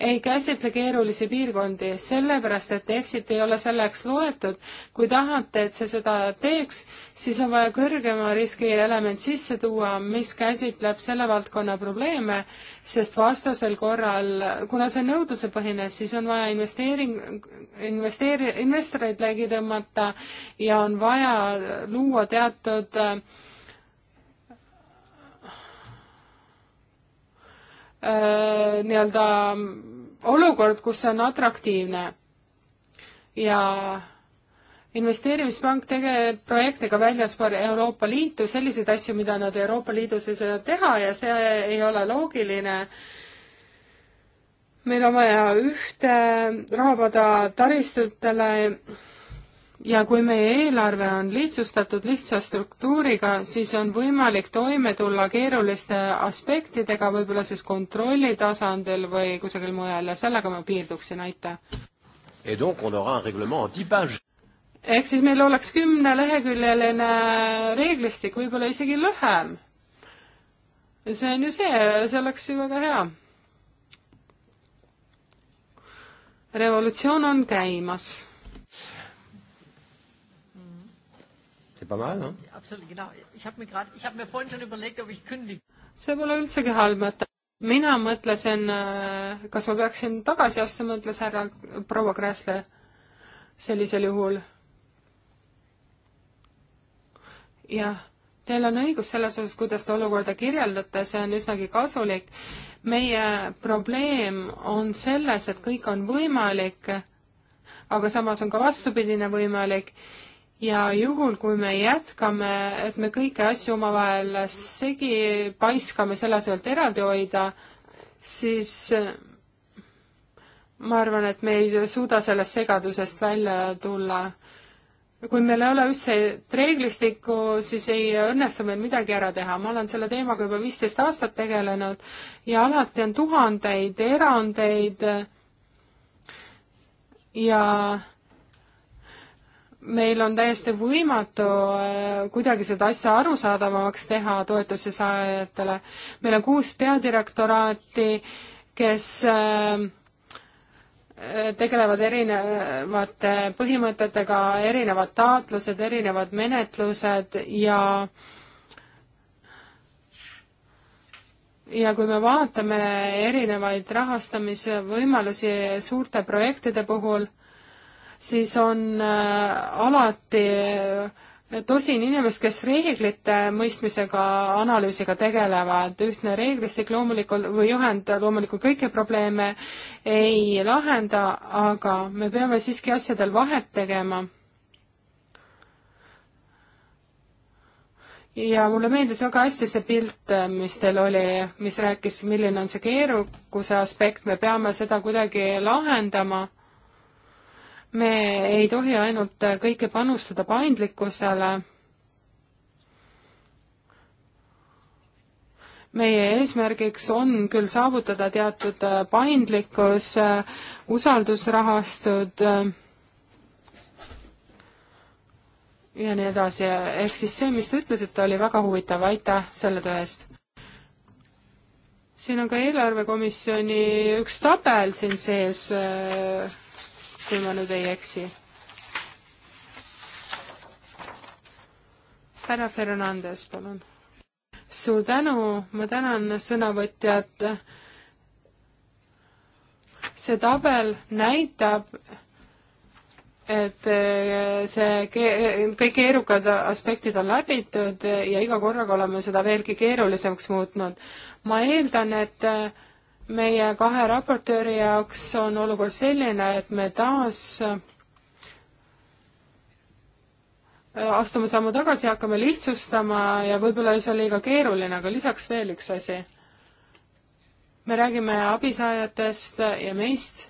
ei käsitle keerulisi piirkondi, sellepärast et EFSit ei ole selleks loetud. kui tahate, et see seda teeks, siis on vaja kõrgema riski element sisse tuua, mis käsitleb selle valdkonna probleeme, sest vastasel korral, kuna see on nõudlusepõhine, siis on vaja investeering, investeeri-, investoreid ligi tõmmata ja on vaja luua teatud äh, Äh, nii-öelda olukord, kus see on atraktiivne. ja investeerimispank tegeleb projektidega väljaspool Euroopa Liitu, selliseid asju, mida nad Euroopa Liidus ei saa teha ja see ei ole loogiline. meil on vaja ühte rahapada taristutele ja kui meie eelarve on lihtsustatud lihtsa struktuuriga, siis on võimalik toime tulla keeruliste aspektidega, võib-olla siis kontrolli tasandil või kusagil mujal ja sellega ma piirduksin, aitäh. ehk siis meil oleks kümneleheküljeline reeglistik, võib-olla isegi lühem. see on ju see, see oleks ju väga hea. revolutsioon on käimas C'est pas mal, hein? Absolut, genau. Ich habe mir gerade, ich habe mir vorhin schon überlegt, ob ich kündige. see pole üldsegi halb mõte. mina mõtlesin, äh, kas ma peaksin tagasi astuma, ütles härra äh, proua Gräsle sellisel juhul. jah, teil on õigus selles osas, kuidas te olukorda kirjeldate, see on üsnagi kasulik. meie probleem on selles, et kõik on võimalik, aga samas on ka vastupidine võimalik ja juhul, kui me jätkame, et me kõiki asju omavahel segi paiskame, selle asemel, et eraldi hoida, siis eh, ma arvan, et me ei suuda sellest segadusest välja tulla. kui meil ei ole üldse reeglistikku, siis ei õnnestu meil midagi ära teha. ma olen selle teemaga juba viisteist aastat tegelenud ja alati on tuhandeid erandeid eh, ja meil on täiesti võimatu äh, kuidagi seda asja arusaadavamaks teha toetuse saajatele. meil on kuus peadirektoraati, kes äh, tegelevad erinevate põhimõtetega, erinevad taotlused, erinevad menetlused ja ja kui me vaatame erinevaid rahastamisvõimalusi suurte projektide puhul, siis on äh, alati äh, tosin inimest, kes reeglite mõistmisega, analüüsiga tegelevad, ühtne reeglistik loomulikult või juhend loomulikult kõiki probleeme ei lahenda, aga me peame siiski asjadel vahet tegema. ja mulle meeldis väga hästi see pilt, äh, mis teil oli, mis rääkis, milline on see keerukuse aspekt, me peame seda kuidagi lahendama me ei tohi ainult kõike panustada paindlikkusele, meie eesmärgiks on küll saavutada teatud paindlikkus, usaldusrahastud ja nii edasi, ehk siis see, mis te ütlesite, oli väga huvitav, aitäh selle töö eest! siin on ka eelarvekomisjoni üks tabel siin sees äh, kui ma nüüd ei eksi. härra Fernandes, palun. suur tänu, ma tänan sõnavõtjat. see tabel näitab, et see kõik keerukad aspektid on läbitud ja iga korraga oleme seda veelgi keerulisemaks muutnud. ma eeldan, et meie kahe raportööri jaoks on olukord selline, et me taas äh, astume sammu tagasi ja hakkame lihtsustama ja võib-olla see on liiga keeruline, aga lisaks veel üks asi. me räägime abisaajatest ja meist.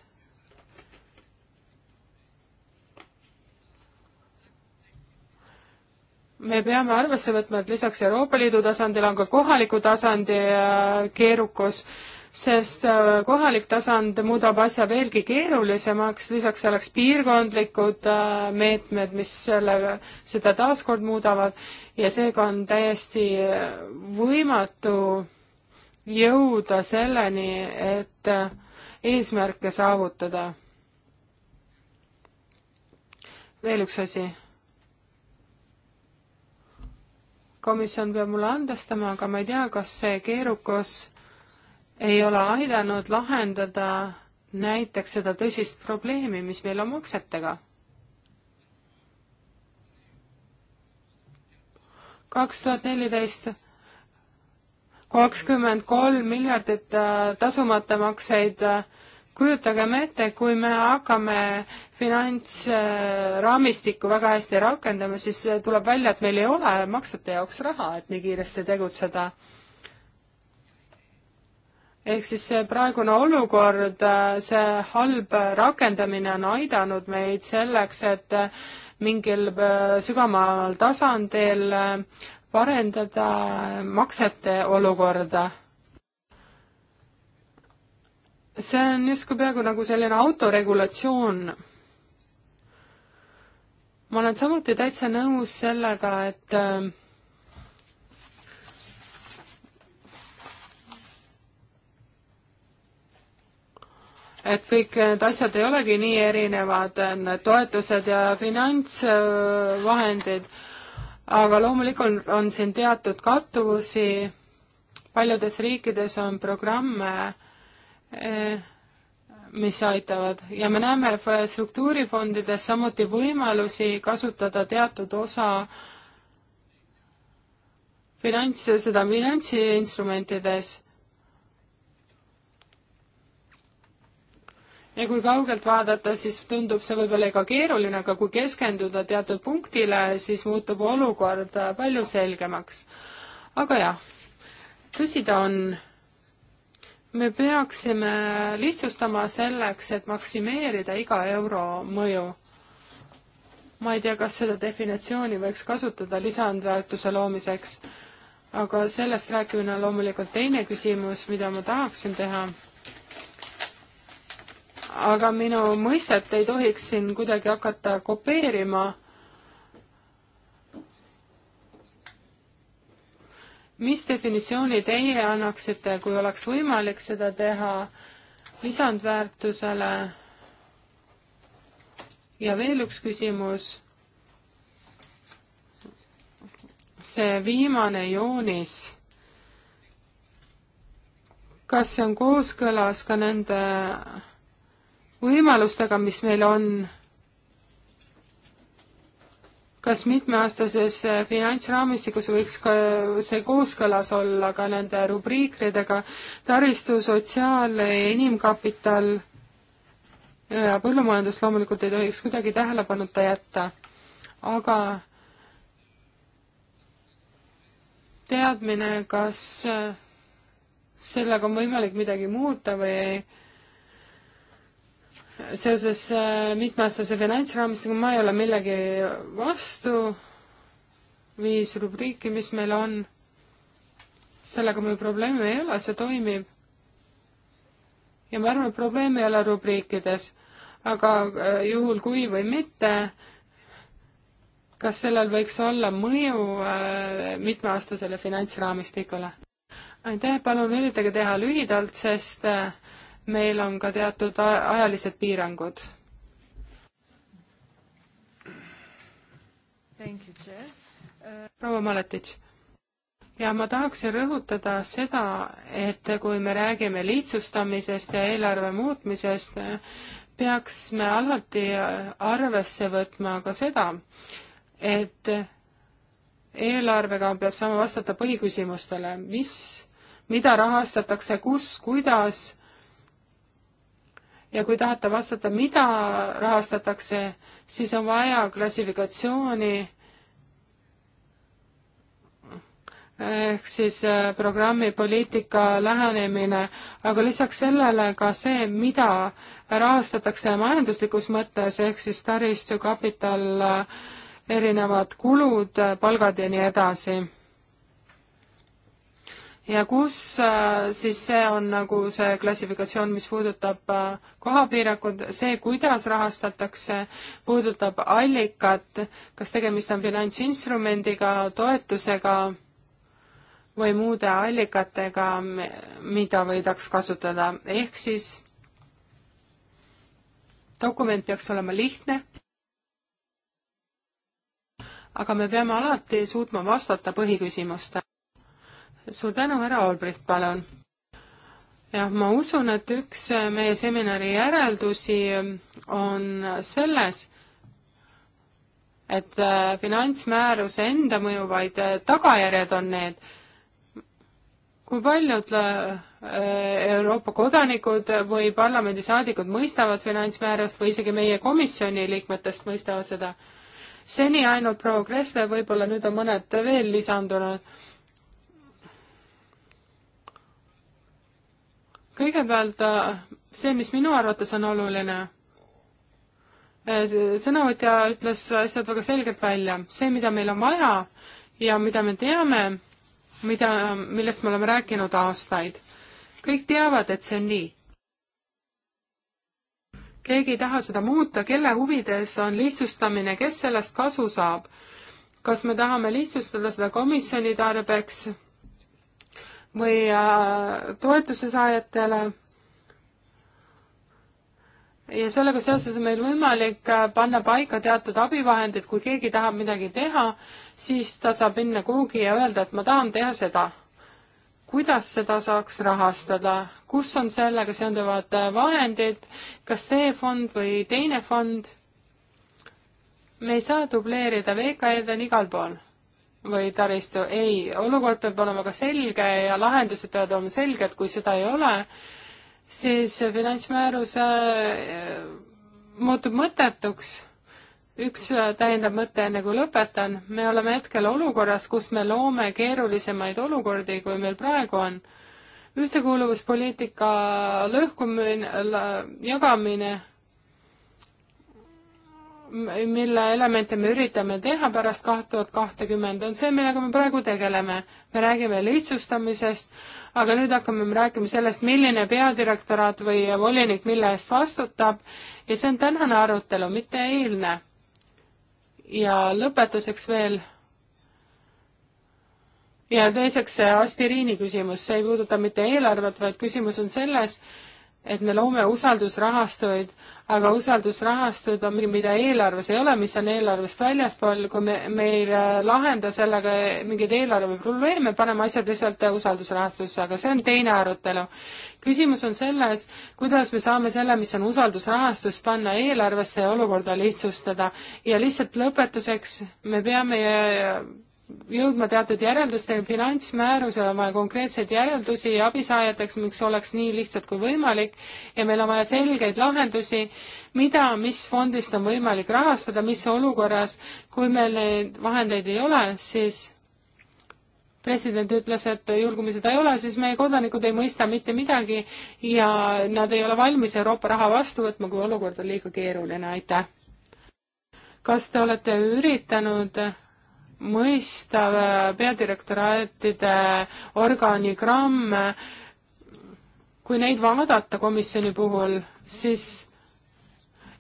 me peame arvesse võtma, et lisaks Euroopa Liidu tasandil on ka kohaliku tasandi äh, keerukus sest äh, kohalik tasand muudab asja veelgi keerulisemaks, lisaks selleks piirkondlikud äh, meetmed, mis selle, seda taaskord muudavad ja seega on täiesti äh, võimatu jõuda selleni, et eesmärke saavutada. veel üks asi. komisjon peab mulle andestama, aga ma ei tea, kas see keerukus ei ole aidanud lahendada näiteks seda tõsist probleemi, mis meil on maksetega. kaks tuhat neliteist kakskümmend kolm miljardit äh, tasumata makseid. Äh, kujutagem ette, kui me hakkame finantsraamistikku väga hästi rakendama, siis äh, tuleb välja, et meil ei ole maksete jaoks raha, et nii kiiresti tegutseda ehk siis see praegune olukord, äh, see halb rakendamine on aidanud meid selleks, et äh, mingil äh, sügavamal tasandil parendada maksete olukorda. see on justkui peaaegu nagu selline autoregulatsioon. ma olen samuti täitsa nõus sellega, et et kõik need asjad ei olegi nii erinevad, need toetused ja finantsvahendid, aga loomulikult on siin teatud kattuvusi, paljudes riikides on programme, eh, mis aitavad ja me näeme struktuurifondides samuti võimalusi kasutada teatud osa finants, seda finantsinstrumentides ja kui kaugelt vaadata, siis tundub see võib-olla ka keeruline, aga kui keskenduda teatud punktile, siis muutub olukord palju selgemaks. aga jah, tõsi ta on, me peaksime lihtsustama selleks, et maksimeerida iga euro mõju. ma ei tea, kas seda definitsiooni võiks kasutada lisandväärtuse loomiseks, aga sellest rääkimine on loomulikult teine küsimus, mida ma tahaksin teha aga minu mõistet ei tohiks siin kuidagi hakata kopeerima. mis definitsiooni teie annaksite, kui oleks võimalik seda teha lisandväärtusele? ja veel üks küsimus. see viimane joonis kas see on kooskõlas ka nende võimalustega, mis meil on, kas mitmeaastases äh, finantsraamistikus võiks ka see kooskõlas olla ka nende rubriikidega taristu, sotsiaal, inimkapital äh, ja põllumajandus loomulikult ei tohiks kuidagi tähelepanuta jätta, aga teadmine, kas äh, sellega on võimalik midagi muuta või ei seoses äh, mitmeaastase finantsraamistikuga ma ei ole millegi vastu, viis rubriiki, mis meil on, sellega meil probleemi ei ole, see toimib. ja ma arvan, et probleem ei ole rubriikides, aga äh, juhul kui või mitte, kas sellel võiks olla mõju äh, mitmeaastasele finantsraamistikule? aitäh, palun üritage teha lühidalt, sest äh, meil on ka teatud ajalised piirangud. Uh, proua Maletitš ja ma tahaksin rõhutada seda, et kui me räägime lihtsustamisest ja eelarve muutmisest, peaks me alati arvesse võtma ka seda, et eelarvega peab saama vastata põhiküsimustele, mis, mida rahastatakse, kus, kuidas ja kui tahate vastata, mida rahastatakse, siis on vaja klassifikatsiooni ehk siis äh, programmi poliitika lähenemine, aga lisaks sellele ka see, mida rahastatakse majanduslikus mõttes, ehk siis taristu, kapital, äh, erinevad kulud, palgad ja nii edasi ja kus äh, siis see on nagu see klassifikatsioon, mis puudutab äh, kohapiirangut, see, kuidas rahastatakse, puudutab allikat, kas tegemist on finantsinstrumendiga, toetusega või muude allikatega, mida võidaks kasutada, ehk siis dokument peaks olema lihtne, aga me peame alati suutma vastata põhiküsimustele suur tänu, härra Albrecht, palun. jah, ma usun, et üks äh, meie seminari järeldusi ähm, on selles, et äh, finantsmääruse enda mõju, vaid äh, tagajärjed on need, kui paljud Euroopa kodanikud või parlamendisaadikud mõistavad finantsmäärust või isegi meie komisjoni liikmetest mõistavad seda. seni ainult proua Kressle, võib-olla nüüd on mõned veel lisandunud kõigepealt äh, see, mis minu arvates on oluline, äh, sõnavõtja ütles asjad väga selgelt välja, see, mida meil on vaja ja mida me teame, mida, millest me oleme rääkinud aastaid, kõik teavad, et see on nii. keegi ei taha seda muuta, kelle huvides on lihtsustamine, kes sellest kasu saab? kas me tahame lihtsustada seda komisjoni tarbeks või äh, toetuse saajatele. ja sellega seoses on meil võimalik äh, panna paika teatud abivahendid, kui keegi tahab midagi teha, siis ta saab minna kuhugi ja öelda, et ma tahan teha seda. kuidas seda saaks rahastada, kus on sellega seonduvad äh, vahendid, kas see fond või teine fond? me ei saa dubleerida, VKE-d on igal pool või taristu, ei, olukord peab olema ka selge ja lahendused peavad olema selged, kui seda ei ole, siis finantsmääruse äh, muutub mõttetuks. üks äh, täiendav mõte, enne kui lõpetan, me oleme hetkel olukorras, kus me loome keerulisemaid olukordi, kui meil praegu on. ühtekuuluvuspoliitika lõhkumine, jagamine mille elemente me üritame teha pärast kaht tuhat kahtekümmend, on see, millega me praegu tegeleme. me räägime lihtsustamisest, aga nüüd hakkame rääkima sellest, milline peadirektoraat või volinik mille eest vastutab ja see on tänane arutelu, mitte eilne. ja lõpetuseks veel ja teiseks see aspiriini küsimus, see ei puuduta mitte eelarvet, vaid küsimus on selles, et me loome usaldusrahastuid, aga usaldusrahastud on mingi, mida eelarves ei ole, mis on eelarvest väljaspool, kui me, me ei äh, lahenda sellega mingeid eelarveprobleeme, paneme asjad lihtsalt äh, usaldusrahastusse, aga see on teine arutelu. küsimus on selles, kuidas me saame selle, mis on usaldusrahastus, panna eelarvesse ja olukorda lihtsustada. ja lihtsalt lõpetuseks, me peame äh, jõudma teatud järeldusteni, finantsmäärusel on vaja konkreetseid järeldusi abisaajateks, miks oleks nii lihtsalt kui võimalik ja meil on vaja selgeid lahendusi, mida, mis fondist on võimalik rahastada, mis olukorras, kui meil neid vahendeid ei ole, siis president ütles, et juhul kui me seda ei ole, siis meie kodanikud ei mõista mitte midagi ja nad ei ole valmis Euroopa raha vastu võtma, kui olukord on liiga keeruline, aitäh. kas te olete üritanud mõista äh, peadirektoraatide organigramme, kui neid vaadata komisjoni puhul, siis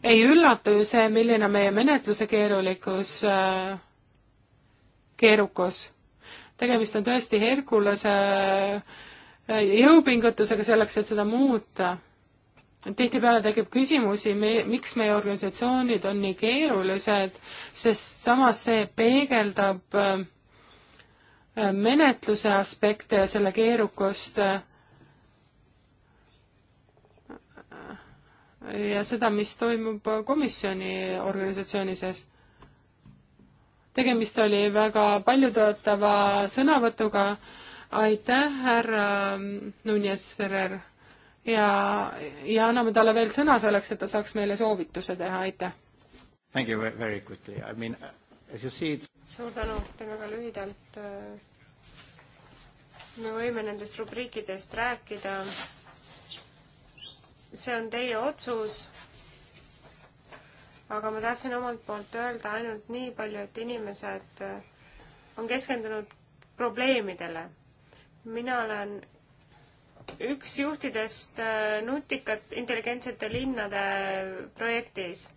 ei üllata ju see, milline on meie menetluse keerulikus, äh, keerukus. tegemist on tõesti Herkulese äh, jõupingutusega selleks, et seda muuta tihtipeale tekib küsimusi, me, miks meie organisatsioonid on nii keerulised, sest samas see peegeldab äh, menetluse aspekte ja selle keerukust äh, ja seda, mis toimub komisjoni organisatsiooni sees. tegemist oli väga paljutõotava sõnavõtuga, aitäh, härra Nunes Ferrer! ja, ja anname talle veel sõna selleks, et ta saaks meile soovituse teha, aitäh. Thank you very quickly, I mean as you see it's suur tänu, teen väga lühidalt. me võime nendest rubriikidest rääkida. see on teie otsus. aga ma tahtsin omalt poolt öelda ainult nii palju, et inimesed on keskendunud probleemidele. mina olen üks juhtidest äh, nutikat intelligentsete linnade projektis.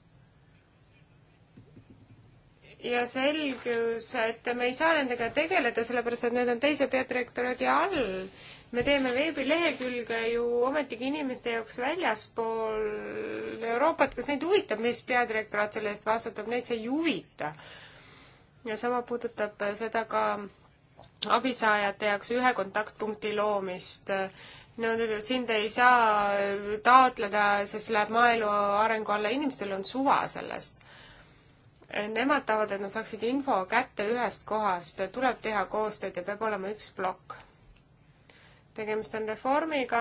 ja selgus, et me ei saa nendega tegeleda, sellepärast et need on teise peadirektoraadi all. me teeme veebilehekülge ju ometigi inimeste jaoks väljaspool Euroopat, kas neid huvitab, mis peadirektoraat selle eest vastutab, neid see ei huvita. ja sama puudutab seda ka abisaajate jaoks ühe kontaktpunkti loomist no sind ei saa taotleda, sest läheb maaelu arengu alla, inimestel on suva sellest. Nemad tahavad, et nad saaksid info kätte ühest kohast, tuleb teha koostööd ja peab olema üks plokk. tegemist on reformiga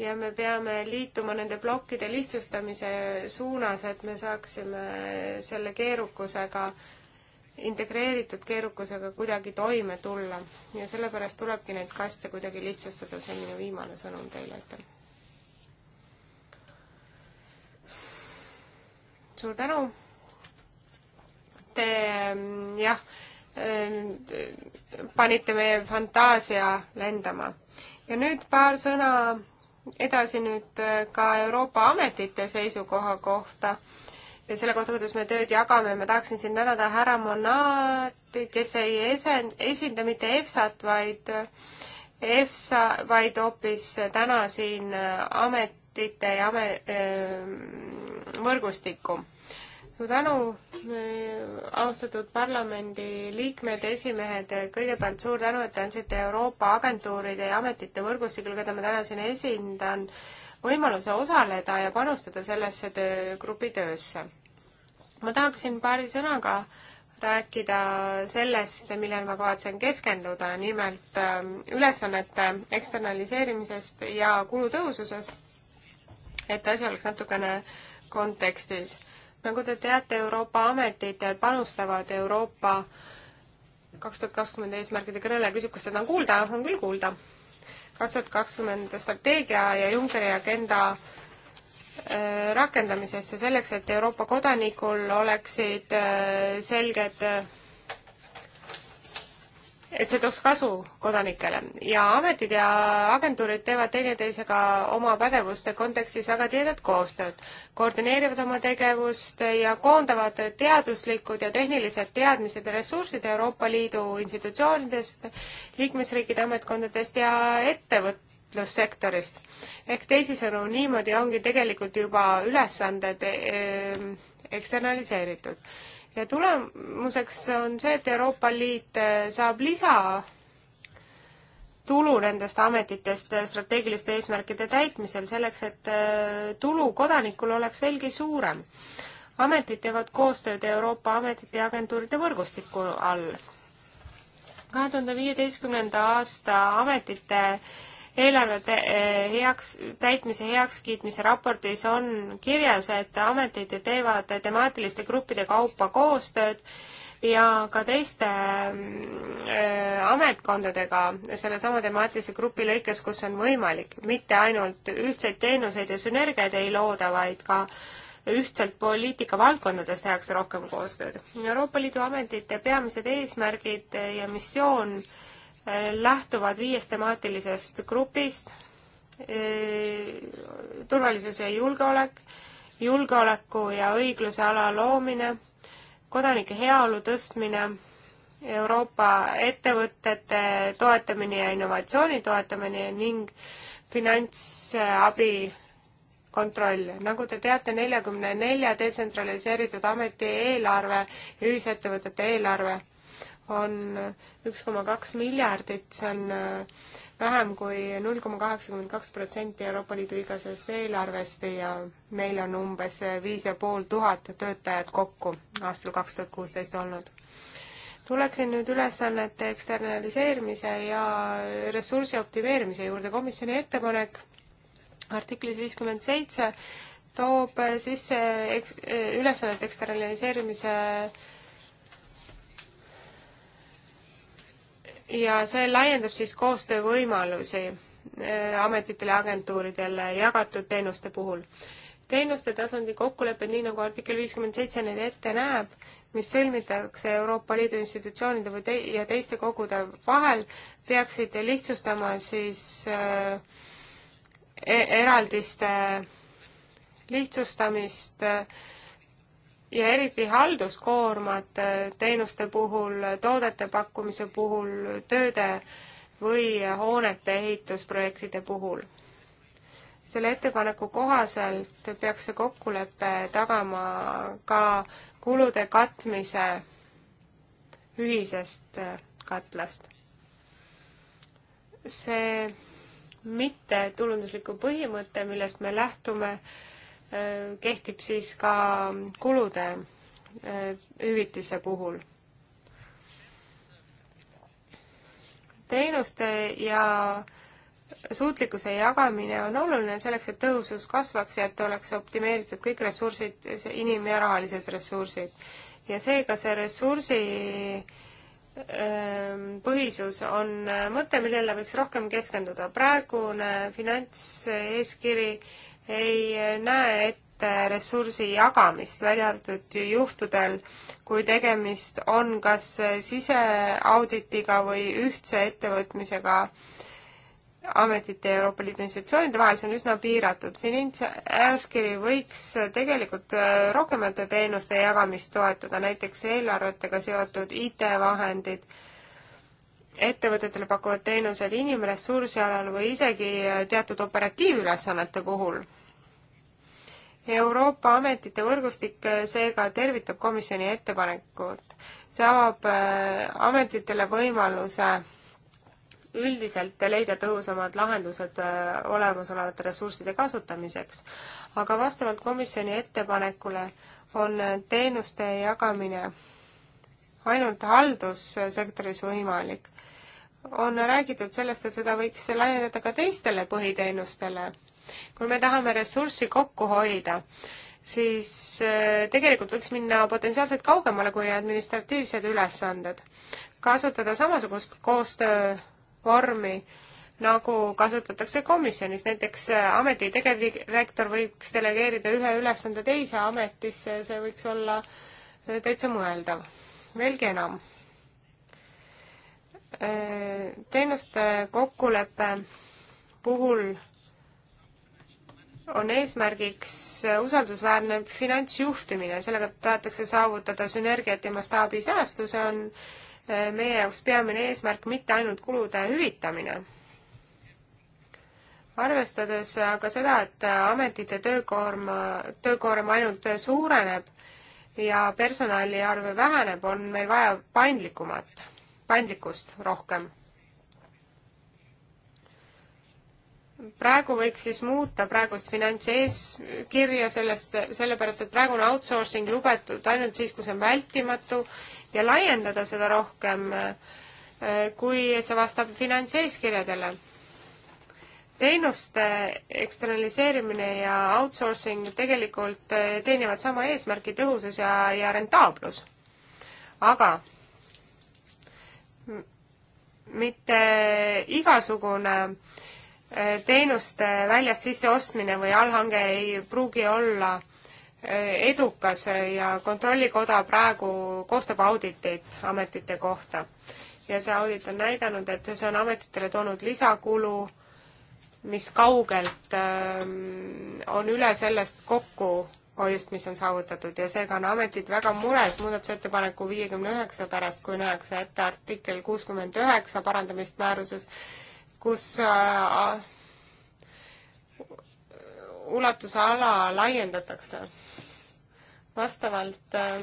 ja me peame liituma nende plokkide lihtsustamise suunas, et me saaksime selle keerukusega äh, integreeritud keerukusega kuidagi toime tulla ja sellepärast tulebki neid kaste kuidagi lihtsustada, see on minu viimane sõnum teile, aitäh. suur tänu. Te ähm, jah, ähm, panite meie fantaasia lendama ja nüüd paar sõna edasi nüüd äh, ka Euroopa ametite seisukoha kohta ja selle kohta, kuidas me tööd jagame, ma tahaksin siin tänada härra Monati, kes ei esen-, esinda mitte EFSA-t, vaid EFSA, vaid hoopis täna siin äh, ametite ja ame-, ähm, võrgustikku suur tänu, austatud parlamendi liikmed, esimehed, kõigepealt suur tänu, et te andsite Euroopa agentuuride ja ametite võrgustikule, keda ma täna siin esindan, võimaluse osaleda ja panustada sellesse töögrupi töösse. ma tahaksin paari sõnaga rääkida sellest, millele ma kavatsen keskenduda, nimelt ähm, ülesannete eksternaliseerimisest ja kulutõhususest, et asi oleks natukene kontekstis nagu te teate, Euroopa ametid panustavad Euroopa kaks tuhat kakskümmend eesmärgide kõnele, küsib, kas teda on kuulda, on küll kuulda. kaks tuhat kakskümmend strateegia ja Junckeri agenda äh, rakendamisesse selleks, et Euroopa kodanikul oleksid äh, selged äh, et see tooks kasu kodanikele ja ametid ja agentuurid teevad teineteisega oma pädevuste kontekstis väga tihedat koostööd, koordineerivad oma tegevust ja koondavad teaduslikud ja tehnilised teadmised ja ressursid Euroopa Liidu institutsioonidest, liikmesriikide ametkondadest ja ettevõt-, ettevõtlussektorist. ehk teisisõnu, niimoodi ongi tegelikult juba ülesanded eh, eksternaliseeritud ja tulemuseks on see, et Euroopa Liit äh, saab lisa tulu nendest ametitest äh, strateegiliste eesmärkide täitmisel, selleks et äh, tulu kodanikul oleks veelgi suurem. ametid teevad koostööd Euroopa ametite ja agentuuride võrgustiku all. kahe tuhande viieteistkümnenda aasta ametite eelarve eh, heaks, täitmise heakskiitmise raportis on kirjas, et ametid teevad temaatiliste gruppide kaupa koostööd ja ka teiste eh, ametkondadega sellesama temaatilise grupi lõikes, kus on võimalik. mitte ainult ühtseid teenuseid ja sünergiaid ei looda, vaid ka ühtselt poliitikavaldkondades tehakse rohkem koostööd. Euroopa Liidu ametite peamised eesmärgid ja missioon äh, lähtuvad viiest temaatilisest grupist, e, turvalisus ja julgeolek, julgeoleku ja õigluse ala loomine, kodanike heaolu tõstmine, Euroopa ettevõtete toetamine ja innovatsiooni toetamine ning finantsabi kontroll. nagu te teate, neljakümne nelja detsentraliseeritud ameti eelarve ja ühisettevõtete eelarve on üks koma kaks miljardit, see on äh, vähem kui null koma kaheksakümmend kaks protsenti Euroopa Liidu igasest eelarvest ja meil on umbes viis ja pool tuhat töötajat kokku aastal kaks tuhat kuusteist olnud. tuleksin nüüd ülesannete eksternaliseerimise ja ressursi optimeerimise juurde, komisjoni ettepanek artiklis viiskümmend seitse toob sisse eks-, ülesannete eksternaliseerimise ja see laiendab siis koostöövõimalusi äh, ametitele ja agentuuridele jagatud teenuste puhul. teenuste tasandi kokkulepped, nii nagu artikkel viiskümmend seitse neid ette näeb, mis sõlmitakse Euroopa Liidu institutsioonide või te- ja teiste kogude vahel, peaksid lihtsustama siis äh, e eraldiste lihtsustamist äh, ja eriti halduskoormad äh, teenuste puhul, toodete pakkumise puhul, tööde või hoonete ehitusprojektide puhul. selle ettepaneku kohaselt peaks see kokkulepe tagama ka kulude katmise ühisest äh, katlast. see mittetulundusliku põhimõte, millest me lähtume, kehtib siis ka kulude eh, hüvitise puhul. teenuste ja suutlikkuse jagamine on oluline selleks, et tõhusus kasvaks ja et oleks optimeeritud kõik ressursid, inim- ja rahalised ressursid. ja seega see ressursi ehm, põhisus on mõte, millele võiks rohkem keskenduda. praegune finantseeskiri ei eh, näe ette ressursi jagamist, välja arvatud juhtudel, kui tegemist on kas eh, siseauditiga või ühtse ettevõtmisega ametite ja Euroopa Liidu institutsioonide vahel, see on üsna piiratud. finantsajaskiri võiks tegelikult eh, rohkemate teenuste jagamist toetada, näiteks eelarvetega seotud IT-vahendid, ettevõtetele pakuvad teenused inimressursi alal või isegi teatud operatiivülesannete puhul. Euroopa ametite võrgustik eh, seega tervitab komisjoni ettepanekut. see avab eh, ametitele võimaluse üldiselt leida tõhusamad lahendused eh, olemasolevate ressursside kasutamiseks, aga vastavalt komisjoni ettepanekule on teenuste jagamine ainult haldussektoris võimalik on räägitud sellest, et seda võiks laiendada ka teistele põhiteenustele. kui me tahame ressurssi kokku hoida, siis äh, tegelikult võiks minna potentsiaalselt kaugemale kui administratiivsed ülesanded. kasutada samasugust koostöövormi, nagu kasutatakse komisjonis, näiteks äh, ameti tegevdirektor võiks delegeerida ühe ülesande teise ametisse, see võiks olla äh, täitsa mõeldav. veelgi enam teenuste kokkulepe puhul on eesmärgiks usaldusväärne finantsjuhtimine, sellega tahetakse saavutada sünergiat ja mastaabisäästu, see on eh, meie jaoks peamine eesmärk, mitte ainult kulude hüvitamine. arvestades aga seda, et ametite töökoorma, töökoorem ainult suureneb ja personali arv väheneb, on meil vaja paindlikumat paindlikkust rohkem. praegu võiks siis muuta praegust finantseeskirja sellest, sellepärast et praegune outsourcing lubatud ainult siis, kui see on vältimatu ja laiendada seda rohkem, eh, kui see vastab finantseeskirjadele teenuste eksternaliseerimine ja outsourcing tegelikult eh, teenivad sama eesmärki, tõhusus ja, ja rentaablus. aga mitte igasugune äh, teenuste väljast sisseostmine või allhange ei pruugi olla äh, edukas ja Kontrollikoda praegu koostab auditit ametite kohta. ja see audit on näidanud, et see on ametitele toonud lisakulu, mis kaugelt ähm, on üle sellest kokku hoiust, mis on saavutatud ja seega on ametid väga mures muudatusettepaneku viiekümne üheksa pärast, kui nähakse ette artikkel kuuskümmend üheksa parandamist määruses, kus äh, ulatusala laiendatakse vastavalt äh,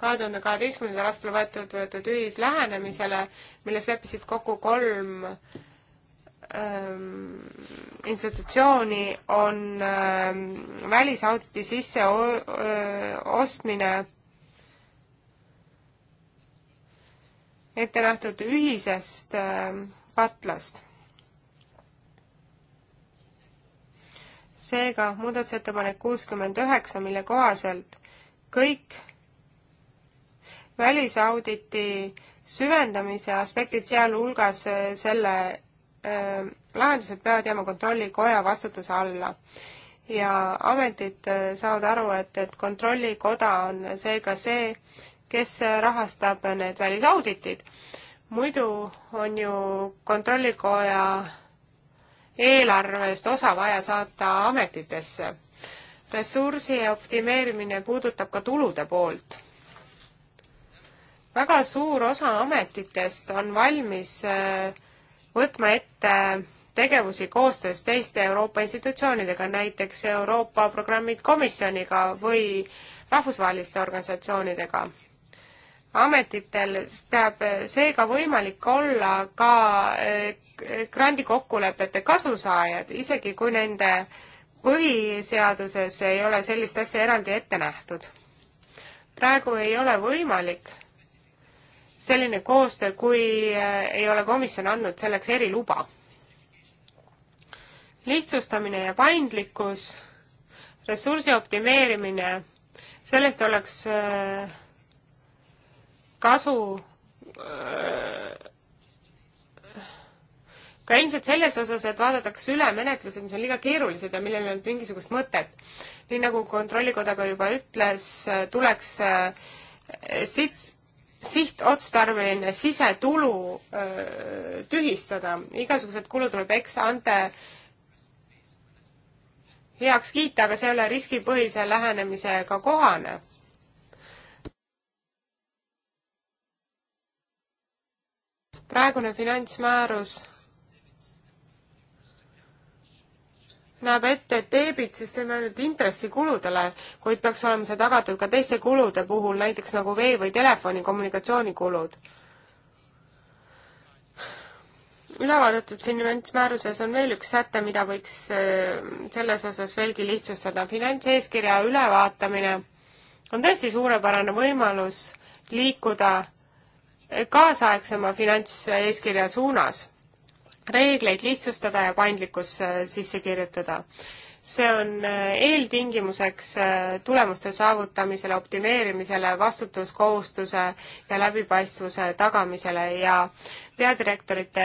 kahe tuhande kaheteistkümnendal aastal võetud, võetud ühislähenemisele, milles leppisid kokku kolm äh, Ähm, institutsiooni on ähm, välisauditi sisse äh, ostmine ette nähtud ühisest ähm, katlast. seega muudatusettepanek kuuskümmend üheksa, mille kohaselt kõik välisauditi süvendamise aspektid, sealhulgas äh, selle Äh, lahendused peavad jääma Kontrollikoja vastutuse alla. ja ametid äh, saavad aru, et, et Kontrollikoda on seega see, kes rahastab need välisauditid. muidu on ju Kontrollikoja eelarvest osa vaja saata ametitesse. ressursi optimeerimine puudutab ka tulude poolt väga suur osa ametitest on valmis äh, võtma ette tegevusi koostöös teiste Euroopa institutsioonidega, näiteks Euroopa programmid komisjoniga või rahvusvaheliste organisatsioonidega. ametitel peab seega võimalik olla ka eh, grandi kokkulepete kasusaajad, isegi kui nende põhiseaduses ei ole sellist asja eraldi ette nähtud. praegu ei ole võimalik selline koostöö, kui äh, ei ole komisjon andnud selleks eriluba. lihtsustamine ja paindlikkus, ressursi optimeerimine, sellest oleks äh, kasu äh, ka ilmselt selles osas, et vaadatakse üle menetlused, mis on liiga keerulised ja millel ei olnud mingisugust mõtet. nii nagu Kontrollikoda ka juba ütles, tuleks sits-, sihtotstarbeline sisetulu öö, tühistada, igasugused kulud tuleb ex-ante heaks kiita, aga see ei ole riskipõhise lähenemisega kohane. praegune finantsmäärus näeb ette, et deebitsüsteem ainult intressikuludele, kuid peaks olema see tagatud ka teiste kulude puhul, näiteks nagu vee- või telefoni kommunikatsioonikulud. ülevaadatud finantsmääruses on veel üks säte, mida võiks äh, selles osas veelgi lihtsustada. finantseeskirja ülevaatamine on tõesti suurepärane võimalus liikuda kaasaegsema finantseeskirja suunas reegleid lihtsustada ja paindlikkus äh, sisse kirjutada. see on äh, eeltingimuseks äh, tulemuste saavutamisele, optimeerimisele, vastutuskohustuse ja läbipaistvuse tagamisele ja peadirektorite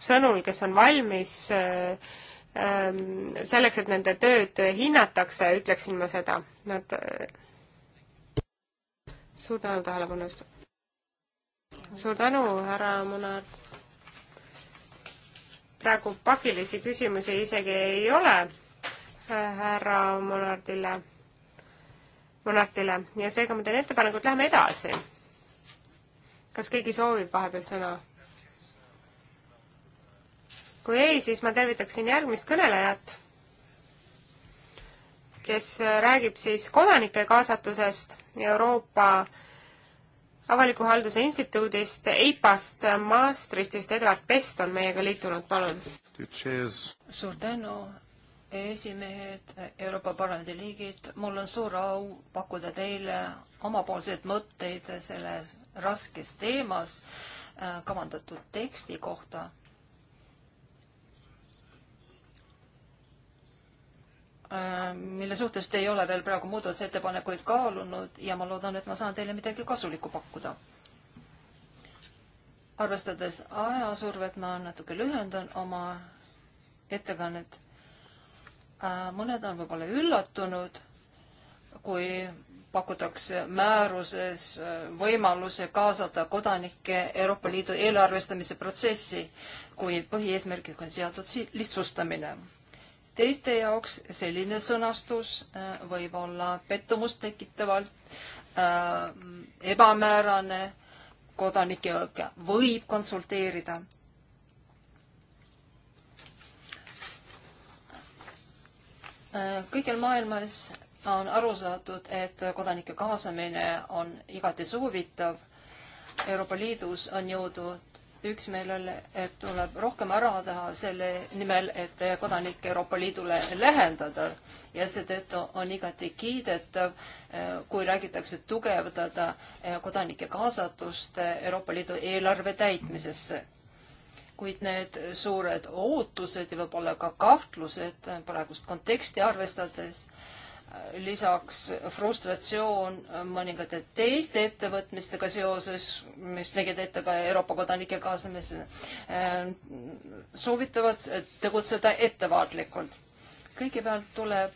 sõnul, kes on valmis ähm, selleks, et nende tööd hinnatakse, ütleksin ma seda, nad suur tänu tähelepanu eest! suur tänu, härra Monard! praegu pakilisi küsimusi isegi ei ole äh, härra Monardile, Monardile ja seega ma teen ettepaneku, et läheme edasi. kas keegi soovib vahepeal sõna? kui ei, siis ma tervitaksin järgmist kõnelejat, kes räägib siis kodanike kaasatusest Euroopa avaliku halduse instituudist, EIPast, Maastrichtist, Edward Pest on meiega liitunud, palun. suur tänu, esimehed, Euroopa Parlamendi liigid, mul on suur au pakkuda teile omapoolseid mõtteid selles raskes teemas äh, kavandatud teksti kohta Äh, mille suhtes te ei ole veel praegu muudatusettepanekuid kaalunud ja ma loodan, et ma saan teile midagi kasulikku pakkuda. arvestades ajasurvet, ma natuke lühendan oma ettekannet. Äh, mõned on võib-olla üllatunud, kui pakutakse määruses äh, võimaluse kaasata kodanikke Euroopa Liidu eelarvestamise protsessi, kui põhieesmärgiga on seatud lihtsustamine teiste jaoks selline sõnastus äh, võib olla pettumust tekitavalt äh, ebamäärane, kodanikega võib konsulteerida. Äh, kõigil maailmas on aru saadud, et kodanike kaasamine on igati soovitav. Euroopa Liidus on jõudnud üksmeelele, et tuleb rohkem ära teha selle nimel, et kodanikke Euroopa Liidule lähendada ja seetõttu on igati kiidetav, kui räägitakse tugevdada kodanike kaasatust Euroopa Liidu eelarve täitmisesse. kuid need suured ootused ja võib-olla ka kahtlused praegust konteksti arvestades äh, lisaks frustratsioon mõningate teiste ettevõtmistega seoses, mis nägid ette ka Euroopa kodanike kaasamise, äh, soovitavad tegutseda ettevaatlikult. kõigepealt tuleb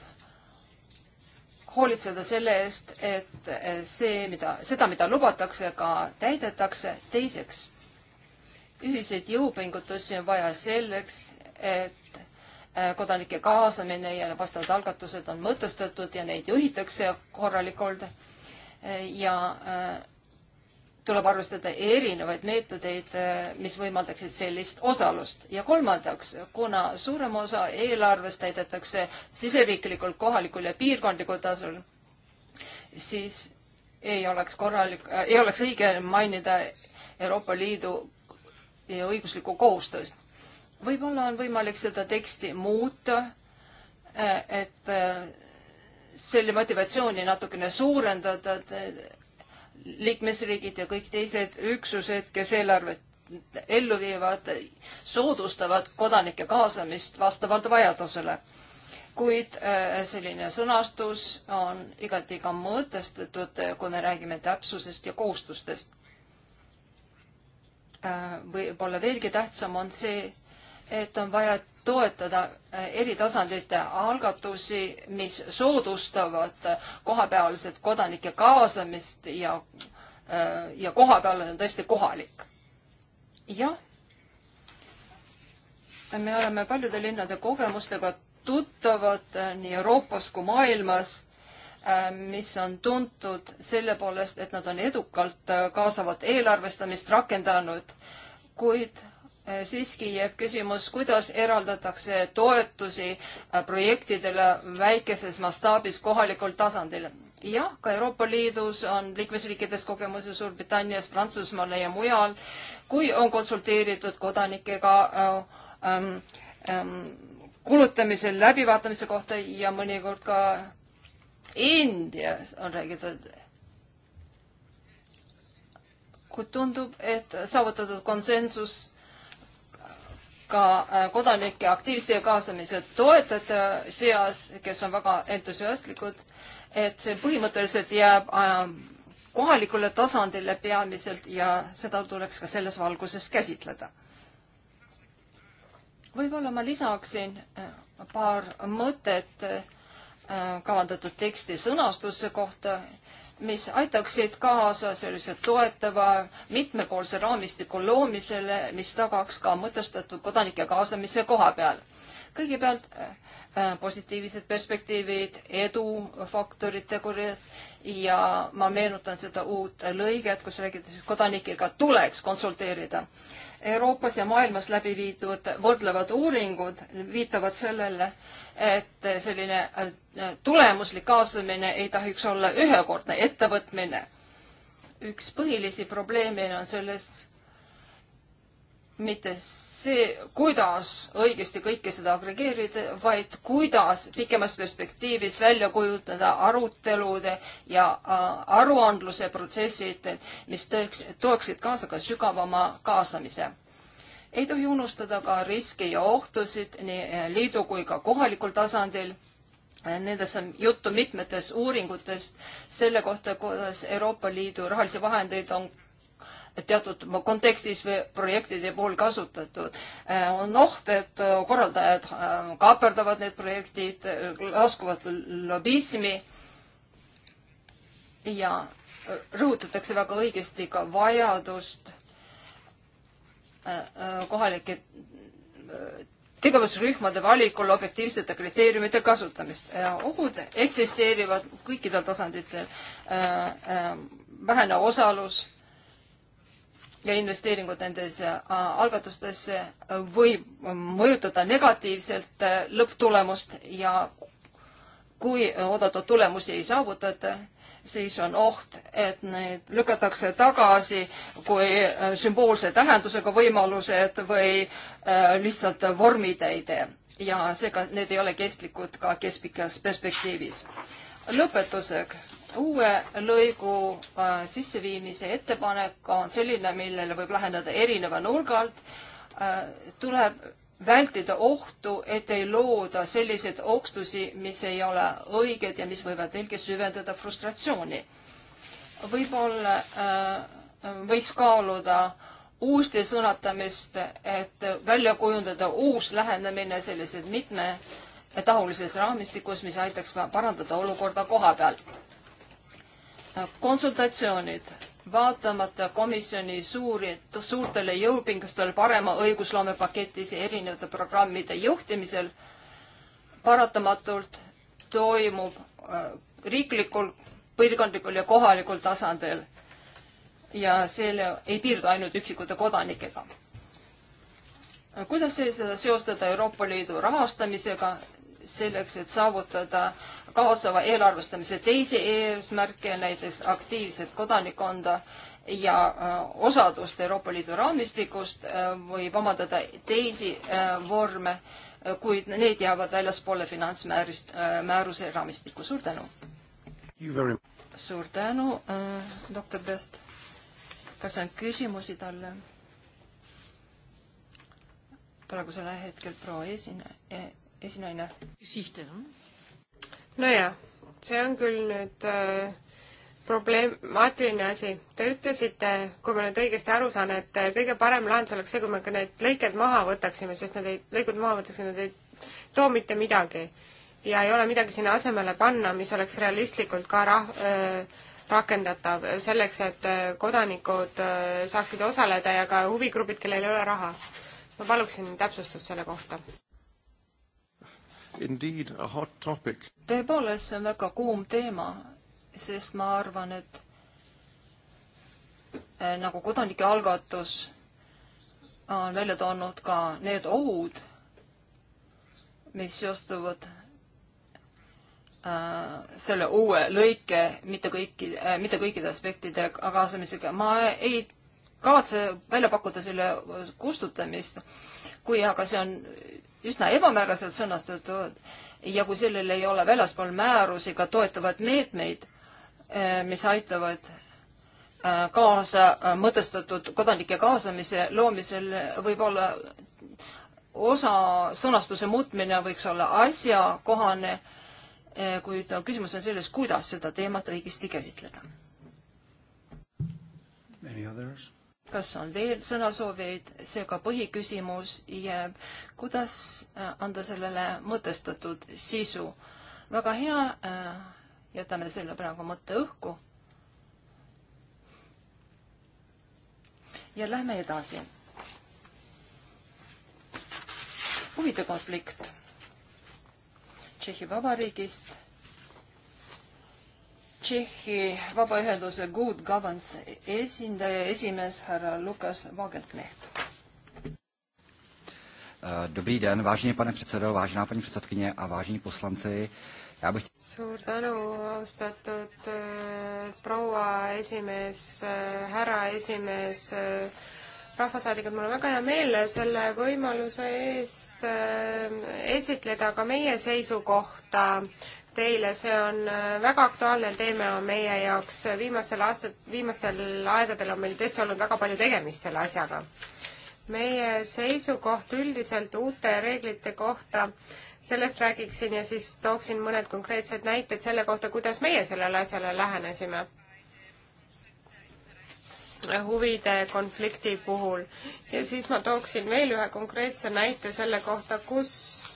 hoolitseda selle eest, et see, mida, seda, mida lubatakse, ka täidetakse. teiseks, ühiseid jõupingutusi on vaja selleks, et Äh, kodanike kaasamine ja vastavad algatused on mõtestatud ja neid juhitakse korralikult äh, ja äh, tuleb arvestada erinevaid meetodeid, mis võimaldaksid sellist osalust. ja kolmandaks, kuna suurem osa eelarvest täidetakse siseriiklikul, kohalikul ja piirkondlikul tasul, siis ei oleks korralik äh,, ei oleks õige mainida Euroopa Liidu õiguslikku kohustust võib-olla on võimalik seda teksti muuta, eh, et eh, selle motivatsiooni natukene suurendada, et liikmesriigid ja kõik teised üksused, kes eelarvet ellu viivad, soodustavad kodanike kaasamist vastavalt vajadusele. kuid eh, selline sõnastus on igati ka mõtestatud, kui me räägime täpsusest ja kohustustest. võib-olla veelgi tähtsam on see, et on vaja toetada eh, eri tasandite algatusi, mis soodustavad eh, kohapealset kodanike kaasamist ja, eh, ja kohapeal on tõesti kohalik. jah, me oleme paljude linnade kogemustega tuttavad nii Euroopas kui maailmas, mis on tuntud selle poolest, et nad on edukalt kaasavat eelarvestamist rakendanud, kuid Äh, siiski jääb küsimus, kuidas eraldatakse toetusi äh, projektidele väikeses mastaabis kohalikul tasandil. jah, ka Euroopa Liidus on liikmesriikides kogemusi Suurbritannias, Prantsusmaal ja mujal, kui on konsulteeritud kodanikega äh, ähm, ähm, kulutamise läbivaatamise kohta ja mõnikord ka Indias on räägitud kui tundub, et saavutatud konsensus ka äh, kodanike aktiivse kaasamise toetajate seas, kes on väga entusiastlikud, et see põhimõtteliselt jääb äh, kohalikule tasandile peamiselt ja seda tuleks ka selles valguses käsitleda. võib-olla ma lisaksin äh, paar mõtet kavandatud teksti sõnastuse kohta mis aitaksid kaasa sellise toetava mitmepoolse raamistiku loomisele, mis tagaks ka mõtestatud kodanike kaasamise koha peal. kõigepealt äh, positiivsed perspektiivid, edufaktorid, tegurid ja ma meenutan seda uut lõiget, kus räägitakse, kodanikega tuleks konsulteerida Euroopas ja maailmas läbi viidud võrdlevad uuringud viitavad sellele, et selline äh, tulemuslik kaasamine ei tohiks olla ühekordne ettevõtmine. üks põhilisi probleeme on selles, mitte see, kuidas õigesti kõike seda agregeerida, vaid kuidas pikemas perspektiivis välja kujutada arutelude ja äh, aruandluse protsessid, mis tõeks, tooksid kaasa ka sügavama kaasamise. ei tohi unustada ka riske ja ohtusid nii äh, liidu kui ka kohalikul tasandil äh, Nendest on juttu mitmetest uuringutest selle kohta, kuidas Euroopa Liidu rahalisi vahendeid on teatud kontekstis või projektide puhul kasutatud. Eh, on oht, et eh, korraldajad eh, kaaperdavad need projektid, laskuvad lobismi ja rõhutatakse väga õigesti ka vajadust kohalike tegevusrühmade valikul objektiivsete kriteeriumite kasutamist. ohud eksisteerivad kõikidel tasanditel. vähene osalus ja investeeringud nendesse äh, algatustesse võib mõjutada negatiivselt äh, lõpptulemust ja kui oodatud tulemusi ei saavutata, siis on oht, et need lükatakse tagasi kui äh, sümboolse tähendusega võimalused või lihtsalt vormitäide ja seega need ei ole kestlikud ka keskpikas perspektiivis. lõpetuseks uue lõigu äh, sisseviimise ettepanek on selline, millele võib lahendada erineva nurga alt äh,. tuleb vältida ohtu, et ei looda selliseid okstusi, mis ei ole õiged ja mis võivad veelgi süvendada frustratsiooni. võib-olla äh, võiks kaaluda uuesti sõnatamist, et välja kujundada uus lähenemine sellises mitmetahulises raamistikus, mis aitaks parandada olukorda koha peal konsultatsioonid, vaatamata komisjoni suuri, suurtele jõupingustele parema õigusloome paketis ja erinevate programmide juhtimisel, paratamatult toimub äh, riiklikul, piirkondlikul ja kohalikul tasandil. ja selle ei piirdu ainult üksikute kodanikega. kuidas seda seostada Euroopa Liidu rahastamisega selleks, et saavutada kaasava eelarvestamise teisi eesmärke, näiteks aktiivset kodanikkonda ja äh, osadust Euroopa Liidu raamistikust äh, võib omandada teisi äh, vorme, kuid need jäävad väljaspoole finantsmäärist, määruse raamistikku. suur tänu! suur tänu äh,, doktor Pest. kas on küsimusi talle? praegusel hetkel proua esine, esinaine. küsite, noh? nojah, see on küll nüüd äh, problemaatiline asi. Te ütlesite, kui ma nüüd õigesti aru saan, et äh, kõige parem lahendus oleks see, kui me ka need lõiked maha võtaksime, sest need ei, lõigud maha võtaksime, nad ei too mitte midagi. ja ei ole midagi sinna asemele panna, mis oleks realistlikult ka rah- äh,, rakendatav selleks, et äh, kodanikud äh, saaksid osaleda ja ka huvigrupid, kellel ei ole raha. ma paluksin täpsustust selle kohta. Indeed, a hot topic. tõepoolest, see on väga kuum teema, sest ma arvan, et eh, nagu kodanike algatus on välja toonud ka need ohud, mis seostuvad äh, selle uue lõike mitte kõiki äh,, mitte kõikide aspektide kaasamisega. ma ei kavatse välja pakkuda selle kustutamist, kui aga see on üsna ebamääraselt sõnastatud ja kui sellel ei ole väljaspool määrusi ka toetavad meetmeid, eh, mis aitavad eh, kaasa eh, mõtestatud kodanike kaasamise loomisel võib-olla osa sõnastuse muutmine võiks olla asjakohane, kuid no, küsimus on selles, kuidas seda teemat õigesti käsitleda. Any others? kas on veel sõnasoovijaid, seega põhiküsimus jääb, kuidas äh, anda sellele mõtestatud sisu. väga hea, äh, jätame selle praegu mõtte õhku. ja lähme edasi. huvide konflikt Tšehhi Vabariigist Tšehhi vabaühenduse Good Governance esindaja, esimees härra Lukas Wagenknecht. Eh, dobrý den, vážený pane předsedo, vážená paní předsedkyně a vážení poslanci. Já bych... Suur tänu, austatud eh, proua esimees, eh, härra esimees, rahvasaadikud, mul on väga hea meel selle võimaluse eest esitleda ka meie seisukohta teile, see on äh, väga aktuaalne teema meie jaoks, viimastel aastat, viimastel aegadel on meil tõesti olnud väga palju tegemist selle asjaga. meie seisukoht üldiselt uute reeglite kohta, sellest räägiksin ja siis tooksin mõned konkreetsed näited selle kohta, kuidas meie sellele asjale lähenesime huvide konflikti puhul. ja siis ma tooksin veel ühe konkreetse näite selle kohta, kus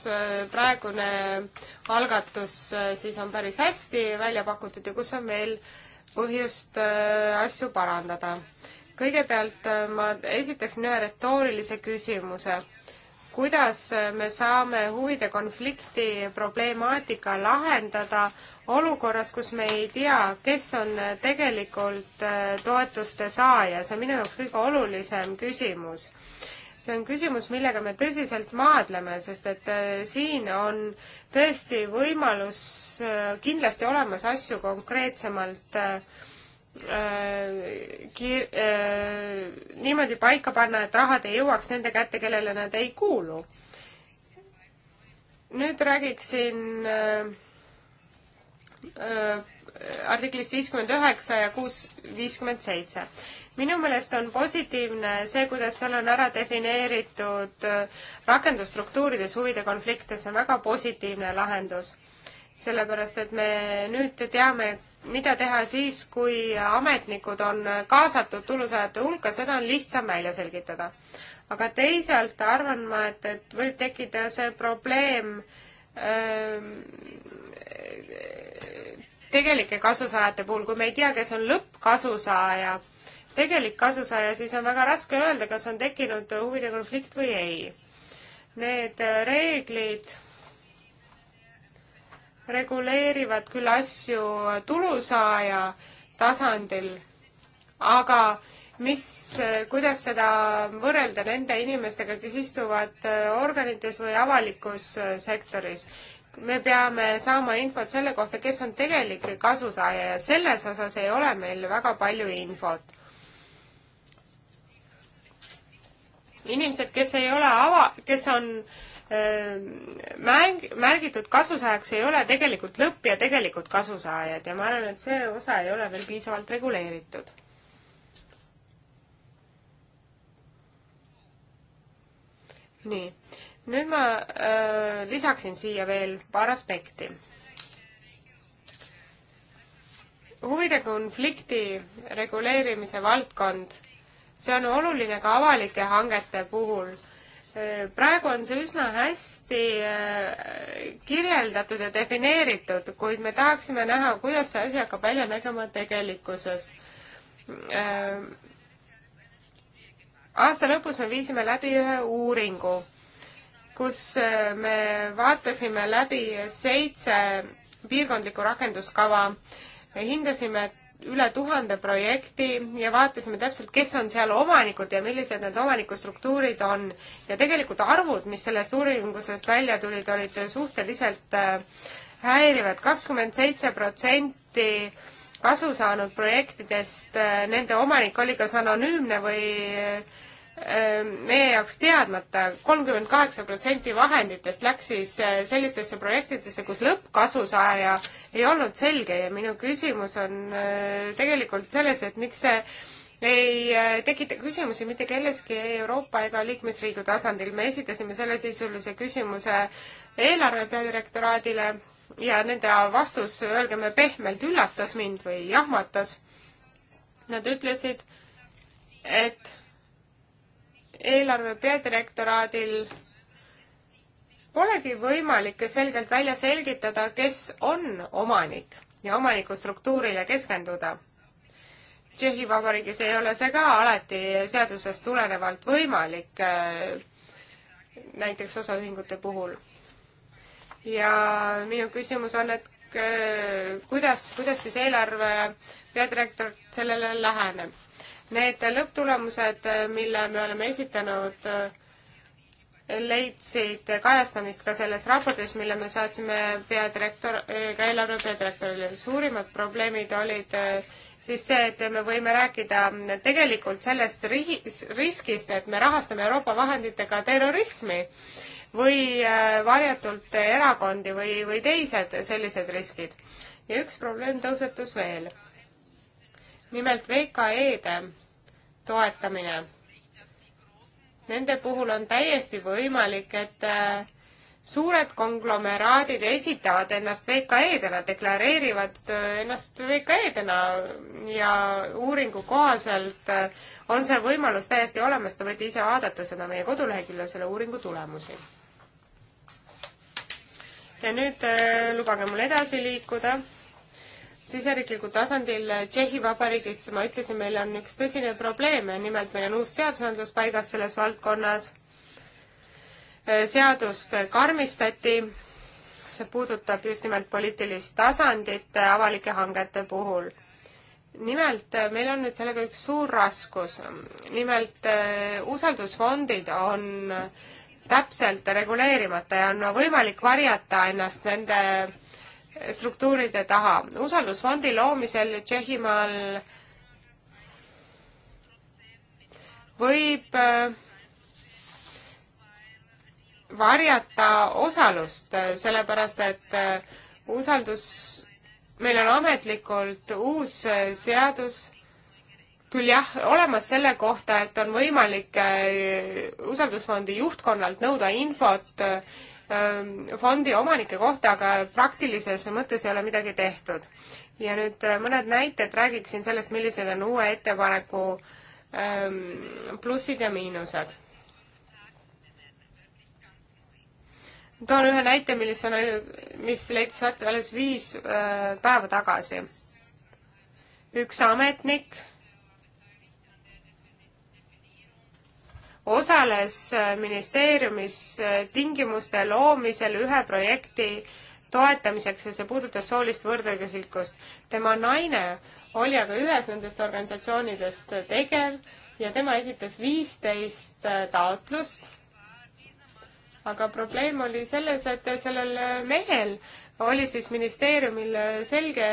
Äh, praegune algatus äh, siis on päris hästi välja pakutud ja kus on veel põhjust äh, asju parandada. kõigepealt ma esitaksin ühe retoorilise küsimuse. kuidas me saame huvide konflikti problemaatika lahendada olukorras, kus me ei tea, kes on tegelikult toetuste saaja, see on minu jaoks kõige olulisem küsimus see on küsimus, millega me tõsiselt maadleme, sest et äh, siin on tõesti võimalus äh, kindlasti olemas asju konkreetsemalt äh, kiir-, niimoodi paika panna, et rahad ei jõuaks nende kätte, kellele nad ei kuulu. nüüd räägiksin artiklist viiskümmend üheksa ja kuus viiskümmend seitse minu meelest on positiivne see, kuidas seal on ära defineeritud äh, rakendusstruktuurides huvide konflikte, see on väga positiivne lahendus. sellepärast, et me nüüd teame, mida teha siis, kui ametnikud on kaasatud tulusaajate hulka, seda on lihtsam välja selgitada. aga teisalt arvan ma, et, et võib tekkida see probleem öö, ähm, tegelike kasusaajate puhul, kui me ei tea, kes on lõppkasusaaja tegelik kasusaaja, siis on väga raske öelda, kas on tekkinud huvide konflikt või ei. Need äh, reeglid reguleerivad küll asju tulusaaja tasandil, aga mis, äh, kuidas seda võrrelda nende inimestega, kes istuvad äh, organites või avalikus sektoris? me peame saama infot selle kohta, kes on tegelik kasusaaja ja selles osas ei ole meil väga palju infot. inimesed, kes ei ole ava, kes on ähm, märg, märgitud kasusaajaks ei ole tegelikult lõpp- ja tegelikult kasusaajad ja ma arvan, et see osa ei ole veel piisavalt reguleeritud. nii, nüüd ma öö, äh, lisaksin siia veel paar aspekti. huvide konflikti reguleerimise valdkond see on oluline ka avalike hangete puhul. Äh, praegu on see üsna hästi äh, kirjeldatud ja defineeritud, kuid me tahaksime näha, kuidas see asi hakkab välja nägema tegelikkuses. Äh, aasta lõpus me viisime läbi ühe uuringu, kus me vaatasime läbi seitse piirkondlikku rakenduskava hindasime üle tuhande projekti ja vaatasime täpselt, kes on seal omanikud ja millised need omanikustruktuurid on. ja tegelikult arvud, mis sellest uuringusest välja tulid, olid suhteliselt äh, häirivad. kakskümmend seitse protsenti kasu saanud projektidest, äh, nende omanik oli kas anonüümne või äh, Äh, meie jaoks teadmata, kolmkümmend kaheksa protsenti vahenditest läks siis äh, sellistesse projektidesse, kus lõppkasusaaja ei olnud selge ja minu küsimus on äh, tegelikult selles, et miks see ei tekita küsimusi mitte kelleski Euroopa ega liikmesriigi tasandil. me esitasime sellesisulise küsimuse eelarve peadirektoraadile ja nende vastus, öelgem pehmelt, üllatas mind või jahmatas. Nad ütlesid, et eelarve peadirektoraadil polegi võimalik selgelt välja selgitada, kes on omanik ja omanikustruktuurile keskenduda. Tšehhi Vabariigis ei ole see ka alati seadusest tulenevalt võimalik, äh, näiteks osaühingute puhul. ja minu küsimus on, et äh, kuidas, kuidas siis eelarve peadirektor sellele läheneb? Need lõpptulemused, mille me oleme esitanud, leidsid kajastamist ka selles raportis, mille me saatsime peadirektor, ka eelarve peadirektorile. suurimad probleemid olid eh, siis see, et me võime rääkida tegelikult sellest rihi-, riskist, et me rahastame Euroopa vahenditega terrorismi või eh, varjatult erakondi või, või teised sellised riskid. ja üks probleem tõusetus veel nimelt VKE-de toetamine. Nende puhul on täiesti võimalik, et äh, suured konglomeraadid esitavad ennast VKE-dena, deklareerivad äh, ennast VKE-dena ja uuringu kohaselt äh, on see võimalus täiesti olemas, te võite ise vaadata seda meie koduleheküljel, selle uuringu tulemusi. ja nüüd lubage mul edasi liikuda siseriiklikul tasandil Tšehhi Vabariigis, ma ütlesin, meil on üks tõsine probleem, nimelt meil on uus seadusandlus paigas selles valdkonnas. seadust karmistati, see puudutab just nimelt poliitilist tasandit avalike hangete puhul. nimelt meil on nüüd sellega üks suur raskus, nimelt usaldusfondid on täpselt reguleerimata ja on võimalik varjata ennast nende struktuuride taha. usaldusfondi loomisel Tšehhimaal võib äh, varjata osalust, äh, sellepärast et äh, usaldus, meil on ametlikult uus seadus, küll jah, olemas selle kohta, et on võimalik usaldusfondi juhtkonnalt nõuda infot Ähm, fondi omanike kohta, aga praktilises mõttes ei ole midagi tehtud. ja nüüd äh, mõned näited räägiksin sellest, millised on uue ettepaneku ähm, plussid ja miinused. toon ühe näite, mis on, mis leidis alles viis äh, päeva tagasi. üks ametnik osales ministeeriumis tingimuste loomisel ühe projekti toetamiseks ja see puudutas soolist võrdõiguslikkust. tema naine oli aga ühes nendest organisatsioonidest tegev ja tema esitas viisteist taotlust. aga probleem oli selles, et sellel mehel oli siis ministeeriumil selge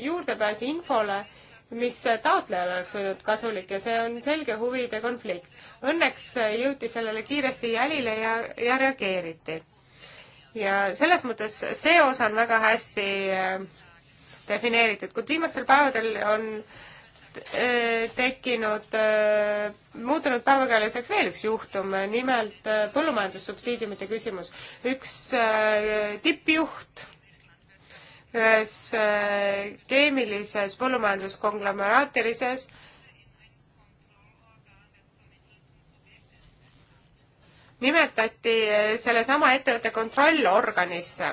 juurdepääs infole mis taotlejal oleks olnud kasulik ja see on selge huvide konflikt. Õnneks jõuti sellele kiiresti jälile ja, ja reageeriti. ja selles mõttes see osa on väga hästi äh, defineeritud, kuid viimastel päevadel on äh, tekkinud, äh, muutunud päevakajaliseks veel üks juhtum, nimelt põllumajandussubsiidiumite küsimus. üks tippjuht ühes äh, keemilises põllumajanduskonglomeraatilises, nimetati äh, sellesama ettevõtte kontrollorganisse.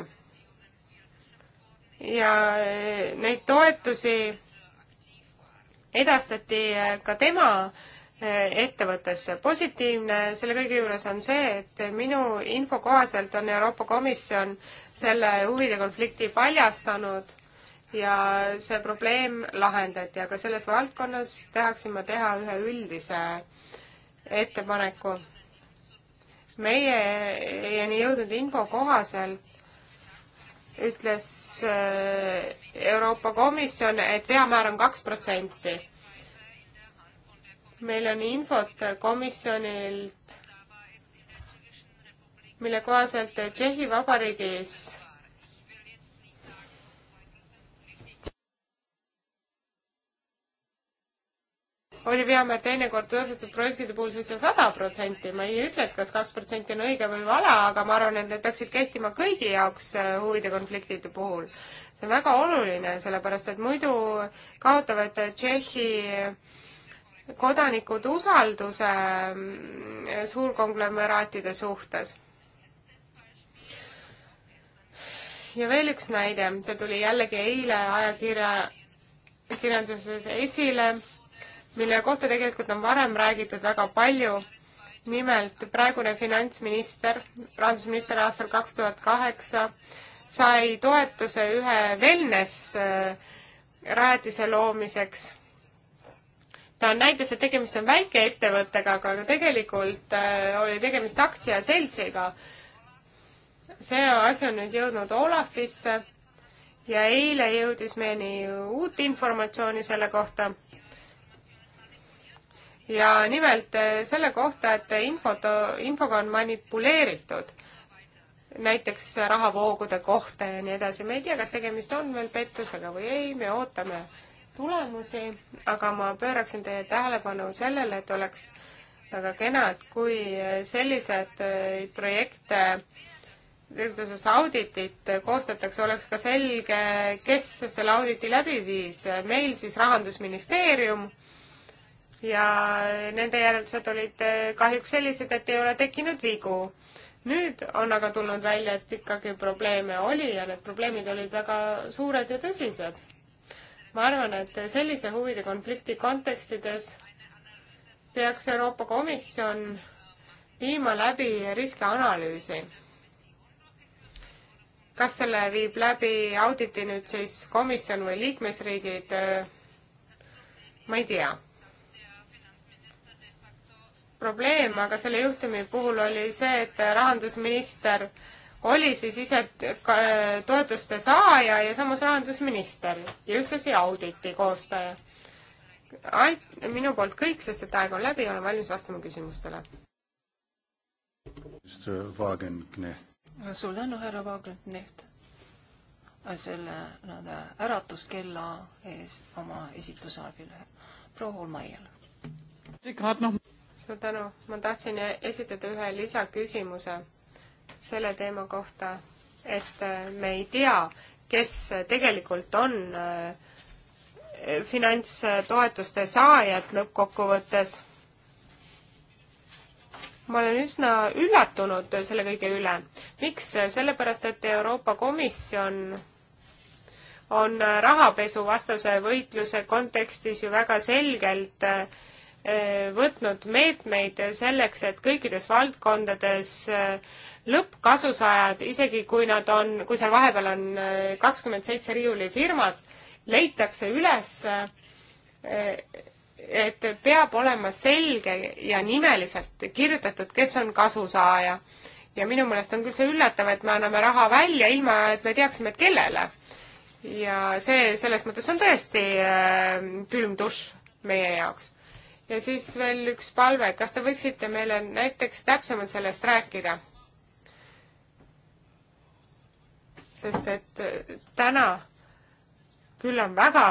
ja äh, neid toetusi edastati ka tema äh, ettevõttesse. positiivne selle kõige juures on see, et minu info kohaselt on Euroopa Komisjon selle huvide konflikti paljastanud ja see probleem lahendati, aga selles valdkonnas tehaksin ma teha ühe üldise ettepaneku. meieni jõudnud info kohaselt ütles äh, Euroopa Komisjon, et veamäär on kaks protsenti meil on infot komisjonilt, mille kohaselt Tšehhi Vabariigis oli veamäär teinekord tõstetud projektide puhul suitsa sada protsenti, ma ei ütle, et kas kaks protsenti on õige või vale, aga ma arvan, et need peaksid kehtima kõigi jaoks äh, huvide konfliktide puhul. see on väga oluline, sellepärast et muidu kaotavad Tšehhi kodanikud usalduse mm, suurkonglomeraatide suhtes. ja veel üks näide, see tuli jällegi eile ajakirja, kirjanduses esile, mille kohta tegelikult on varem räägitud väga palju. nimelt praegune finantsminister, rahandusminister aastal kaks tuhat kaheksa sai toetuse ühe wellness äh, rajatise loomiseks ta näitas, et tegemist on väikeettevõttega, aga tegelikult äh, oli tegemist aktsiaseltsiga. see asi on nüüd jõudnud Olafisse ja eile jõudis meieni uut informatsiooni selle kohta. ja nimelt äh, selle kohta, et infot, infoga on manipuleeritud näiteks rahavoogude kohta ja nii edasi. me ei tea, kas tegemist on veel pettusega või ei, me ootame tulemusi, aga ma pööraksin teie tähelepanu sellele, et oleks väga kena, et kui sellised äh, projekte üldoses auditit koostatakse, oleks ka selge, kes selle auditi läbi viis. meil siis Rahandusministeerium ja nende järeldused olid äh, kahjuks sellised, et ei ole tekkinud vigu. nüüd on aga tulnud välja, et ikkagi probleeme oli ja need probleemid olid väga suured ja tõsised ma arvan, et sellise huvide konflikti kontekstides peaks Euroopa Komisjon viima läbi riskianalüüsi. kas selle viib läbi auditi nüüd siis komisjon või liikmesriigid, ma ei tea probleem, aga selle juhtumi puhul oli see, et rahandusminister äh, oli siis ise äh, toetuste saaja ja samas rahandusminister ja ühtlasi auditi koostaja. Ait-, minu poolt kõik, sest et aeg on läbi, olen valmis vastama küsimustele. Äh, suur tänu, härra Vaagneht, äh, selle nii-öelda äratuskella ees oma esituse abil. proua Holmaial. suur tänu, ma tahtsin esitada ühe lisaküsimuse selle teema kohta, et me ei tea, kes tegelikult on äh, finantstoetuste saajad lõppkokkuvõttes. ma olen üsna üllatunud selle kõige üle. miks? sellepärast, et Euroopa Komisjon on rahapesuvastase võitluse kontekstis ju väga selgelt äh, Äh, võtnud meetmeid selleks, et kõikides valdkondades äh, lõppkasusaajad, isegi kui nad on, kui seal vahepeal on äh, kakskümmend seitse riiulifirmat, leitakse üles, et peab olema selge ja nimeliselt kirjutatud, kes on kasusaaja. ja minu meelest on küll see üllatav, et me anname raha välja, ilma et me teaksime, et kellele. ja see selles mõttes on tõesti külm dušš meie jaoks ja siis veel üks palve, kas te võiksite meile näiteks täpsemalt sellest rääkida? sest et äh, täna küll on väga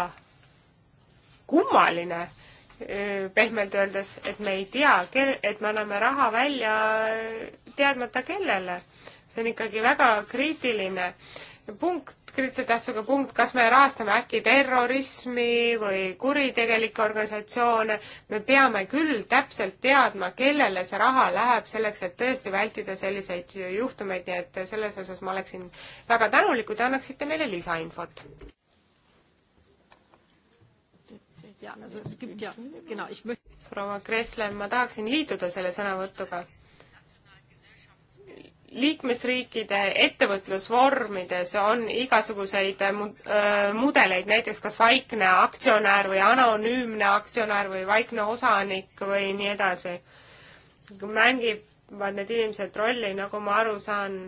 kummaline äh, pehmelt öeldes, et me ei tea, kel-, et me anname raha välja äh, teadmata kellele. see on ikkagi väga kriitiline punkt kriitilise tähtsusega punkt, kas me rahastame äkki terrorismi või kuritegelikke organisatsioone, me peame küll täpselt teadma, kellele see raha läheb, selleks et tõesti vältida selliseid juhtumeid, nii et selles osas ma oleksin väga tänulik, kui te annaksite meile lisainfot. proua Kressler, ma tahaksin liituda selle sõnavõtuga liikmesriikide ettevõtlusvormides on igasuguseid mudeleid, näiteks kas vaikne aktsionär või anonüümne aktsionär või vaikne osanik või nii edasi. mängivad need inimesed rolli, nagu ma aru saan,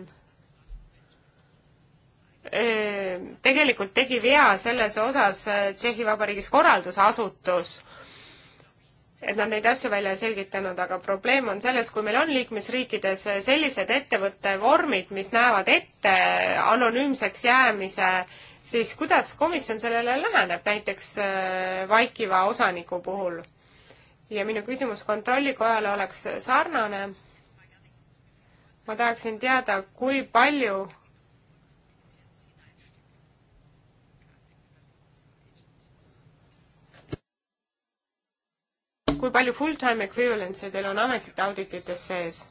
tegelikult tegi vea selles osas Tšehhi Vabariigis korraldusasutus et nad neid asju välja ei selgitanud, aga probleem on selles, kui meil on liikmesriikides sellised ettevõtte vormid, mis näevad ette anonüümseks jäämise, siis kuidas komisjon sellele läheneb, näiteks äh, vaikiva osaniku puhul? ja minu küsimus Kontrollikojale oleks sarnane. ma tahaksin teada, kui palju kui palju full-time equivalency teil on ametite auditites sees?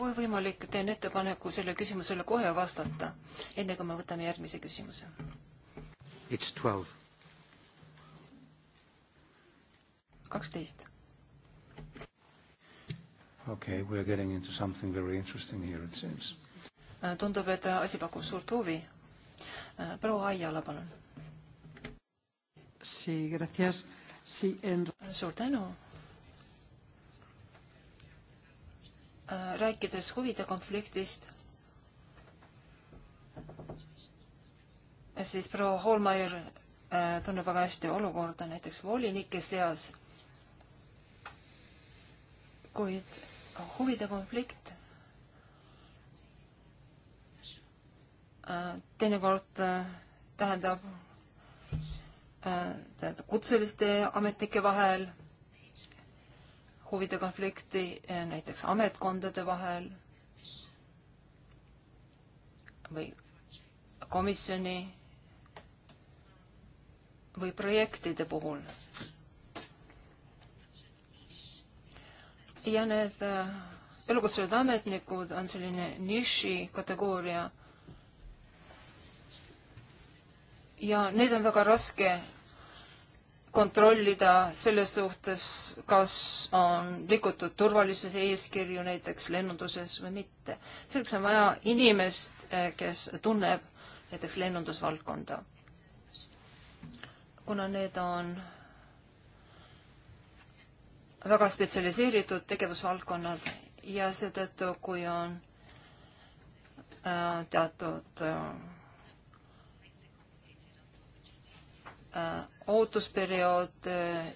kui võimalik, teen ettepaneku sellele küsimusele kohe vastata, enne kui me võtame järgmise küsimuse. It's twelve. kaksteist. Okay, we are getting into something very interesting here it seems. tundub, et asi pakub suurt huvi. proua Aiala, palun Sí, gracias. Sí, en... suur tänu. Äh, rääkides huvide konfliktist, siis proua Holmeier äh, tunneb väga hästi olukorda näiteks volinike seas. kuid huvide konflikt äh, teinekord tähendab Äh, tähendab kutseliste ametnike vahel, huvide konflikti äh, näiteks ametkondade vahel või komisjoni või projektide puhul. ja need äh, elukutselised ametnikud on selline niši kategooria ja neid on väga raske kontrollida selles suhtes, kas on rikutud turvalisuse eeskirju näiteks lennunduses või mitte. selleks on vaja inimest, eh, kes tunneb näiteks lennundusvaldkonda. kuna need on väga spetsialiseeritud tegevusvaldkonnad ja seetõttu, kui on äh, teatud äh, ootusperiood,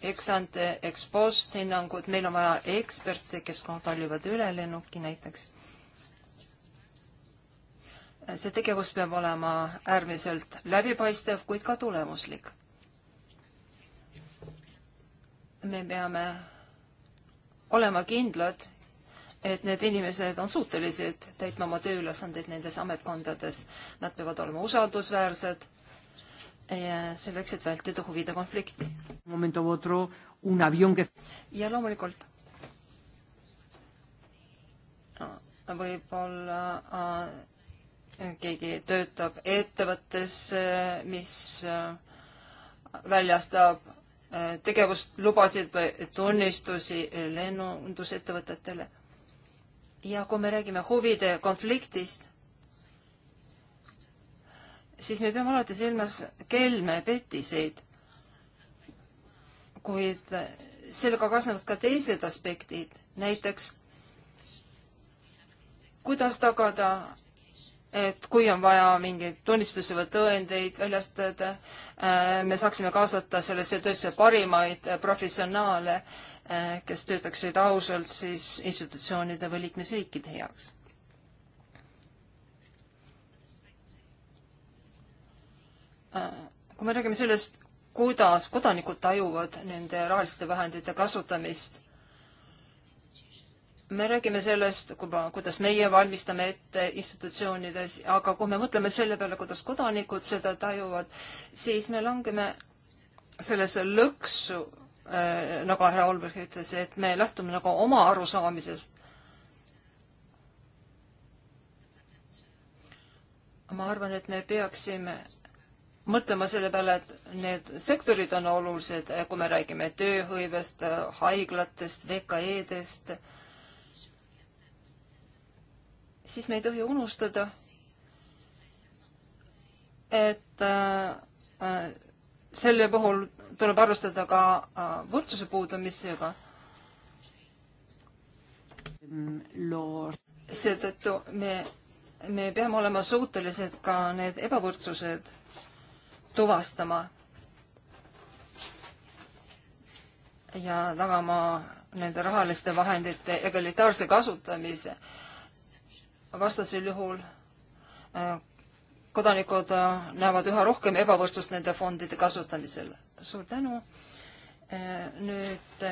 eksante, eh, ekspost hinnangud, meil on vaja eksperte, kes kontrollivad ülelennuki näiteks. see tegevus peab olema äärmiselt läbipaistev, kuid ka tulemuslik. me peame olema kindlad, et need inimesed on suutelised täitma oma tööülesandeid nendes ametkondades. Nad peavad olema usaldusväärsed selleks, et vältida huvide konflikti. ja loomulikult võib-olla äh, keegi töötab ettevõttes, äh, mis äh, väljastab tegevuslubasid või tunnistusi lennundusettevõtetele. ja kui me räägime huvide konfliktist, siis me peame alati silmas kelme petiseid. kuid sellega kaasnevad ka teised aspektid, näiteks kuidas tagada, et kui on vaja mingeid tunnistusi või tõendeid väljastada, äh, me saaksime kaasata sellesse töösse parimaid professionaale, äh, kes töötaksid ausalt siis institutsioonide või liikmesriikide heaks Äh, kui me räägime sellest, kuidas kodanikud tajuvad nende rahaliste vahendite kasutamist, me räägime sellest, kuidas meie valmistame ette institutsioonides, aga kui me mõtleme selle peale, kuidas kodanikud seda tajuvad, siis me langeme sellesse lõksu äh,, nagu härra Olberg ütles, et me lähtume nagu oma arusaamisest. ma arvan, et me peaksime mõtlema selle peale, et need sektorid on olulised, kui me räägime tööhõivest, haiglatest, VKE-dest, siis me ei tohi unustada, et äh, selle puhul tuleb arvestada ka äh, võrdsuse puudumisega. seetõttu me, me peame olema suutelised ka need ebavõrdsused tuvastama ja tagama nende rahaliste vahendite egalitaarse kasutamise. vastasel juhul äh, kodanikud äh, näevad üha rohkem ebavõrdsust nende fondide kasutamisel. suur tänu. Äh, nüüd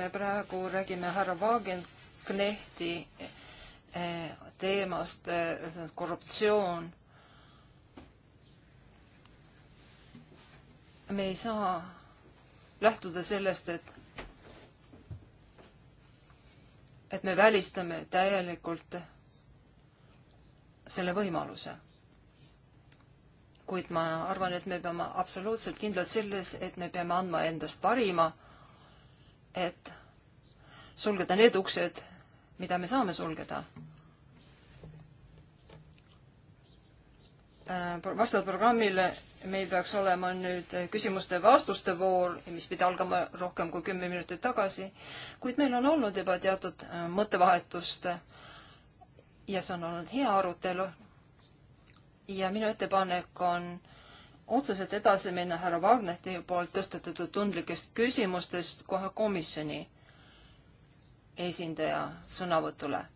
me praegu räägime härra Wagenknechti teemast korruptsioon me ei saa lähtuda sellest, et et me välistame täielikult selle võimaluse. kuid ma arvan, et me peame absoluutselt kindlad selles, et me peame andma endast parima, et sulgeda need uksed, mida me saame sulgeda Äh, vastavalt programmile meil peaks olema nüüd äh, küsimuste-vastuste voor, mis pidi algama rohkem kui kümme minutit tagasi, kuid meil on olnud juba teatud äh, mõttevahetust ja see on olnud hea arutelu. ja minu ettepanek on otseselt edasi minna härra Wagneri poolt tõstatatud tundlikest küsimustest kohe komisjoni esindaja sõnavõtule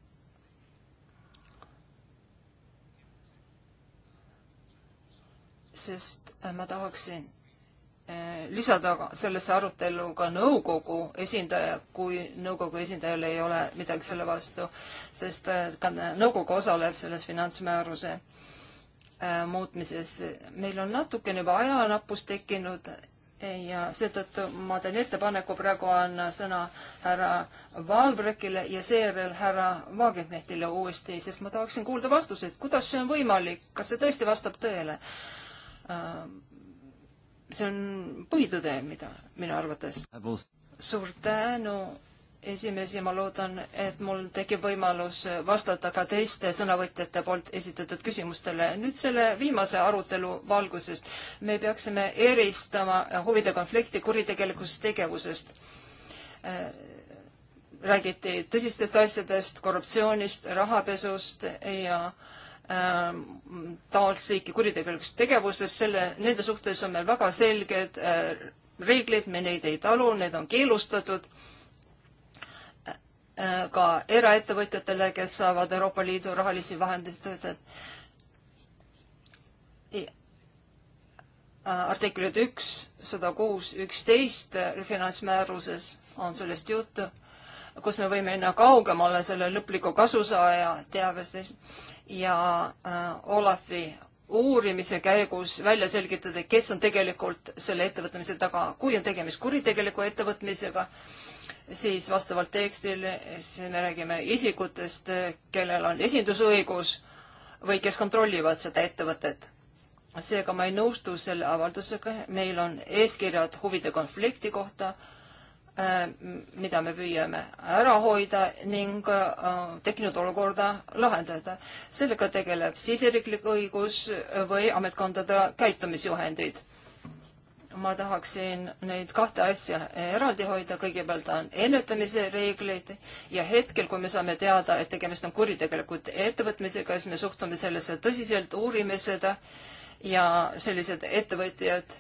sest äh, ma tahaksin äh, lisada sellesse arutellu ka nõukogu esindaja, kui nõukogu esindajal ei ole midagi selle vastu, sest äh, ka nõukogu osaleb selles finantsmääruse muutmises. meil on natukene juba ajanappus tekkinud ja seetõttu ma teen ettepaneku praegu anda sõna härra Valbrekile ja seejärel härra Wagenknechtile uuesti, sest ma tahaksin kuulda vastuseid, kuidas see on võimalik, kas see tõesti vastab tõele Äh, see on põhitõde, mida minu arvates. suur tänu, esimees, ja ma loodan, et mul tekib võimalus vastata ka teiste sõnavõtjate poolt esitatud küsimustele. nüüd selle viimase arutelu valgusest me peaksime eristama huvide konflikti kuritegelikust tegevusest äh, räägiti tõsistest asjadest, korruptsioonist, rahapesust ja äh, Ähm, taolist liiki kuritegelikust tegevusest, selle, nende suhtes on meil väga selged äh, reeglid, me neid ei talu, need on keelustatud äh, ka eraettevõtjatele, kes saavad Euroopa Liidu rahalisi vahendeid töötajad. Äh, artiklid üks, sada kuus, üksteist äh, finantsmääruses on sellest juttu, kus me võime minna kaugemale selle lõpliku kasusaaja teabest ja äh, Olafi uurimise käigus välja selgitada, kes on tegelikult selle ettevõtmise taga. kui on tegemist kuritegeliku ettevõtmisega, siis vastavalt tekstile, siis me räägime isikutest, kellel on esindusõigus või kes kontrollivad seda ettevõtet. seega ma ei nõustu selle avaldusega, meil on eeskirjad huvide konflikti kohta Äh, mida me püüame ära hoida ning äh, tekkinud olukorda lahendada. sellega tegeleb siseriiklik õigus või ametkondade käitumisjuhendid. ma tahaksin neid kahte asja eraldi hoida, kõigepealt on ennetamise reeglid ja hetkel, kui me saame teada, et tegemist on kuritegelikult ettevõtmisega, siis me suhtume sellesse tõsiselt, uurime seda ja sellised ettevõtjad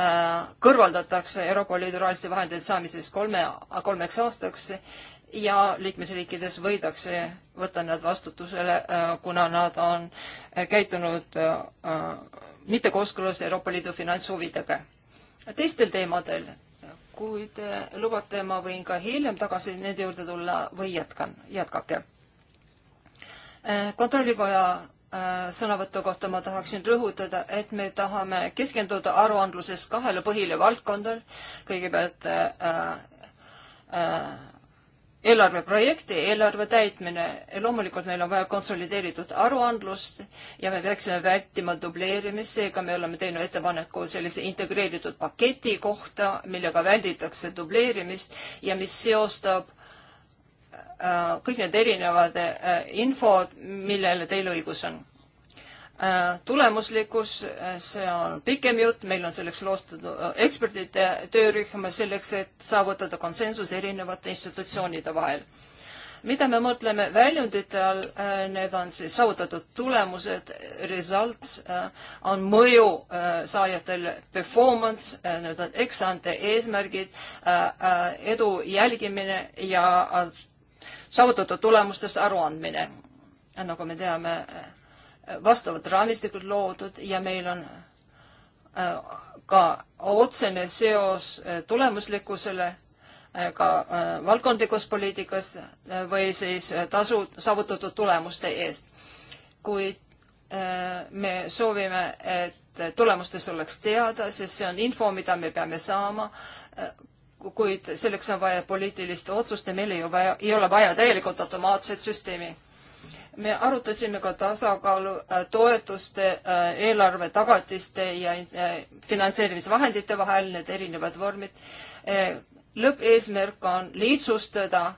Äh, kõrvaldatakse Euroopa Liidu rahaliste vahendite saamises kolme, kolmeks aastaks ja liikmesriikides võidakse võtta nad vastutusele, äh, kuna nad on äh, käitunud mitte kooskõlas Euroopa Liidu finantshuvidega. teistel teemadel, kui te lubate, ma võin ka hiljem tagasi nende juurde tulla või jätkan, jätkake. kontrollikoja Äh, sõnavõtu kohta ma tahaksin rõhutada, et me tahame keskenduda aruandluses kahele põhile valdkondale. kõigepealt äh, äh, eelarveprojekti, eelarve täitmine. loomulikult meil on vaja konsolideeritud aruandlust ja me peaksime vältima dubleerimist, seega me oleme teinud ettepaneku sellise integreeritud paketi kohta, millega välditakse dubleerimist ja mis seostab äh, Äh, kõik need erinevad äh, infod, millele teil õigus on. Äh, tulemuslikkus, see on pikem jutt, meil on selleks loostud ekspertide töörühm selleks, et saavutada konsensus erinevate institutsioonide vahel mida me mõtleme väljundite all, need on siis saavutatud tulemused, results, on mõju saajatel performance, need on eksante eesmärgid, edu jälgimine ja saavutatud tulemustest aruandmine. nagu me teame, vastavad raamistikud loodud ja meil on äh, ka otsene seos äh, tulemuslikkusele äh, ka valdkondlikus poliitikas või siis tasu saavutatud tulemuste eest. kuid me soovime, et tulemustest oleks teada, sest see on info, mida me peame saama kuid selleks on vaja poliitilist otsust ja meil ei ole vaja, ei ole vaja täielikult automaatset süsteemi. me arutasime ka tasakaalu äh, toetuste, äh, eelarve tagatiste ja äh, finantseerimisvahendite vahel, need erinevad vormid. lõppeesmärk on lihtsustada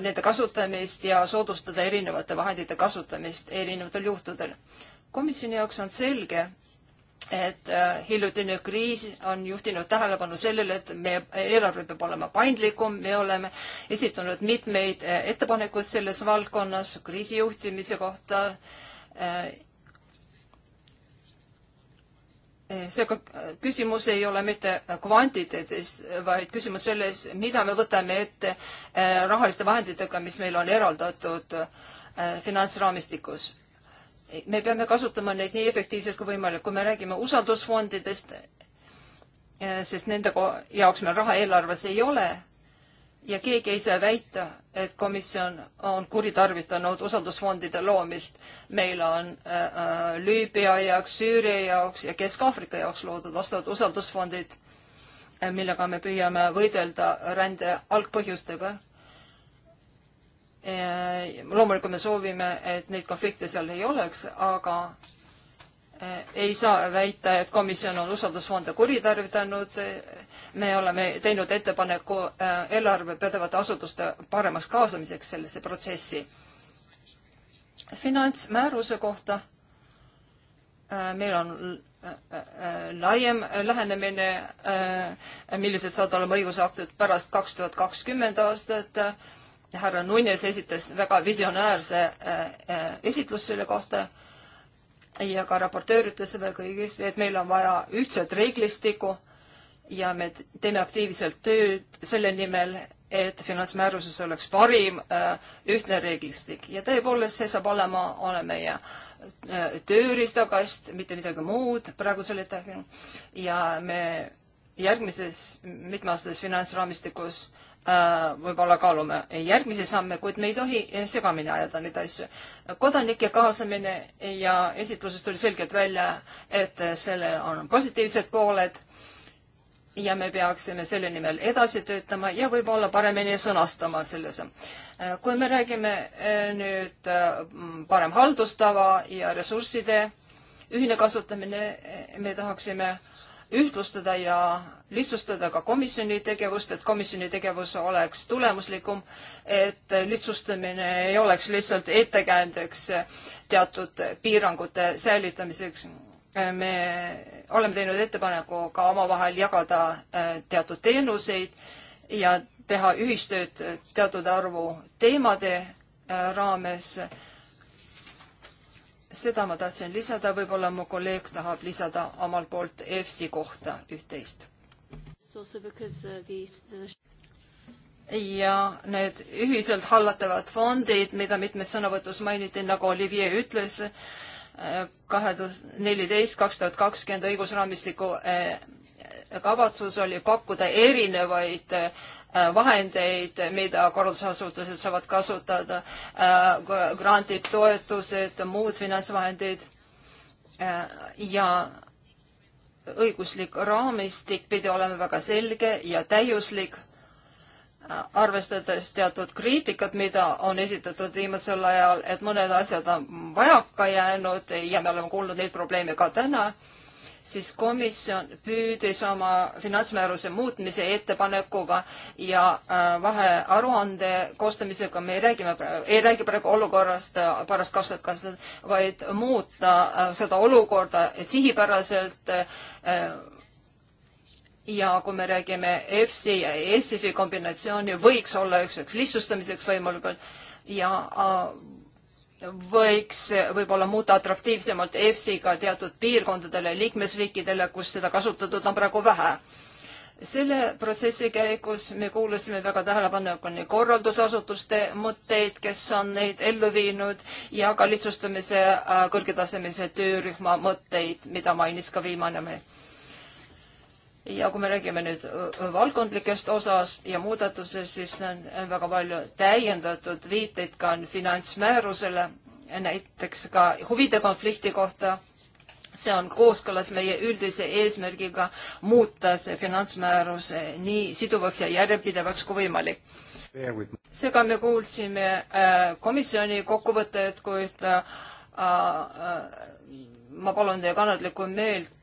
nende kasutamist ja soodustada erinevate vahendite kasutamist erinevatel juhtudel. komisjoni jaoks on selge, et äh, hiljutine kriis on juhtinud tähelepanu sellele, et meie eelarve peab olema paindlikum, me oleme esitanud mitmeid äh, ettepanekuid selles valdkonnas kriisijuhtimise kohta. Äh, seega küsimus ei ole mitte kvantiteedis, vaid küsimus selles, mida me võtame ette rahaliste vahenditega, mis meile on eraldatud finantsraamistikus me peame kasutama neid nii efektiivselt kui võimalik, kui me räägime usaldusfondidest, eh, sest nende jaoks meil raha eelarves ei ole ja keegi ei saa väita, et komisjon on kuritarvitanud usaldusfondide loomist. meil on äh, Lüübia jaoks, Süüria jaoks ja Kesk-Aafrika jaoks loodud vastavad usaldusfondid, millega me püüame võidelda rände algpõhjustega Eh, loomulikult me soovime, et neid konflikte seal ei oleks, aga eh, ei saa väita, et komisjon on usaldusfonde kuritarvitanud. me oleme teinud ettepaneku eh, eelarve pädevate asutuste paremaks kaasamiseks sellesse protsessi. finantsmääruse kohta meil on laiem lähenemine, millised saavad olema õigusaktid pärast kaks tuhat kakskümmend aastat härra Nunes esitas väga visionäärse äh, äh, esitlus selle kohta ja ka raportöör ütles seda kõigist, et meil on vaja ühtset reeglistikku ja me teeme aktiivselt tööd selle nimel, et finantsmääruses oleks parim äh, ühtne reeglistik ja tõepoolest, see saab olema, olema meie tööriistakast, mitte midagi muud praegusel hetkel ja me järgmises mitmeaastases finantsraamistikus äh, Äh, võib-olla kaalume järgmisi samme, kuid me ei tohi eh, segamini ajada neid asju. kodanike kaasamine ja esitluses tuli selgelt välja, et sellel on positiivsed pooled ja me peaksime selle nimel edasi töötama ja võib-olla paremini sõnastama selles. Äh, kui me räägime eh, nüüd mm, parem haldustava ja ressursside ühine kasutamine, eh, me tahaksime ühtlustada ja lihtsustada ka komisjoni tegevust, et komisjoni tegevus oleks tulemuslikum, et lihtsustamine ei oleks lihtsalt ettekäändeks teatud piirangute säilitamiseks. me oleme teinud ettepaneku ka omavahel jagada äh, teatud teenuseid ja teha ühistööd teatud arvu teemade äh, raames seda ma tahtsin lisada, võib-olla mu kolleeg tahab lisada omalt poolt EFSi kohta üht-teist. ja need ühiselt hallatavad fondid, mida mitmes sõnavõtus mainiti, nagu Olivier ütles, kahe tuhat neliteist, kaks tuhat kakskümmend õigusraamistiku eh, kavatsus oli pakkuda erinevaid äh, vahendeid, mida korraldusasutused saavad kasutada, äh, grandid, toetused, muud finantsvahendid äh, ja õiguslik raamistik pidi olema väga selge ja täiuslik, arvestades teatud kriitikat, mida on esitatud viimasel ajal, et mõned asjad on vajaka jäänud ja me oleme kuulnud neid probleeme ka täna siis komisjon püüdis oma finantsmääruse muutmise ettepanekuga ja äh, vahearuande koostamisega, me ei räägime, ei räägi praegu olukorrast äh, pärast kaks tuhat kakskümmend, vaid muuta äh, seda olukorda sihipäraselt ja kui me räägime EFSI ja ESIFi kombinatsiooni, võiks olla üks, üks lihtsustamiseks võimalikult ja võiks võib-olla muuta atraktiivsemalt EFSI-ga teatud piirkondadele, liikmesriikidele, kus seda kasutatud on praegu vähe. selle protsessi käigus me kuulasime väga tähelepanelikult korraldusasutuste mõtteid, kes on neid ellu viinud ja ka lihtsustamise äh, kõrgetasemelise töörühma mõtteid, mida mainis ka viimane meil ja kui me räägime nüüd valdkondlikest osast ja muudatusest, siis on väga palju täiendatud viiteid ka finantsmäärusele, näiteks ka huvide konflikti kohta. see on kooskõlas meie üldise eesmärgiga muuta see finantsmäärus nii siduvaks ja järjepidevaks kui võimalik. seega me kuulsime komisjoni kokkuvõtet, kuid ma palun teie kannatlikku meelt,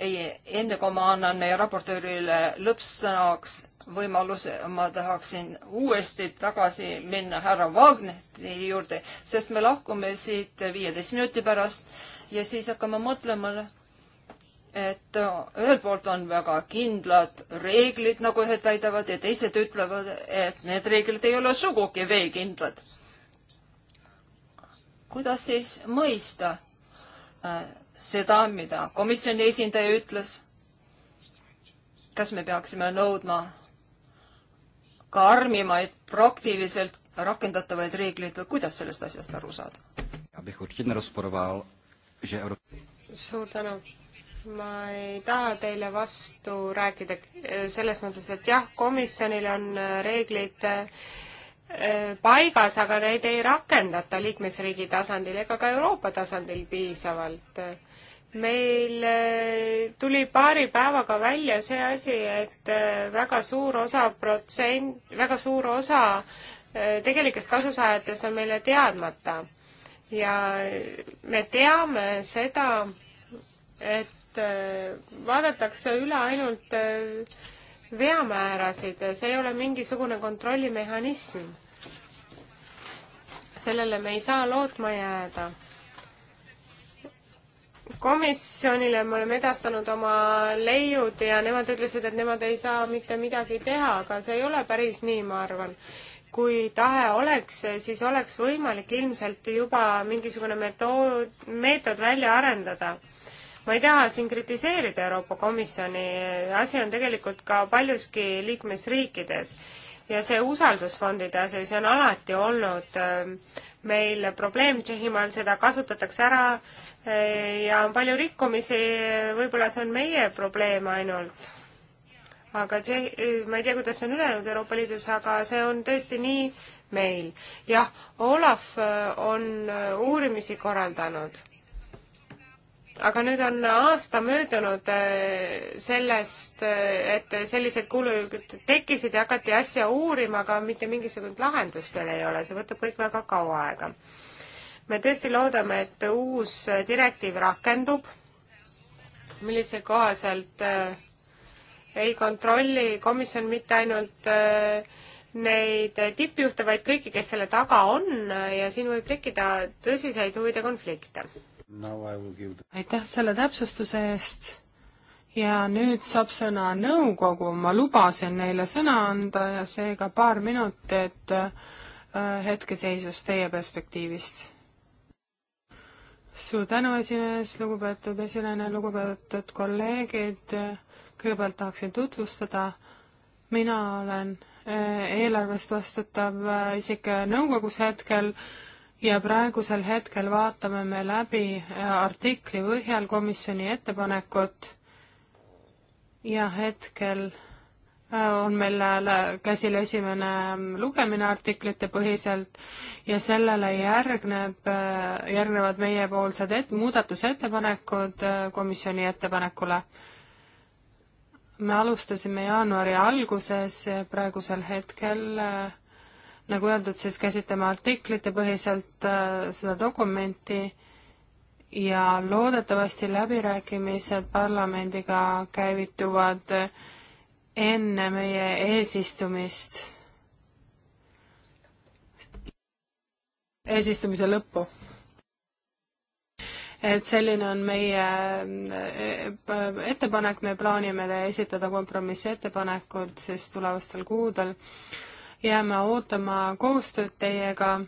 enne kui ma annan meie raportöörile lõppsõnaks võimaluse, ma tahaksin uuesti tagasi minna härra Wagneri juurde, sest me lahkume siit viieteist minuti pärast ja siis hakkame mõtlema, et ühelt poolt on väga kindlad reeglid, nagu ühed väidavad ja teised ütlevad, et need reeglid ei ole sugugi veekindlad. kuidas siis mõista seda, mida komisjoni esindaja ütles. kas me peaksime nõudma karmimaid ka praktiliselt rakendatavaid reegleid või kuidas sellest asjast aru saada? suur tänu. ma ei taha teile vastu rääkida eh, selles mõttes, et jah, komisjonil on eh, reeglid eh, paigas, aga neid ei rakendata liikmesriigi tasandil ega ka Euroopa tasandil piisavalt meil eh, tuli paari päevaga välja see asi, et eh, väga suur osa protsent, väga suur osa eh, tegelikest kasusaajatest on meile teadmata. ja me teame seda, et vaadatakse üle ainult veamäärasid, see ei ole mingisugune kontrollimehhanism. sellele me ei saa lootma jääda komisjonile me oleme edastanud oma leiud ja nemad ütlesid, et nemad ei saa mitte midagi teha, aga see ei ole päris nii, ma arvan. kui tahe oleks, siis oleks võimalik ilmselt juba mingisugune metood, meetod välja arendada. ma ei taha siin kritiseerida Euroopa Komisjoni, asi on tegelikult ka paljuski liikmesriikides ja see usaldusfondide asi, see on alati olnud äh, meil probleem, Tšehhimaal seda kasutatakse ära ja on palju rikkumisi, võib-olla see on meie probleem ainult. aga Tšehhi, ma ei tea, kuidas see on ülejäänud Euroopa Liidus, aga see on tõesti nii meil. jah, Olav äh, on äh, uurimisi korraldanud. aga nüüd on aasta möödunud äh, sellest, et sellised kuulujutud tekkisid ja hakati asja uurima, aga mitte mingisugust lahendust veel ei ole, see võtab kõik väga kaua aega me tõesti loodame, et uus direktiiv rakendub, millise kohaselt äh, ei kontrolli komisjon mitte ainult äh, neid tippjuhte, vaid kõiki, kes selle taga on äh, ja siin võib tekkida tõsiseid huvide konflikte. aitäh selle täpsustuse eest ja nüüd saab sõna nõukogu, ma lubasin neile sõna anda ja seega paar minutit hetkeseisust teie perspektiivist suur tänu, esimees, lugupeetud esilane, lugupeetud kolleegid, kõigepealt tahaksin tutvustada, mina olen eh, eelarvest vastutav eh, isik eh, nõukogus hetkel ja praegusel hetkel vaatame me läbi artikli põhjal komisjoni ettepanekut ja hetkel on meil käsil esimene lugemine artiklite põhiselt ja sellele järgneb, järgnevad meiepoolsed et-, muudatusettepanekud äh, komisjoni ettepanekule. me alustasime jaanuari alguses, praegusel hetkel äh, nagu öeldud, siis käsitleme artiklite põhiselt äh, seda dokumenti ja loodetavasti läbirääkimised parlamendiga käivituvad enne meie eesistumist, eesistumise lõppu et selline on meie äh, ettepanek, me plaanime esitada kompromissettepanekud siis tulevastel kuudel. jääme ootama koostööd teiega.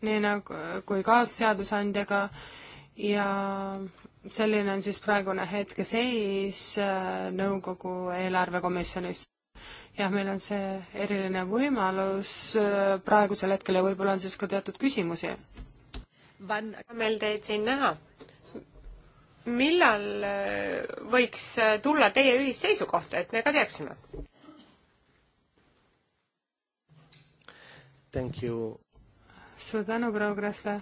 nii nagu, kui kaasseadusandjaga ja selline on siis praegune hetkeseis äh, nõukogu eelarvekomisjonis. jah, meil on see eriline võimalus äh, praegusel hetkel ja võib-olla on siis ka teatud küsimusi. meil teid siin näha. millal äh, võiks tulla teie ühisseisukoht, et me ka teaksime? suur tänu, proua Krasla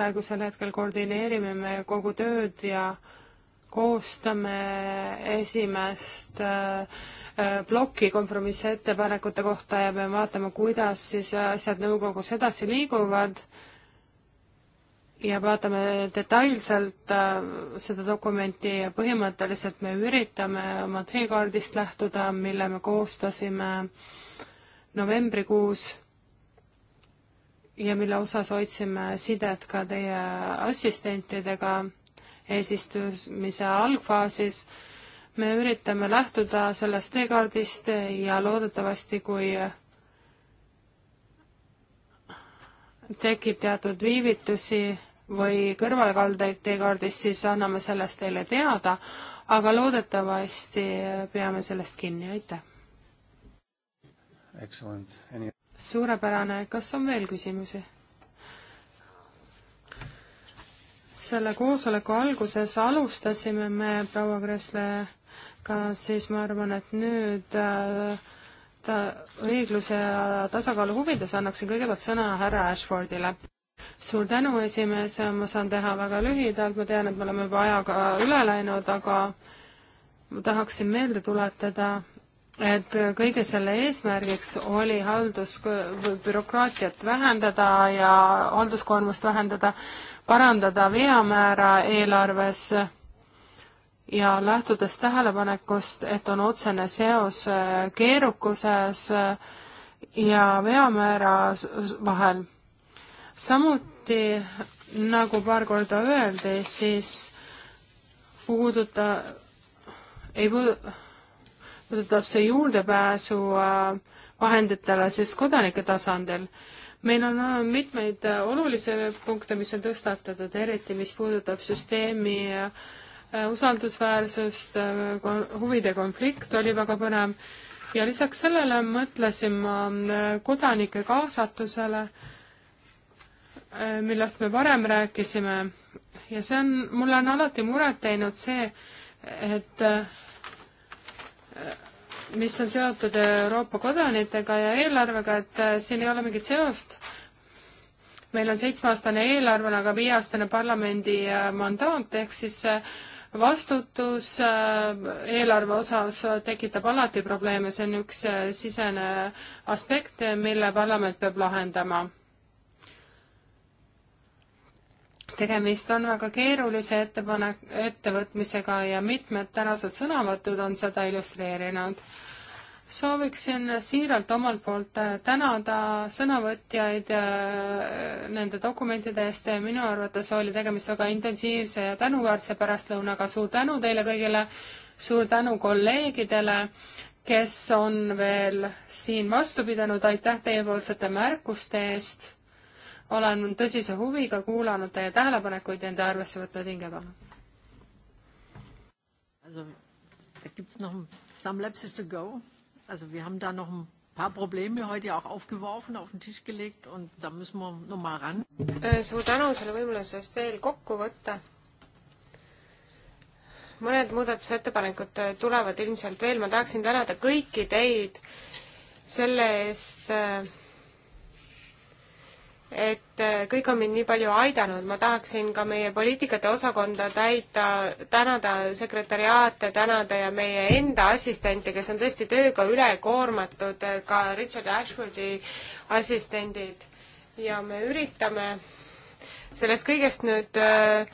praegusel hetkel koordineerime me kogu tööd ja koostame esimest äh, äh, ploki kompromissettepanekute kohta ja peame vaatama, kuidas siis asjad nõukogus edasi liiguvad ja vaatame detailselt äh, seda dokumenti ja põhimõtteliselt me üritame oma teekaardist lähtuda, mille me koostasime novembrikuus ja mille osas hoidsime sidet ka teie assistentidega eesistumise algfaasis. me üritame lähtuda sellest teekaardist ja loodetavasti, kui tekib teatud viivitusi või kõrvalkaldeid teekaardist, siis anname sellest teile teada, aga loodetavasti peame sellest kinni, aitäh! Excellent. Any suurepärane, kas on veel küsimusi? selle koosoleku alguses alustasime me proua Kreslega, siis ma arvan, et nüüd äh, ta õigluse ja tasakaalu huvides annaksin kõigepealt sõna härra Ashfordile. suur tänu, esimees, ma saan teha väga lühidalt, ma tean, et me oleme juba ajaga üle läinud, aga ma tahaksin meelde tuletada, et kõige selle eesmärgiks oli haldus, bürokraatiat vähendada ja halduskoormust vähendada, parandada veamäära eelarves ja lähtudes tähelepanekust, et on otsene seos äh, keerukuses äh, ja veamäära vahel. samuti, nagu paar korda öeldi, siis puuduta, ei puudu, puudutab see juurdepääsu äh, vahenditele siis kodanike tasandil. meil on olnud äh, mitmeid äh, olulisi punkte, mis on tõstatatud, eriti mis puudutab süsteemi usaldusväärsust, huvide konflikt oli väga põnev ja lisaks sellele mõtlesin ma kodanike kaasatusele, millest me varem rääkisime ja see on, mulle on alati muret teinud see, et mis on seotud Euroopa kodanikega ja eelarvega, et äh, siin ei ole mingit seost. meil on seitsmeaastane eelarve, aga viieaastane parlamendi äh, mandaat, ehk siis äh, vastutus eelarve osas tekitab alati probleeme, see on üks sisene aspekt, mille parlament peab lahendama tegemist on väga keerulise ettepanek, ettevõtmisega ja mitmed tänased sõnavõtud on seda illustreerinud. sooviksin siiralt omalt poolt tänada sõnavõtjaid äh, nende dokumentide eest, minu arvates oli tegemist väga intensiivse ja tänuväärse pärastlõunaga, suur tänu teile kõigile, suur tänu kolleegidele, kes on veel siin vastu pidanud, aitäh teiepoolsete märkuste eest olen tõsise huviga kuulanud teie tähelepanekuid ja enda arvesse võtnud hinge peale. paar Probleme heute auch aufgeworfen, auf den Tisch gelegt und da müssen wir nochmal ran. Äh, suur tänu selle võimaluse eest veel kokku võtta. mõned muudatusettepanekud äh, tulevad ilmselt veel, ma tahaksin tänada kõiki teid selle eest äh, et äh, kõik on mind nii palju aidanud, ma tahaksin ka meie poliitikate osakonda täita, tänada sekretäriaate, tänada ja meie enda assistente, kes on tõesti tööga üle koormatud, äh, ka Richard Ashwordi assistendid. ja me üritame sellest kõigest nüüd äh,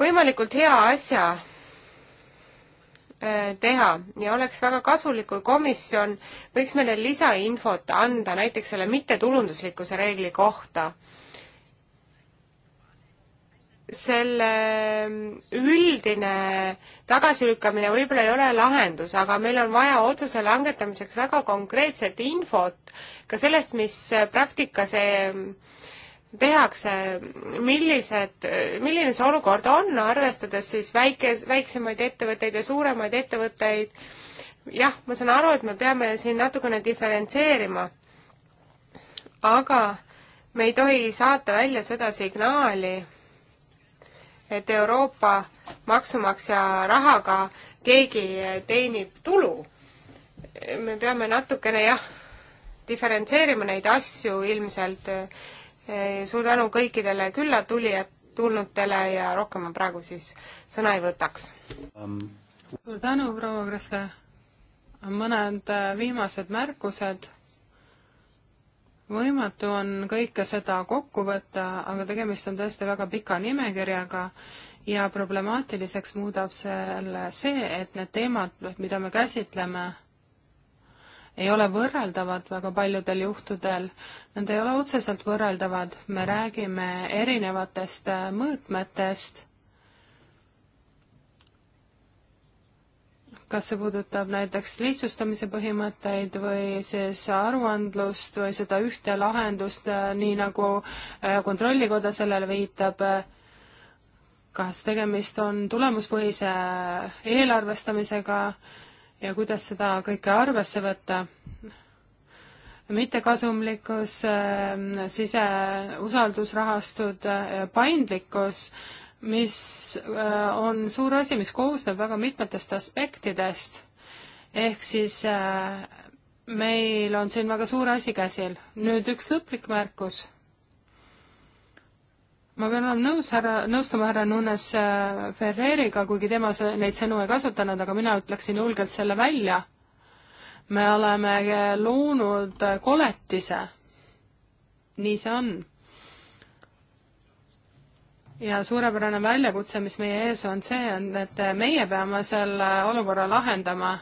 võimalikult hea asja Äh, teha ja oleks väga kasulik, kui komisjon võiks meile lisainfot anda näiteks selle mittetulunduslikkuse reegli kohta. selle ähm, üldine tagasilükkamine võib-olla ei ole lahendus, aga meil on vaja otsuse langetamiseks väga konkreetset infot ka sellest, mis praktikas see ähm, tehakse, millised, milline see olukord on, arvestades siis väikes, väiksemaid ettevõtteid ja suuremaid ettevõtteid. jah, ma saan aru, et me peame siin natukene diferentseerima, aga me ei tohi saata välja seda signaali, et Euroopa maksumaksja rahaga keegi teenib tulu. me peame natukene jah, diferentseerima neid asju ilmselt suur tänu kõikidele külla tulijad, tulnutele ja rohkem ma praegu siis sõna ei võtaks um.. suur tänu, proua Kressle. mõned äh, viimased märkused. võimatu on kõike seda kokku võtta, aga tegemist on tõesti väga pika nimekirjaga ja problemaatiliseks muudab selle see, et need teemad, mida me käsitleme, ei ole võrreldavad väga paljudel juhtudel, nad ei ole otseselt võrreldavad, me räägime erinevatest äh, mõõtmetest, kas see puudutab näiteks lihtsustamise põhimõtteid või siis aruandlust või seda ühte lahendust, äh, nii nagu äh, Kontrollikoda sellele viitab, kas tegemist on tulemuspõhise eelarvestamisega, ja kuidas seda kõike arvesse võtta. mittekasumlikkus, äh, sise, usaldusrahastud, äh, paindlikkus, mis äh, on suur asi, mis koosneb väga mitmetest aspektidest, ehk siis meil on siin väga suur asi käsil. nüüd üks lõplik märkus ma pean olema nõus härra, nõustuma härra Nunes äh, Ferreriga, kuigi tema neid sõnu ei kasutanud, aga mina ütleksin julgelt selle välja. me oleme äh, loonud äh, koletise. nii see on. ja suurepärane väljakutse, mis meie ees on, see on, et meie peame selle olukorra lahendama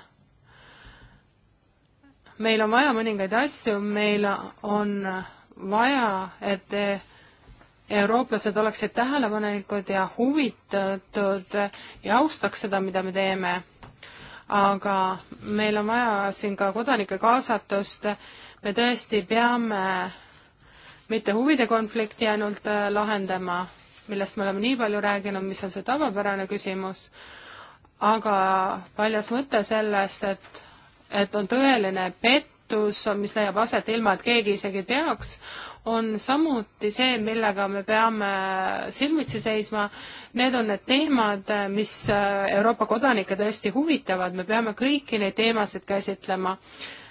meil on vaja mõningaid asju, meil on vaja, et eurooplased oleksid tähelepanelikud ja huvitatud ja austaks seda, mida me teeme. aga meil on vaja siin ka kodanike kaasatust, me tõesti peame mitte huvide konflikti ainult äh, lahendama, millest me oleme nii palju rääkinud, mis on see tavapärane küsimus, aga paljas mõte sellest, et, et on tõeline pettus, mis leiab aset ilma, et keegi isegi teaks, on samuti see, millega me peame silmitsi seisma. Need on need teemad, mis äh, Euroopa kodanikke tõesti huvitavad, me peame kõiki neid teemasid käsitlema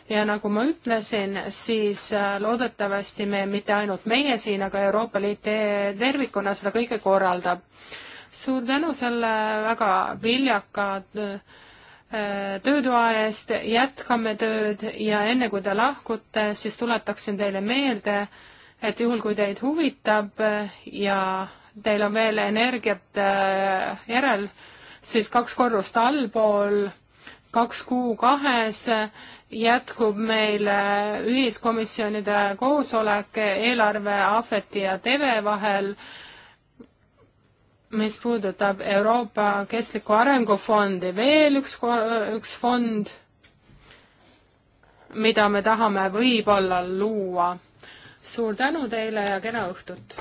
ja nagu ma ütlesin, siis äh, loodetavasti me, mitte ainult meie siin, aga Euroopa Liit tervikuna seda kõike korraldab. suur tänu selle väga viljaka äh, töötoa eest, jätkame tööd ja enne kui te lahkute, siis tuletaksin teile meelde, et juhul, kui teid huvitab eh, ja teil on veel energiat eh, järel, siis kaks korrust allpool, kaks kuu kahes eh, jätkub meil ühiskomisjonide koosolek eelarve Ahveti ja Teve vahel, mis puudutab Euroopa Kestliku Arengu Fondi, veel üks, üks fond, mida me tahame võib-olla luua suur tänu teile ja kena õhtut!